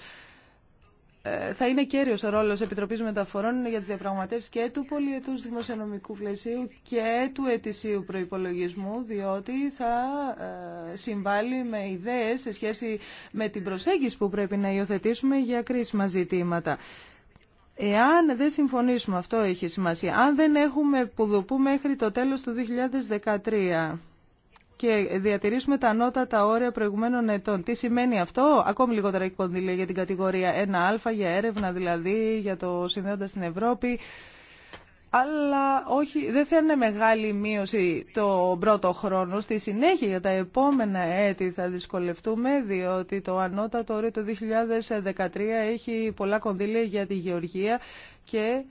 Ε, θα είναι κέριος ο ρόλος Επιτροπής Μεταφορών για τις διαπραγματεύσεις και του πολιετούς δημοσιονομικού πλαισίου και του ετησίου προϋπολογισμού, διότι θα ε, συμβάλλει με ιδέες σε σχέση με την προσέγγιση που πρέπει να υιοθετήσουμε για κρίσιμα ζητήματα. Εάν δεν συμφωνήσουμε, αυτό έχει σημασία, αν δεν έχουμε πουδουπού μέχρι το τέλος του 2013 και διατηρήσουμε τα ανώτατα όρια προηγουμένων ετών, τι σημαίνει αυτό, ακόμη λιγότερα κονδύλια για την κατηγορία 1α, για έρευνα δηλαδή, για το συνδέοντα στην Ευρώπη, αλλά όχι, δεν θα μεγάλη μείωση το πρώτο χρόνο. Στη συνέχεια για τα επόμενα έτη θα δυσκολευτούμε, διότι το ανώτατο όριο το 2013 έχει πολλά κονδύλια για τη γεωργία και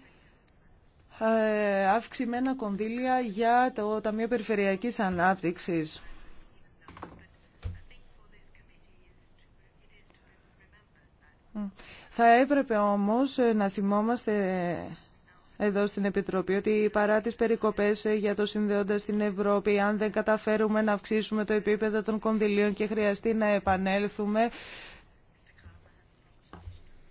ε, αυξημένα κονδύλια για το Ταμείο Περιφερειακής Ανάπτυξης. Θα έπρεπε όμως να θυμόμαστε εδώ στην Επιτροπή ότι παρά τις περικοπές ε, για το συνδέοντα στην Ευρώπη, αν δεν καταφέρουμε να αυξήσουμε το επίπεδο των κονδυλίων και χρειαστεί να επανέλθουμε,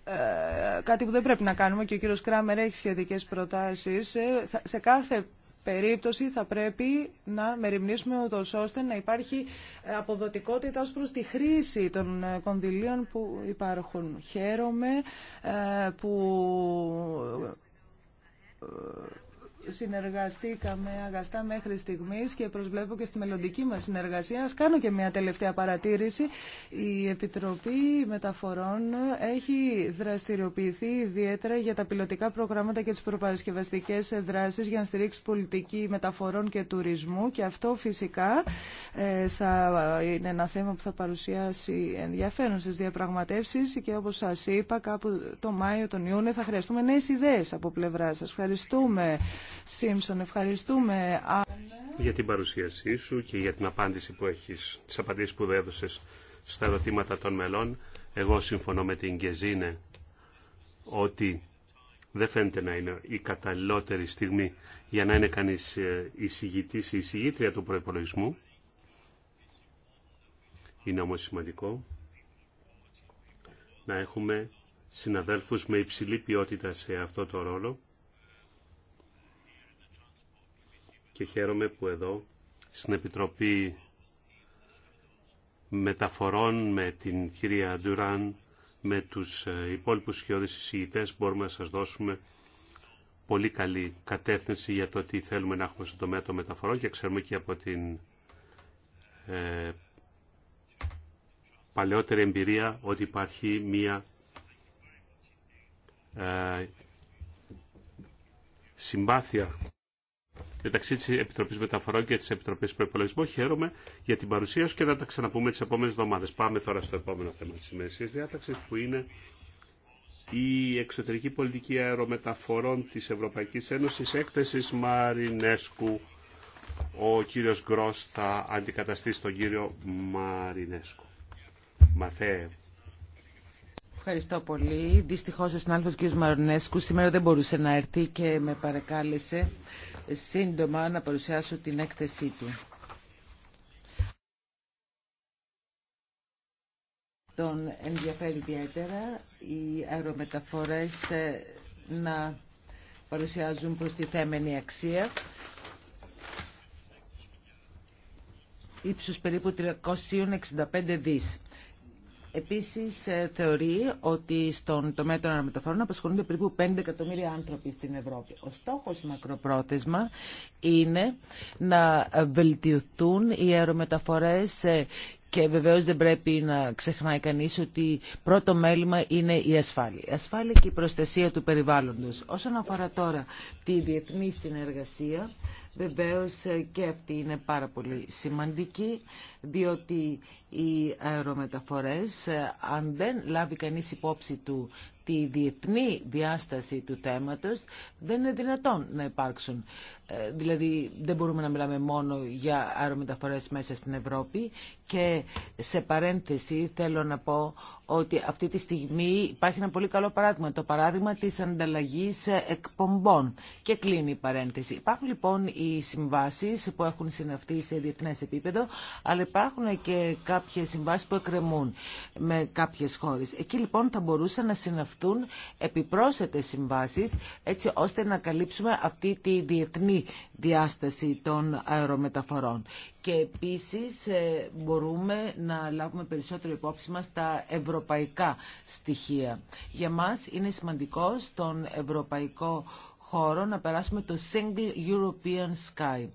ε, κάτι που δεν πρέπει να κάνουμε και ο κύριος Κράμερ έχει σχετικές προτάσεις, ε, σε κάθε περίπτωση θα πρέπει να μεριμνήσουμε ούτως ώστε να υπάρχει αποδοτικότητα ως προς τη χρήση των κονδυλίων που υπάρχουν. Χαίρομαι που Υπότιτλοι ε, συνεργαστήκαμε αγαστά μέχρι στιγμής και προσβλέπω και στη μελλοντική μας συνεργασία. Ας κάνω και μια τελευταία παρατήρηση. Η Επιτροπή Μεταφορών έχει δραστηριοποιηθεί ιδιαίτερα για τα πιλωτικά προγράμματα και τις προπαρασκευαστικές δράσεις για να στηρίξει πολιτική μεταφορών και τουρισμού και αυτό φυσικά ε, θα είναι ένα θέμα που θα παρουσιάσει ενδιαφέρον στις διαπραγματεύσεις και όπως σας είπα κάπου το Μάιο, τον Ιούνιο θα χρειαστούμε νέε ιδέε από πλευρά σα. Ευχαριστούμε. Σίμψον. Ευχαριστούμε, Για την παρουσίασή σου και για την απάντηση που έχεις, τις απαντήσεις που έδωσες στα ερωτήματα των μελών. Εγώ συμφωνώ με την Γκεζίνε ότι δεν φαίνεται να είναι η καταλληλότερη στιγμή για να είναι κανείς ε, εισηγητής ή εισηγήτρια του προϋπολογισμού. Είναι όμως σημαντικό να έχουμε συναδέλφους με υψηλή ποιότητα σε αυτό το ρόλο και χαίρομαι που εδώ στην Επιτροπή Μεταφορών με την κυρία Ντουράν με τους ε, υπόλοιπους σχεδόν εισηγητές μπορούμε να σας δώσουμε πολύ καλή κατεύθυνση για το τι θέλουμε να έχουμε στον τομέα των μεταφορών και ξέρουμε και από την ε, παλαιότερη εμπειρία ότι υπάρχει μία ε, συμπάθεια μεταξύ τη Επιτροπή Μεταφορών και τη Επιτροπή Προπολογισμού. Χαίρομαι για την παρουσία σου και θα τα ξαναπούμε τι επόμενε εβδομάδε. Πάμε τώρα στο επόμενο θέμα τη ημερησία διάταξη που είναι η εξωτερική πολιτική αερομεταφορών τη Ευρωπαϊκή Ένωση έκθεση Μαρινέσκου. Ο κύριος Γκρό θα αντικαταστήσει τον κύριο Μαρινέσκου. Μαθαίε. Ευχαριστώ πολύ. Δυστυχώς ο συνάδελφο κ. σήμερα δεν μπορούσε να έρθει και με παρακάλεσε σύντομα να παρουσιάσω την έκθεσή του. Τον ενδιαφέρει ιδιαίτερα οι αερομεταφορές ε, να παρουσιάζουν τη θέμενη αξία ύψους περίπου 365 δις. Επίσης ε, θεωρεί ότι στον τομέα των αερομεταφορών απασχολούνται περίπου 5 εκατομμύρια άνθρωποι στην Ευρώπη. Ο στόχος μακροπρόθεσμα είναι να βελτιωθούν οι αερομεταφορές ε, και βεβαίως δεν πρέπει να ξεχνάει κανείς ότι πρώτο μέλημα είναι η ασφάλεια. Η ασφάλεια και η προστασία του περιβάλλοντος. Όσον αφορά τώρα τη διεθνή συνεργασία, βεβαίως και αυτή είναι πάρα πολύ σημαντική, διότι οι αερομεταφορές, αν δεν λάβει κανείς υπόψη του τη διεθνή διάσταση του θέματος δεν είναι δυνατόν να υπάρξουν. Ε, δηλαδή δεν μπορούμε να μιλάμε μόνο για αερομεταφορές μέσα στην Ευρώπη και σε παρένθεση θέλω να πω ότι αυτή τη στιγμή υπάρχει ένα πολύ καλό παράδειγμα, το παράδειγμα της ανταλλαγής εκπομπών και κλείνει η παρένθεση. Υπάρχουν λοιπόν οι συμβάσεις που έχουν συναυτεί σε διεθνές επίπεδο, αλλά υπάρχουν και κάποιες συμβάσεις που εκκρεμούν με κάποιες χώρες. Εκεί λοιπόν θα μπορούσαν να συναυτούν επιπρόσθετες συμβάσεις, έτσι ώστε να καλύψουμε αυτή τη διεθνή διάσταση των αερομεταφορών και επίσης ε, μπορούμε να λάβουμε περισσότερο υπόψη μας τα ευρωπαϊκά στοιχεία. Για μας είναι σημαντικό στον ευρωπαϊκό χώρο να περάσουμε το Single European Sky.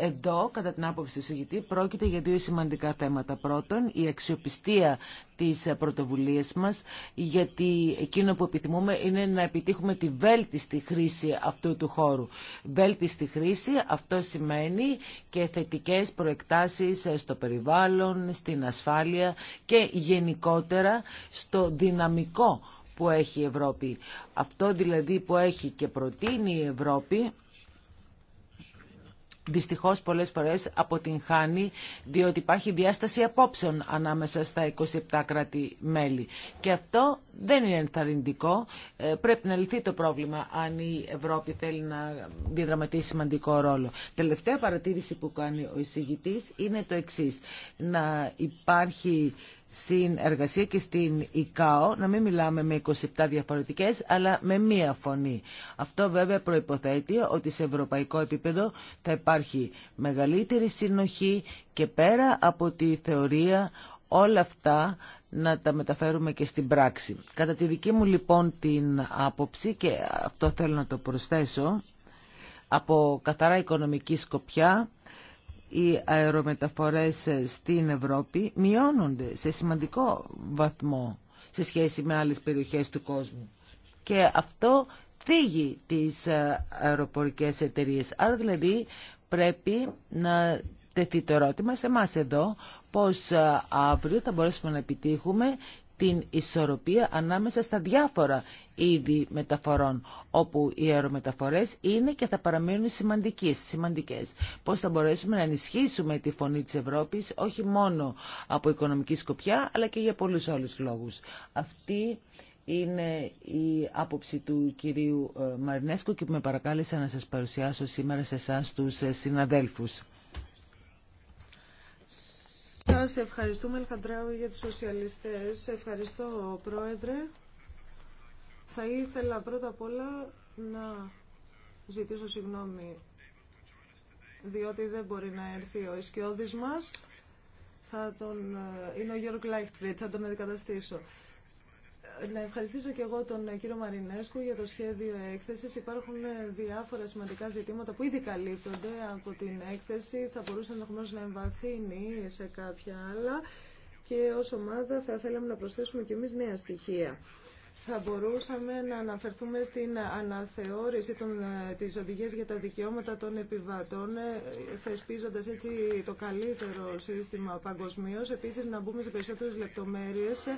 Εδώ, κατά την άποψη του συγητή, πρόκειται για δύο σημαντικά θέματα. Πρώτον, η αξιοπιστία της πρωτοβουλίας μας, γιατί εκείνο που επιθυμούμε είναι να επιτύχουμε τη βέλτιστη χρήση αυτού του χώρου. Βέλτιστη χρήση, αυτό σημαίνει και θετικές προεκτάσεις στο περιβάλλον, στην ασφάλεια και γενικότερα στο δυναμικό που έχει η Ευρώπη. Αυτό δηλαδή που έχει και προτείνει η Ευρώπη δυστυχώς πολλές φορές αποτυγχάνει διότι υπάρχει διάσταση απόψεων ανάμεσα στα 27 κράτη-μέλη. Και αυτό δεν είναι ενθαρρυντικό. Ε, πρέπει να λυθεί το πρόβλημα αν η Ευρώπη θέλει να διαδραματίσει σημαντικό ρόλο. Τελευταία παρατήρηση που κάνει ο εισηγητής είναι το εξής. Να υπάρχει στην εργασία και στην ΙΚΑΟ να μην μιλάμε με 27 διαφορετικές αλλά με μία φωνή. Αυτό βέβαια προϋποθέτει ότι σε ευρωπαϊκό επίπεδο θα υπάρχει μεγαλύτερη συνοχή και πέρα από τη θεωρία όλα αυτά να τα μεταφέρουμε και στην πράξη. Κατά τη δική μου λοιπόν την άποψη και αυτό θέλω να το προσθέσω από καθαρά οικονομική σκοπιά οι αερομεταφορές στην Ευρώπη μειώνονται σε σημαντικό βαθμό σε σχέση με άλλες περιοχές του κόσμου. Και αυτό φύγει τις αεροπορικές εταιρείες. Άρα δηλαδή πρέπει να τεθεί το ερώτημα σε εμά εδώ πώς ε, αύριο θα μπορέσουμε να επιτύχουμε την ισορροπία ανάμεσα στα διάφορα είδη μεταφορών, όπου οι αερομεταφορές είναι και θα παραμείνουν σημαντικές. σημαντικές. Πώς θα μπορέσουμε να ενισχύσουμε τη φωνή της Ευρώπης, όχι μόνο από οικονομική σκοπιά, αλλά και για πολλούς άλλους λόγους. Αυτή είναι η άποψη του κυρίου ε, Μαρινέσκου και που με παρακάλεσε να σας παρουσιάσω σήμερα σε εσά τους ε, συναδέλφους. Σας ευχαριστούμε, Ελχαντράου, για τους σοσιαλιστές. Ευχαριστώ, Πρόεδρε. Θα ήθελα πρώτα απ' όλα να ζητήσω συγγνώμη, διότι δεν μπορεί να έρθει ο ισκιώδης μας. Θα τον... Ε, είναι ο Γιώργο Λάιχτφριντ, θα τον αντικαταστήσω να ευχαριστήσω και εγώ τον ε, κύριο Μαρινέσκου για το σχέδιο έκθεσης. Υπάρχουν ε, διάφορα σημαντικά ζητήματα που ήδη καλύπτονται από την έκθεση. Θα μπορούσε ενδεχομένω να εμβαθύνει σε κάποια άλλα και ως ομάδα θα θέλαμε να προσθέσουμε και εμείς νέα στοιχεία θα μπορούσαμε να αναφερθούμε στην αναθεώρηση των, ε, της οδηγίας για τα δικαιώματα των επιβατών, ε, θεσπίζοντας έτσι το καλύτερο σύστημα παγκοσμίω. Επίσης, να μπούμε σε περισσότερες λεπτομέρειες ε,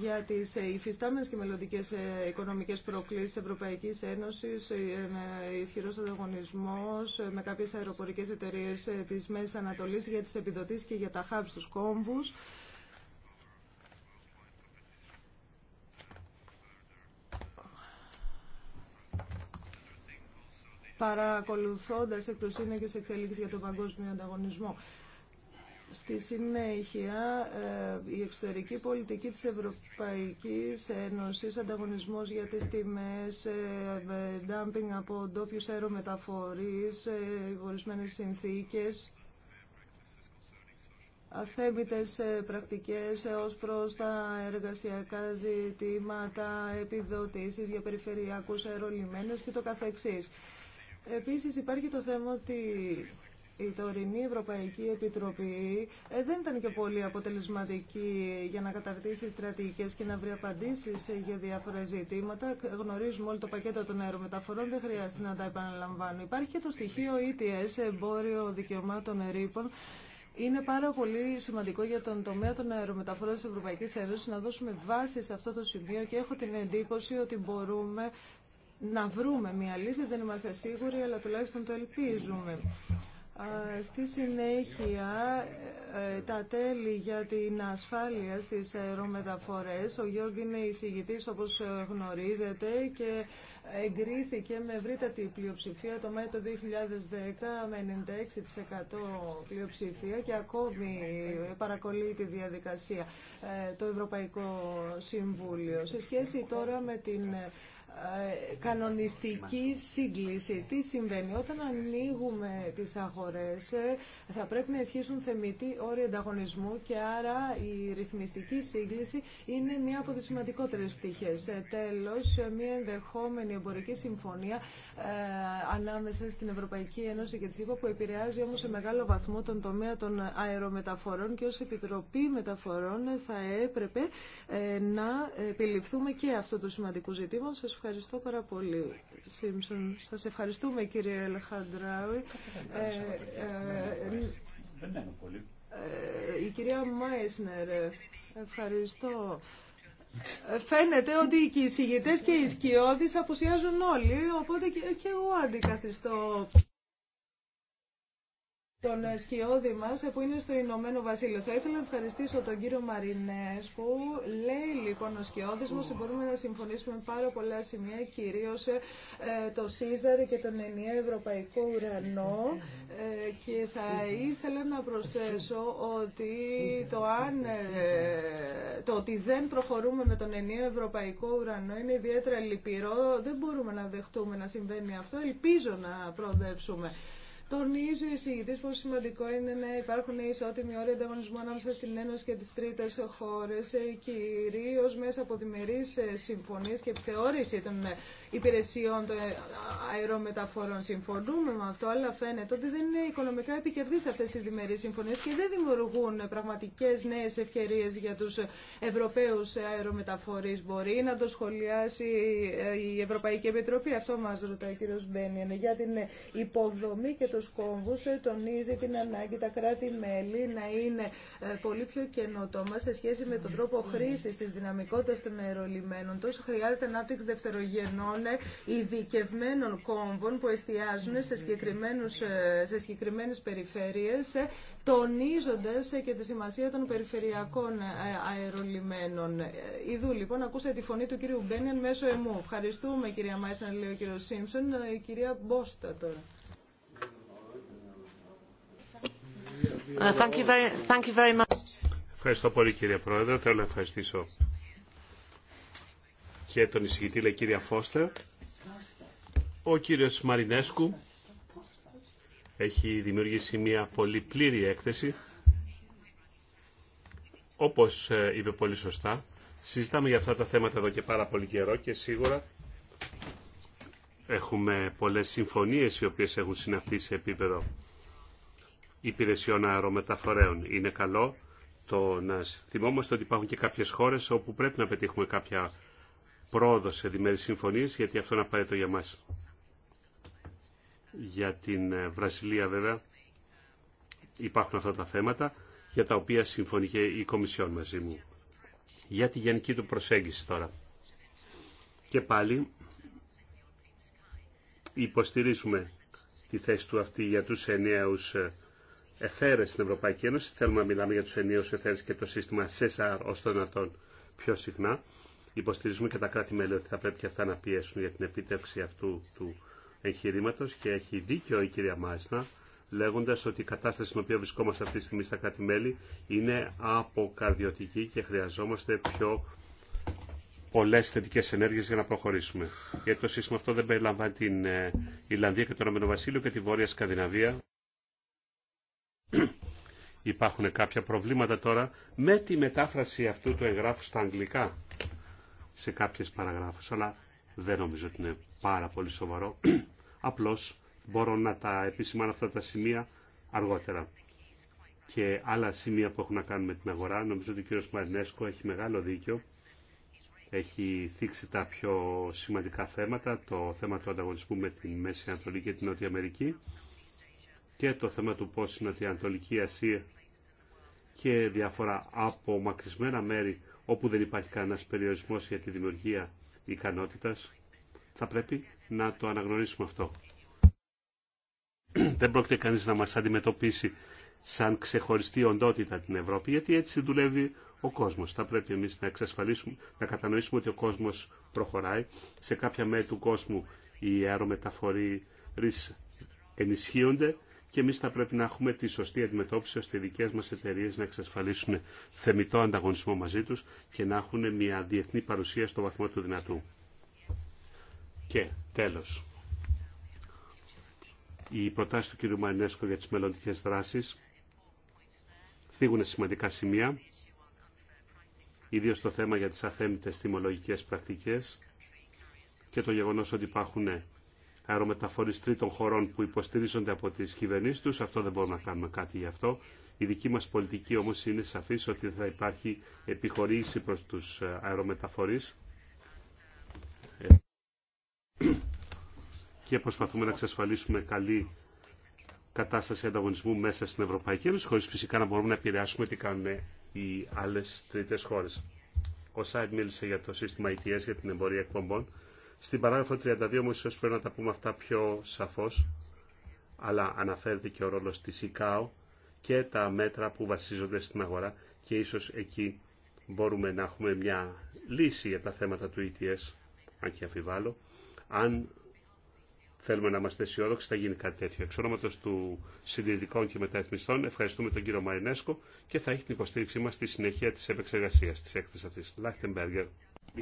για τις υφιστάμενες και μελλοντικέ οικονομικές προκλήσεις Ευρωπαϊκής Ένωσης, με ισχυρός ανταγωνισμός, με κάποιες αεροπορικές εταιρείες της Μέσης Ανατολής για τις επιδοτήσεις και για τα hubs τους κόμβους. παρακολουθώντας εκ του σε για τον παγκόσμιο ανταγωνισμό. Στη συνέχεια, ε, η εξωτερική πολιτική της Ευρωπαϊκής Ένωσης, ανταγωνισμός για τις τιμές, ντάμπινγκ ε, ε, από ντόπιου αερομεταφορείς, ορισμένες συνθήκες, αθέμητες πρακτικές ως προς τα εργασιακά ζητήματα, επιδοτήσεις για περιφερειακούς αερολιμένες και το καθεξής. Επίσης υπάρχει το θέμα ότι η τωρινή Ευρωπαϊκή Επιτροπή ε, δεν ήταν και πολύ αποτελεσματική για να καταρτήσει στρατηγικές και να βρει απαντήσεις για διάφορα ζητήματα. Γνωρίζουμε όλο το πακέτο των αερομεταφορών, δεν χρειάζεται να τα επαναλαμβάνω. Υπάρχει και το στοιχείο ETS, εμπόριο δικαιωμάτων ρήπων, είναι πάρα πολύ σημαντικό για τον τομέα των αερομεταφορών τη Ευρωπαϊκή Ένωση να δώσουμε βάση σε αυτό το σημείο και έχω την εντύπωση ότι μπορούμε να βρούμε μια λύση, δεν είμαστε σίγουροι, αλλά τουλάχιστον το ελπίζουμε. Στη συνέχεια, ε, τα τέλη για την ασφάλεια στις αερομεταφορές. Ο Γιώργη είναι εισηγητής, όπως γνωρίζετε, και εγκρίθηκε με ευρύτατη πλειοψηφία το Μάιο το 2010, με 96% πλειοψηφία και ακόμη παρακολεί τη διαδικασία ε, το Ευρωπαϊκό Συμβούλιο. Σε σχέση τώρα με την ε, κανονιστική σύγκληση. Τι συμβαίνει όταν ανοίγουμε τις αγορές ε, θα πρέπει να ισχύσουν θεμητοί όροι ανταγωνισμού και άρα η ρυθμιστική σύγκληση είναι μία από τις σημαντικότερες πτυχές. Ε, τέλος, μία ενδεχόμενη εμπορική συμφωνία ανάμεσα στην Ευρωπαϊκή Ένωση και τη ΕΠΑ που επηρεάζει όμως σε μεγάλο βαθμό τον τομέα των αερομεταφορών και ως Επιτροπή Μεταφορών θα έπρεπε να επιληφθούμε και αυτό το σημαντικό ζητήμα. Σας ευχαριστώ πάρα πολύ, Σίμψον. Σας ευχαριστούμε, κύριε Ελχαντράουι. Ε, ε, ε, η κυρία Μάισνερ, ευχαριστώ. Φαίνεται ότι οι συγγητές και οι σκιώδεις απουσιάζουν όλοι, οπότε και εγώ αντικαθιστώ τον σκιώδη μα που είναι στο Ηνωμένο Βασίλειο. Θα ήθελα να ευχαριστήσω τον κύριο Μαρινέσκου. που λέει λοιπόν ο σκιώδη μας ότι μπορούμε να συμφωνήσουμε πάρα πολλά σημεία κυρίως ε, το Σίζαρ και τον ενιαίο Ευρωπαϊκό Ουρανό ε, και θα ήθελα να προσθέσω ότι το, αν, ε, το ότι δεν προχωρούμε με τον ενιαίο Ευρωπαϊκό Ουρανό είναι ιδιαίτερα λυπηρό. Δεν μπορούμε να δεχτούμε να συμβαίνει αυτό. Ελπίζω να προοδεύσουμε. Τονίζω ο εισηγητή πόσο σημαντικό είναι να υπάρχουν ισότιμοι όροι ανταγωνισμού ανάμεσα στην Ένωση και τι τρίτε χώρε, κυρίω μέσα από διμερεί ε, συμφωνίε και επιθεώρηση των υπηρεσιών των αερομεταφορών. Συμφωνούμε με αυτό, αλλά φαίνεται ότι δεν είναι οικονομικά επικερδεί αυτέ οι διμερείς συμφωνίε και δεν δημιουργούν πραγματικέ νέε ευκαιρίε για του Ευρωπαίους αερομεταφορεί. Μπορεί να το σχολιάσει ε, η Ευρωπαϊκή Επιτροπή, αυτό μα ρωτάει ο κύριος Μπένιεν, για την υποδομή και του κόμβου, ε, τονίζει την ανάγκη τα κράτη-μέλη να είναι ε, πολύ πιο καινοτόμα σε σχέση με τον τρόπο χρήση τη δυναμικότητα των αερολιμένων του. Χρειάζεται ανάπτυξη δευτερογενών των ειδικευμένων κόμβων που εστιάζουν σε, συγκεκριμένους, ε, σε συγκεκριμένες περιφέρειες, ε, τονίζοντας ε, και τη σημασία των περιφερειακών αερολιμένων. Ιδού, λοιπόν, ακούσατε τη φωνή του κύριου Μπένιαν μέσω εμού. Ευχαριστούμε, κυρία Μάισαν, λέει ο κύριο Σίμψον. Η κυρία Μπόστα τώρα. Thank you very, thank you very much. Ευχαριστώ πολύ κύριε Πρόεδρε. Θέλω να ευχαριστήσω και τον εισηγητή κυρία Φώστερ. Ο κύριος Μαρινέσκου έχει δημιουργήσει μια πολύ πλήρη έκθεση. Όπως ε, είπε πολύ σωστά, συζητάμε για αυτά τα θέματα εδώ και πάρα πολύ καιρό και σίγουρα έχουμε πολλές συμφωνίες οι οποίες έχουν συναυτεί σε επίπεδο υπηρεσιών αερομεταφορέων. Είναι καλό το να θυμόμαστε ότι υπάρχουν και κάποιες χώρες όπου πρέπει να πετύχουμε κάποια πρόοδο σε διμερεί γιατί αυτό είναι απαραίτητο για μας. Για την ε, Βραζιλία βέβαια υπάρχουν αυτά τα θέματα για τα οποία συμφωνεί και η Κομισιόν μαζί μου. Για τη γενική του προσέγγιση τώρα. Και πάλι υποστηρίζουμε τη θέση του αυτή για τους ενιαίους ε, εθέρες στην Ευρωπαϊκή Ένωση. Θέλουμε να μιλάμε για τους ενιαίους εθέρες και το σύστημα ΣΕΣΑΡ ως το δυνατόν πιο συχνά υποστηρίζουμε και τα κράτη-μέλη ότι θα πρέπει και αυτά να πιέσουν για την επίτευξη αυτού του εγχειρήματο και έχει δίκιο η κυρία Μάσνα λέγοντα ότι η κατάσταση στην οποία βρισκόμαστε αυτή τη στιγμή στα κράτη-μέλη είναι αποκαρδιωτική και χρειαζόμαστε πιο πολλέ θετικέ ενέργειε για να προχωρήσουμε. Γιατί το σύστημα αυτό δεν περιλαμβάνει την ε, Ιρλανδία και το Ρωμένο Βασίλειο και τη Βόρεια Σκανδιναβία. Υπάρχουν κάποια προβλήματα τώρα με τη μετάφραση αυτού του εγγράφου στα αγγλικά σε κάποιες παραγράφους, αλλά δεν νομίζω ότι είναι πάρα πολύ σοβαρό. Απλώς μπορώ να τα επισημάνω αυτά τα σημεία αργότερα. Και άλλα σημεία που έχουν να κάνουν με την αγορά, νομίζω ότι ο κ. Μαρινέσκο έχει μεγάλο δίκιο. Έχει θίξει τα πιο σημαντικά θέματα, το θέμα του ανταγωνισμού με τη Μέση Ανατολή και την Νότια Αμερική και το θέμα του πώς η Νοτιοανατολική Ασία και διάφορα απομακρυσμένα μέρη όπου δεν υπάρχει κανένας περιορισμός για τη δημιουργία ικανότητας, θα πρέπει να το αναγνωρίσουμε αυτό. δεν πρόκειται κανείς να μας αντιμετωπίσει σαν ξεχωριστή οντότητα την Ευρώπη, γιατί έτσι δουλεύει ο κόσμος. Θα πρέπει εμείς να εξασφαλίσουμε, να κατανοήσουμε ότι ο κόσμος προχωράει. Σε κάποια μέρη του κόσμου οι αερομεταφορείς ενισχύονται, και εμείς θα πρέπει να έχουμε τη σωστή αντιμετώπιση ώστε οι δικές μας εταιρείες να εξασφαλίσουν θεμητό ανταγωνισμό μαζί τους και να έχουν μια διεθνή παρουσία στο βαθμό του δυνατού. Και τέλος, οι προτάσεις του κ. Μαρινέσκο για τις μελλοντικές δράσεις θίγουν σημαντικά σημεία, ιδίως το θέμα για τις αθέμητες τιμολογικέ πρακτικές και το γεγονός ότι υπάρχουν αερομεταφορείς τρίτων χωρών που υποστηρίζονται από τι κυβερνήσει του. Αυτό δεν μπορούμε να κάνουμε κάτι γι' αυτό. Η δική μα πολιτική όμω είναι σαφής ότι θα υπάρχει επιχορήγηση προ του ε, αερομεταφορεί. και προσπαθούμε να εξασφαλίσουμε καλή κατάσταση ανταγωνισμού μέσα στην Ευρωπαϊκή Ένωση, Χωρί φυσικά να μπορούμε να επηρεάσουμε τι κάνουν οι άλλε τρίτε χώρε. Ο Σάιντ μίλησε για το σύστημα ITS για την εμπορία εκπομπών. Στην παράγραφο 32 όμως, ίσως πρέπει να τα πούμε αυτά πιο σαφώς, αλλά αναφέρθηκε και ο ρόλος της ΙΚΑΟ και τα μέτρα που βασίζονται στην αγορά και ίσως εκεί μπορούμε να έχουμε μια λύση για τα θέματα του ETS, αν και αμφιβάλλω. Αν θέλουμε να είμαστε αισιόδοξοι, θα γίνει κάτι τέτοιο. Εξ ονόματος του συντηρητικών και μεταρρυθμιστών, ευχαριστούμε τον κύριο Μαρινέσκο και θα έχει την υποστήριξή μας στη συνέχεια της επεξεργασίας της έκθεσης αυτής. Λάχτεμπεργκερ.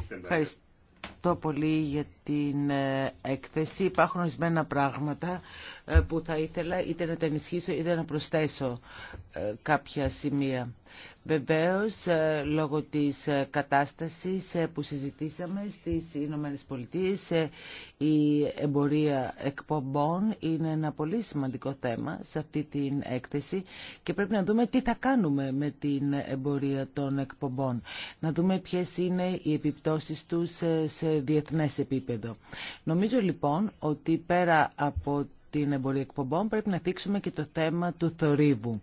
Ευχαριστώ ευχαριστώ πολύ για την ε, έκθεση. Υπάρχουν ορισμένα πράγματα ε, που θα ήθελα είτε να τα ενισχύσω είτε να προσθέσω ε, κάποια σημεία. Βεβαίως, ε, λόγω της ε, κατάστασης ε, που συζητήσαμε στις Ηνωμένες Πολιτείες, η εμπορία εκπομπών είναι ένα πολύ σημαντικό θέμα σε αυτή την έκθεση και πρέπει να δούμε τι θα κάνουμε με την εμπορία των εκπομπών. Να δούμε ποιες είναι οι επιπτώσεις τους σε διεθνές επίπεδο. Νομίζω λοιπόν ότι πέρα από την εμπορία εκπομπών πρέπει να θίξουμε και το θέμα του θορύβου.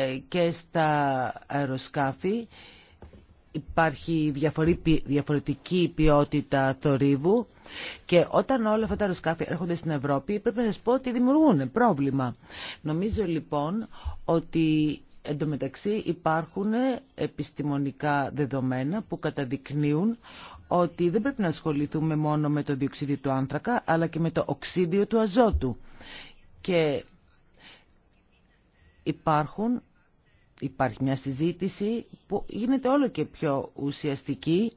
Ε, και στα αεροσκάφη υπάρχει διαφορετική ποιότητα θορύβου και όταν όλα αυτά τα αεροσκάφη έρχονται στην Ευρώπη πρέπει να σας πω ότι δημιουργούν πρόβλημα. Νομίζω λοιπόν ότι εντωμεταξύ υπάρχουν επιστημονικά δεδομένα που καταδεικνύουν ότι δεν πρέπει να ασχοληθούμε μόνο με το διοξίδιο του άνθρακα αλλά και με το οξύδιο του αζότου. Και υπάρχουν υπάρχει μια συζήτηση που γίνεται όλο και πιο ουσιαστική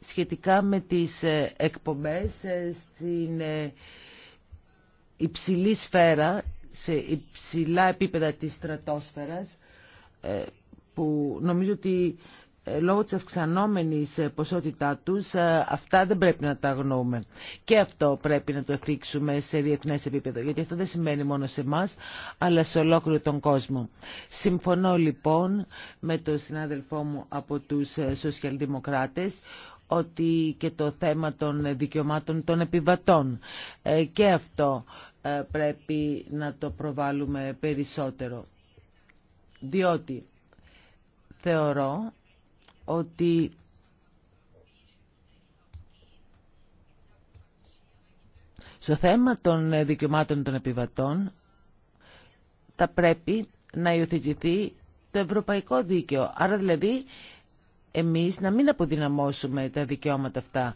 σχετικά με τις ε, εκπομπές ε, στην ε, υψηλή σφαίρα, σε υψηλά επίπεδα της στρατόσφαιρας, που νομίζω ότι ε, λόγω της αυξανόμενης ε, ποσότητά τους ε, αυτά δεν πρέπει να τα αγνοούμε. Και αυτό πρέπει να το θίξουμε σε διεθνές επίπεδο, γιατί αυτό δεν σημαίνει μόνο σε εμά, αλλά σε ολόκληρο τον κόσμο. Συμφωνώ λοιπόν με τον συνάδελφό μου από τους σοσιαλδημοκράτες, ότι και το θέμα των δικαιωμάτων των επιβατών και αυτό πρέπει να το προβάλλουμε περισσότερο. Διότι θεωρώ ότι στο θέμα των δικαιωμάτων των επιβατών θα πρέπει να υιοθετηθεί το ευρωπαϊκό δίκαιο. Άρα δηλαδή εμείς να μην αποδυναμώσουμε τα δικαιώματα αυτά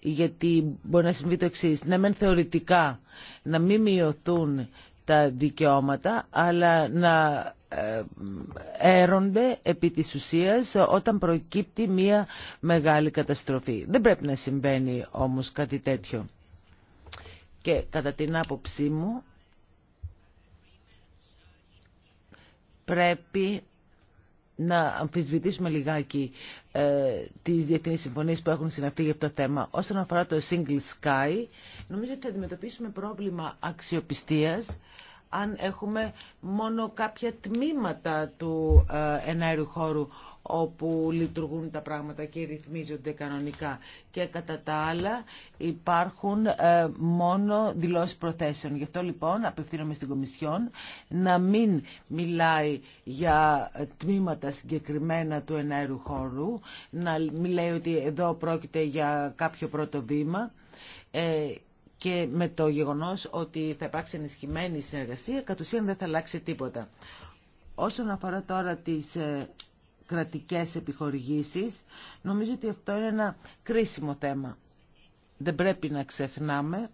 γιατί μπορεί να συμβεί το εξή. Ναι, μεν θεωρητικά να μην μειωθούν τα δικαιώματα, αλλά να έρονται επί της ουσίας όταν προκύπτει μια μεγάλη καταστροφή. Δεν πρέπει να συμβαίνει όμως κάτι τέτοιο. Και κατά την άποψή μου πρέπει να αμφισβητήσουμε λιγάκι ε, τις διεθνείς συμφωνίες που έχουν συναφεί για αυτό το θέμα. Όσον αφορά το Single Sky, νομίζω ότι θα αντιμετωπίσουμε πρόβλημα αξιοπιστίας αν έχουμε μόνο κάποια τμήματα του ε, εναέρου χώρου όπου λειτουργούν τα πράγματα και ρυθμίζονται κανονικά. Και κατά τα άλλα υπάρχουν ε, μόνο δηλώσεις προθέσεων. Γι' αυτό λοιπόν απευθύνομαι στην Κομισιόν να μην μιλάει για τμήματα συγκεκριμένα του εναέρου χώρου, να μιλάει ότι εδώ πρόκειται για κάποιο πρώτο βήμα ε, και με το γεγονός ότι θα υπάρξει ενισχυμένη συνεργασία, κατ' ουσίαν δεν θα αλλάξει τίποτα. Όσον αφορά τώρα τις ε, κρατικές επιχορηγήσεις, νομίζω ότι αυτό είναι ένα κρίσιμο θέμα. Δεν πρέπει να ξεχνάμε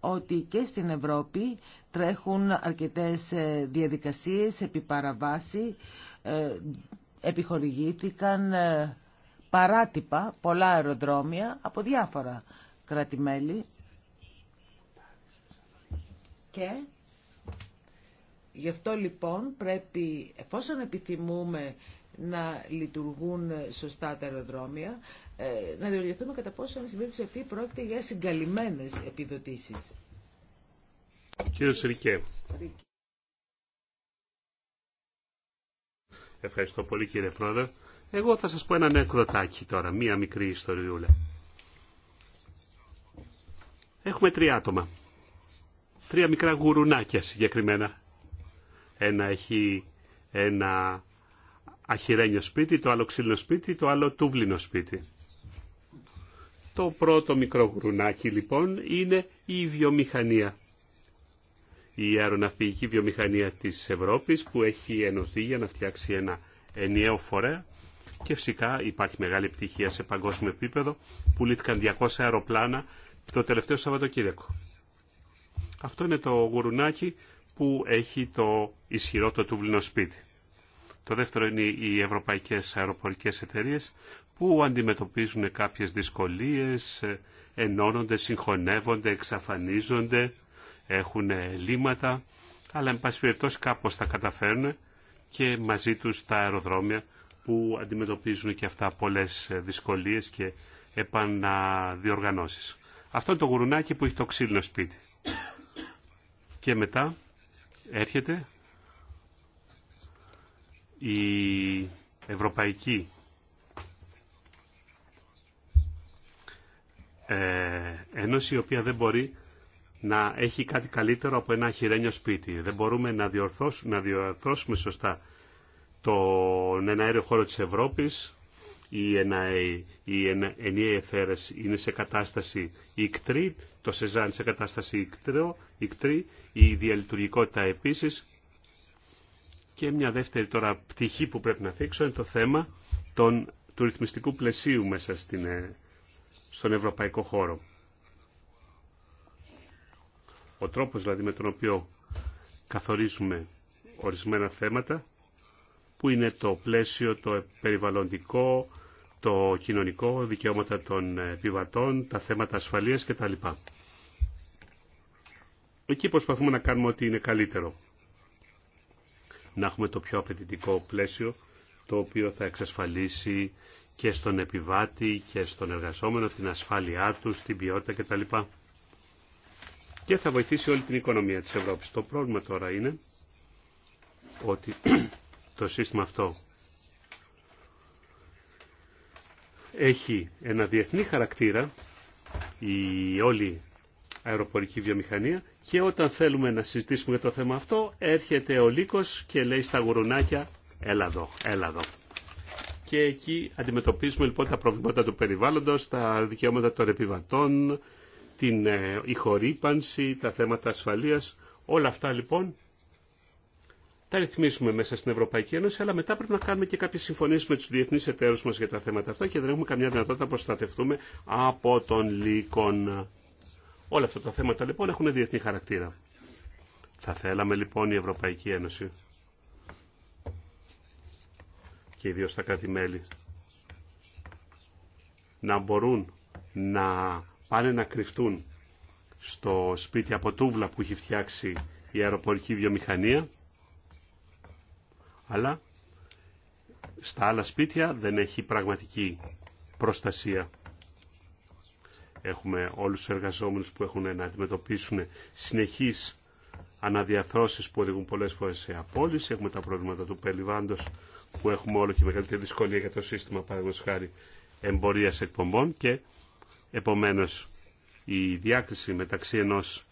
ότι και στην Ευρώπη τρέχουν αρκετές ε, διαδικασίες επί παραβάση, ε, επιχορηγήθηκαν παράτυπα πολλά αεροδρόμια από διάφορα κράτη-μέλη και γι' αυτό λοιπόν πρέπει, εφόσον επιθυμούμε να λειτουργούν σωστά τα αεροδρόμια, ε, να διοργανωθούμε κατά πόσο συμβαίνει σε αυτή πρόκειται για συγκαλυμμένες επιδοτήσεις. Κύριε Ρικέ. Ευχαριστώ πολύ κύριε Πρόεδρε. Εγώ θα σας πω ένα νεκροτάκι τώρα, μία μικρή ιστοριούλα. Έχουμε τρία άτομα τρία μικρά γουρουνάκια συγκεκριμένα. Ένα έχει ένα αχυρένιο σπίτι, το άλλο ξύλινο σπίτι, το άλλο τούβλινο σπίτι. Το πρώτο μικρό γουρουνάκι λοιπόν είναι η βιομηχανία. Η αεροναυπηγική βιομηχανία της Ευρώπης που έχει ενωθεί για να φτιάξει ένα ενιαίο φορέα και φυσικά υπάρχει μεγάλη επιτυχία σε παγκόσμιο επίπεδο. Πουλήθηκαν 200 αεροπλάνα το τελευταίο Σαββατοκύριακο. Αυτό είναι το γουρουνάκι που έχει το ισχυρό το τούβλινο σπίτι. Το δεύτερο είναι οι ευρωπαϊκές αεροπορικές εταιρείες που αντιμετωπίζουν κάποιες δυσκολίες, ενώνονται, συγχωνεύονται, εξαφανίζονται, έχουν λύματα, αλλά εν πάση περιπτώσει κάπως τα καταφέρουν και μαζί τους τα αεροδρόμια που αντιμετωπίζουν και αυτά πολλές δυσκολίες και επαναδιοργανώσεις. Αυτό είναι το γουρουνάκι που έχει το ξύλινο σπίτι και μετά έρχεται η Ευρωπαϊκή ε, Ένωση η οποία δεν μπορεί να έχει κάτι καλύτερο από ένα χειρένιο σπίτι. Δεν μπορούμε να διορθώσουμε, να διορθώσουμε σωστά τον εναέριο χώρο της Ευρώπης. Η, ενα, η ενιαία είναι σε κατάσταση ικτρή, το ΣΕΖΑΝ σε κατάσταση ικτρό ικτρή, η διαλειτουργικότητα επίσης και μια δεύτερη τώρα πτυχή που πρέπει να θίξω είναι το θέμα των, του ρυθμιστικού πλαισίου μέσα στην, ε, στον ευρωπαϊκό χώρο. Ο τρόπος δηλαδή με τον οποίο καθορίζουμε ορισμένα θέματα που είναι το πλαίσιο, το περιβαλλοντικό, το κοινωνικό, δικαιώματα των επιβατών, τα θέματα ασφαλείας κτλ. Εκεί προσπαθούμε να κάνουμε ό,τι είναι καλύτερο. Να έχουμε το πιο απαιτητικό πλαίσιο, το οποίο θα εξασφαλίσει και στον επιβάτη και στον εργαζόμενο την ασφάλειά του, την ποιότητα κτλ. Και θα βοηθήσει όλη την οικονομία της Ευρώπης. Το πρόβλημα τώρα είναι ότι το σύστημα αυτό έχει ένα διεθνή χαρακτήρα. Η όλη αεροπορική βιομηχανία και όταν θέλουμε να συζητήσουμε για το θέμα αυτό έρχεται ο Λύκος και λέει στα γουρουνάκια έλα εδώ, έλα εδώ. Και εκεί αντιμετωπίζουμε λοιπόν τα προβλήματα του περιβάλλοντος, τα δικαιώματα των επιβατών, την ε, ηχορύπανση, τα θέματα ασφαλείας, όλα αυτά λοιπόν τα ρυθμίσουμε μέσα στην Ευρωπαϊκή Ένωση, αλλά μετά πρέπει να κάνουμε και κάποιε συμφωνίε με του διεθνεί εταίρου μα για τα θέματα αυτά και δεν έχουμε καμιά δυνατότητα να προστατευτούμε από τον λύκον. Όλα αυτά τα θέματα λοιπόν έχουν διεθνή χαρακτήρα. Θα θέλαμε λοιπόν η Ευρωπαϊκή Ένωση και ιδίω τα κράτη-μέλη να μπορούν να πάνε να κρυφτούν στο σπίτι από τούβλα που έχει φτιάξει η αεροπορική βιομηχανία αλλά στα άλλα σπίτια δεν έχει πραγματική προστασία. Έχουμε όλους τους εργαζόμενους που έχουν να αντιμετωπίσουν συνεχείς αναδιαθρώσεις που οδηγούν πολλές φορές σε απόλυση. Έχουμε τα προβλήματα του περιβάντος που έχουμε όλο και μεγαλύτερη δυσκολία για το σύστημα παραγωγής χάρη εμπορίας εκπομπών και επομένως η διάκριση μεταξύ ενός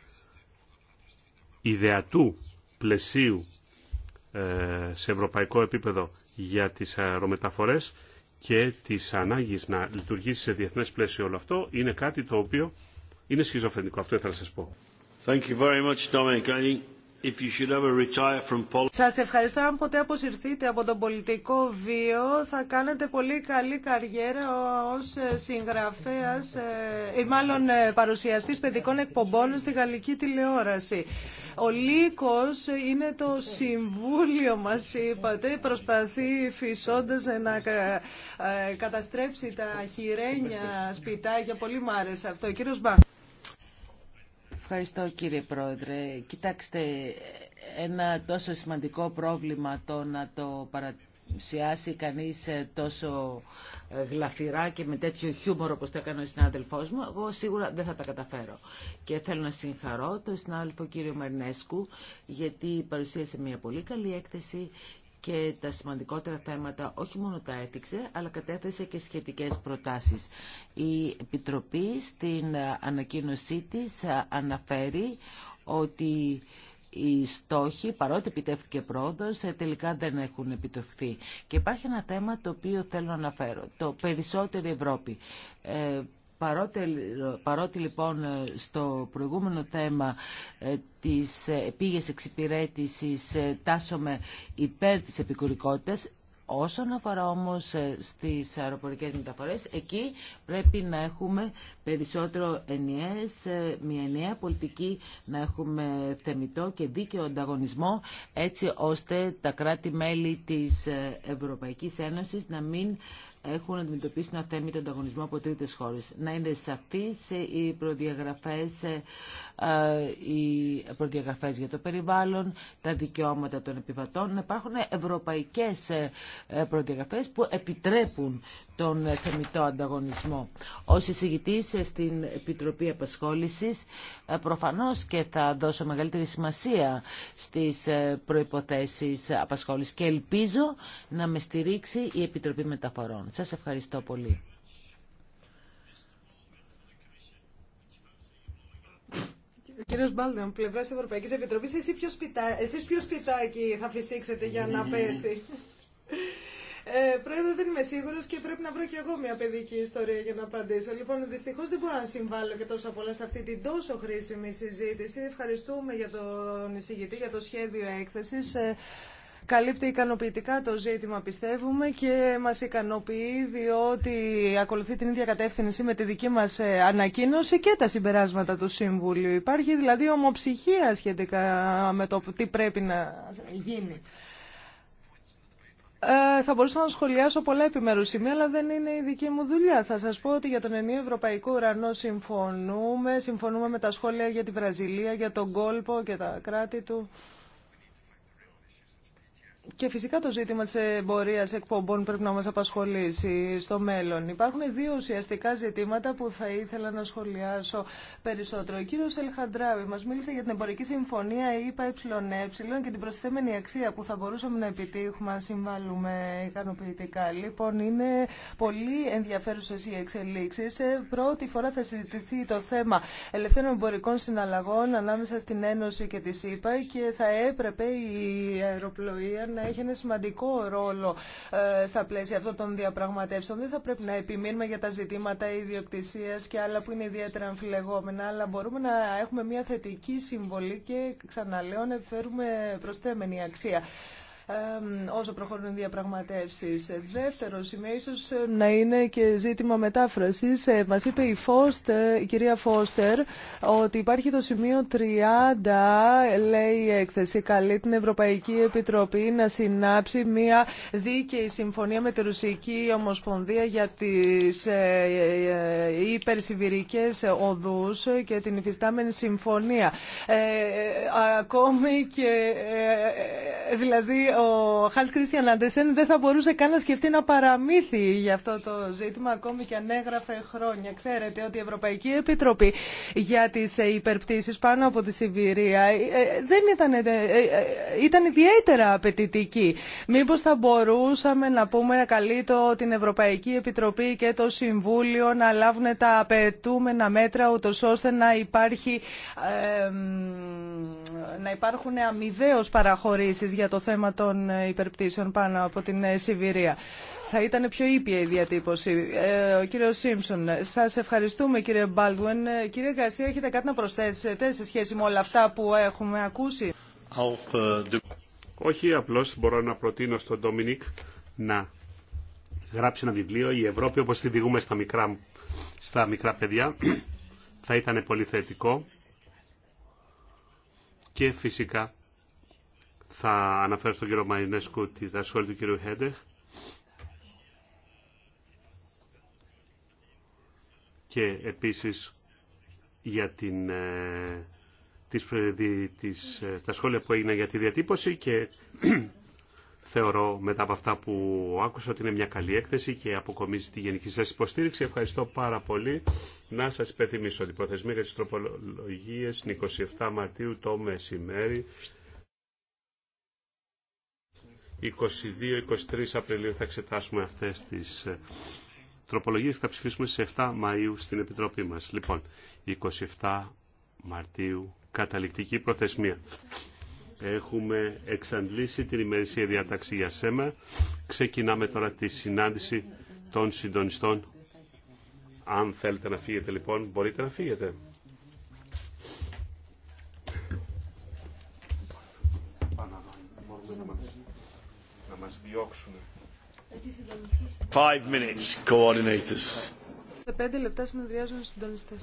ιδεατού πλαισίου ε, σε ευρωπαϊκό επίπεδο για τις αερομεταφορές και της ανάγκης να λειτουργήσει σε διεθνές πλαίσιο όλο αυτό είναι κάτι το οποίο είναι σχιζοφρενικό. Αυτό ήθελα να σας πω. Thank you very much, Σα Σας ευχαριστώ. Αν ποτέ αποσυρθείτε από τον πολιτικό βίο, θα κάνετε πολύ καλή καριέρα ως ε, συγγραφέας ε, ή μάλλον ε, παρουσιαστής παιδικών εκπομπών στη γαλλική τηλεόραση. Ο Λύκος είναι το συμβούλιο μας, είπατε, προσπαθεί φυσώντας να καταστρέψει τα χειρένια σπιτάκια. Πολύ μ' άρεσε αυτό. Κύριος Μπάχ. Ευχαριστώ κύριε Πρόεδρε. Κοιτάξτε, ένα τόσο σημαντικό πρόβλημα το να το παρουσιάσει κανείς ε, τόσο ε, γλαφυρά και με τέτοιο χιούμορ όπως το έκανε ο συνάδελφός μου, εγώ σίγουρα δεν θα τα καταφέρω. Και θέλω να συγχαρώ τον συνάδελφο κύριο Μαρινέσκου γιατί παρουσίασε μια πολύ καλή έκθεση και τα σημαντικότερα θέματα όχι μόνο τα έθιξε, αλλά κατέθεσε και σχετικές προτάσεις. Η Επιτροπή στην ανακοίνωσή της αναφέρει ότι οι στόχοι, παρότι επιτεύχθηκε πρόοδος, τελικά δεν έχουν επιτευχθεί. Και υπάρχει ένα θέμα το οποίο θέλω να αναφέρω. Το περισσότερη Ευρώπη. Ε, Παρότι, παρότι λοιπόν ε, στο προηγούμενο θέμα ε, της ε, επίγειας εξυπηρέτησης τάσσομαι υπέρ της επικουρικότητας, Όσον αφορά όμως στις αεροπορικές μεταφορές, εκεί πρέπει να έχουμε περισσότερο ενιαίες, μια ενιαία πολιτική, να έχουμε θεμητό και δίκαιο ανταγωνισμό, έτσι ώστε τα κράτη-μέλη της Ευρωπαϊκής Ένωσης να μην έχουν αντιμετωπίσει να θέμει τον ανταγωνισμό από τρίτες χώρες. Να είναι σαφείς οι προδιαγραφές ε, ε, οι προδιαγραφές για το περιβάλλον, τα δικαιώματα των επιβατών. Υπάρχουν ευρωπαϊκές ε, ε, προδιαγραφές που επιτρέπουν τον θεμητό ανταγωνισμό. Ως εισηγητής στην Επιτροπή Απασχόλησης προφανώς και θα δώσω μεγαλύτερη σημασία στις προϋποθέσεις απασχόλησης και ελπίζω να με στηρίξει η Επιτροπή Μεταφορών. Σας ευχαριστώ πολύ. Κύριος Μπάλντον, πλευρά τη Ευρωπαϊκή Επιτροπή, εσείς ποιο, σπιτάκι θα φυσήξετε για να πέσει. Ε, πρόεδρε, δεν είμαι σίγουρο και πρέπει να βρω και εγώ μια παιδική ιστορία για να απαντήσω. Λοιπόν, δυστυχώ δεν μπορώ να συμβάλλω και τόσο πολλά σε αυτή την τόσο χρήσιμη συζήτηση. Ευχαριστούμε για τον εισηγητή, για το σχέδιο έκθεση. Ε, καλύπτει ικανοποιητικά το ζήτημα πιστεύουμε και μα ικανοποιεί διότι ακολουθεί την ίδια κατεύθυνση με τη δική μα ε, ανακοίνωση και τα συμπεράσματα του Σύμβουλου. Υπάρχει δηλαδή ομοψυχία σχετικά με το τι πρέπει να γίνει. Ε, θα μπορούσα να σχολιάσω πολλά επιμέρου σημεία, αλλά δεν είναι η δική μου δουλειά. Θα σα πω ότι για τον ενίο Ευρωπαϊκό Ουρανό συμφωνούμε. Συμφωνούμε με τα σχόλια για τη Βραζιλία, για τον κόλπο και τα κράτη του. Και φυσικά το ζήτημα τη εμπορία εκπομπών πρέπει να μα απασχολήσει στο μέλλον. Υπάρχουν δύο ουσιαστικά ζητήματα που θα ήθελα να σχολιάσω περισσότερο. Ο κύριο Ελχαντράβη μα μίλησε για την εμπορική συμφωνία ΕΕ και την προσθέμενη αξία που θα μπορούσαμε να επιτύχουμε αν συμβάλλουμε ικανοποιητικά. Λοιπόν, είναι πολύ ενδιαφέρουσε οι εξελίξει. Πρώτη φορά θα συζητηθεί το θέμα ελευθέρων εμπορικών συναλλαγών ανάμεσα στην Ένωση και τη ΙΠΑΕ και θα έπρεπε η αεροπλοεία να έχει ένα σημαντικό ρόλο ε, στα πλαίσια αυτών των διαπραγματεύσεων. Δεν θα πρέπει να επιμείνουμε για τα ζητήματα ιδιοκτησία και άλλα που είναι ιδιαίτερα αμφιλεγόμενα, αλλά μπορούμε να έχουμε μια θετική συμβολή και ξαναλέω να φέρουμε προσθέμενη αξία όσο προχωρούν οι διαπραγματεύσεις. Δεύτερο σημείο ίσω να είναι και ζήτημα μετάφρασης. Ε, μας είπε η, Foster, η κυρία Φώστερ ότι υπάρχει το σημείο 30, λέει η έκθεση, καλεί την Ευρωπαϊκή Επιτροπή να συνάψει μια δίκαιη συμφωνία με τη Ρουσική Ομοσπονδία για τις ε, ε, υπερσιβηρικές οδούς και την υφιστάμενη συμφωνία. ακόμη και, δηλαδή, ο Χάλς Κρίστιαν δεν θα μπορούσε καν να σκεφτεί να παραμύθι για αυτό το ζήτημα ακόμη και αν έγραφε χρόνια. Ξέρετε ότι η Ευρωπαϊκή Επιτροπή για τις υπερπτήσεις πάνω από τη Σιβηρία ε, ε, δεν ήταν, ε, ήταν ιδιαίτερα απαιτητική. Μήπως θα μπορούσαμε να πούμε καλύτερο την Ευρωπαϊκή Επιτροπή και το Συμβούλιο να λάβουν τα απαιτούμενα μέτρα ούτως ώστε να, υπάρχει, να υπάρχουν αμοιβαίως παραχωρήσεις για το θέμα των των υπερπτήσεων πάνω από την ε, Σιβηρία. Θα ήταν πιο ήπια η διατύπωση. Ε, ο κύριος Σίμψον, σας ευχαριστούμε κύριε Μπάλτουεν. Ε, κύριε Γκαρσία, έχετε κάτι να προσθέσετε σε σχέση με όλα αυτά που έχουμε ακούσει. Όχι, απλώς μπορώ να προτείνω στον Ντόμινικ να γράψει ένα βιβλίο «Η Ευρώπη όπω τη διηγούμε στα μικρά, στα μικρά παιδιά». Θα ήταν πολύ θετικό και φυσικά θα αναφέρω στον κύριο Μαϊνέσκου τη δασκόλη του κύριου Χέντεχ. Και επίσης για την, ε, τις, τις, ε, τα σχόλια που έγιναν για τη διατύπωση και θεωρώ μετά από αυτά που άκουσα ότι είναι μια καλή έκθεση και αποκομίζει τη γενική σας υποστήριξη. Ευχαριστώ πάρα πολύ. Να σας υπενθυμίσω ότι προθεσμία για τις τροπολογίες 27 Μαρτίου το μεσημέρι 22-23 Απριλίου θα εξετάσουμε αυτές τις ε, τροπολογίες και θα ψηφίσουμε σε 7 Μαΐου στην Επιτροπή μας. Λοιπόν, 27 Μαρτίου, καταληκτική προθεσμία. Έχουμε εξαντλήσει την ημερησία διάταξη για σέμα. Ξεκινάμε τώρα τη συνάντηση των συντονιστών. Αν θέλετε να φύγετε λοιπόν, μπορείτε να φύγετε. μας διώξουν. Five minutes, coordinators. Σε πέντε λεπτά συνεδριάζουν οι συντονιστές.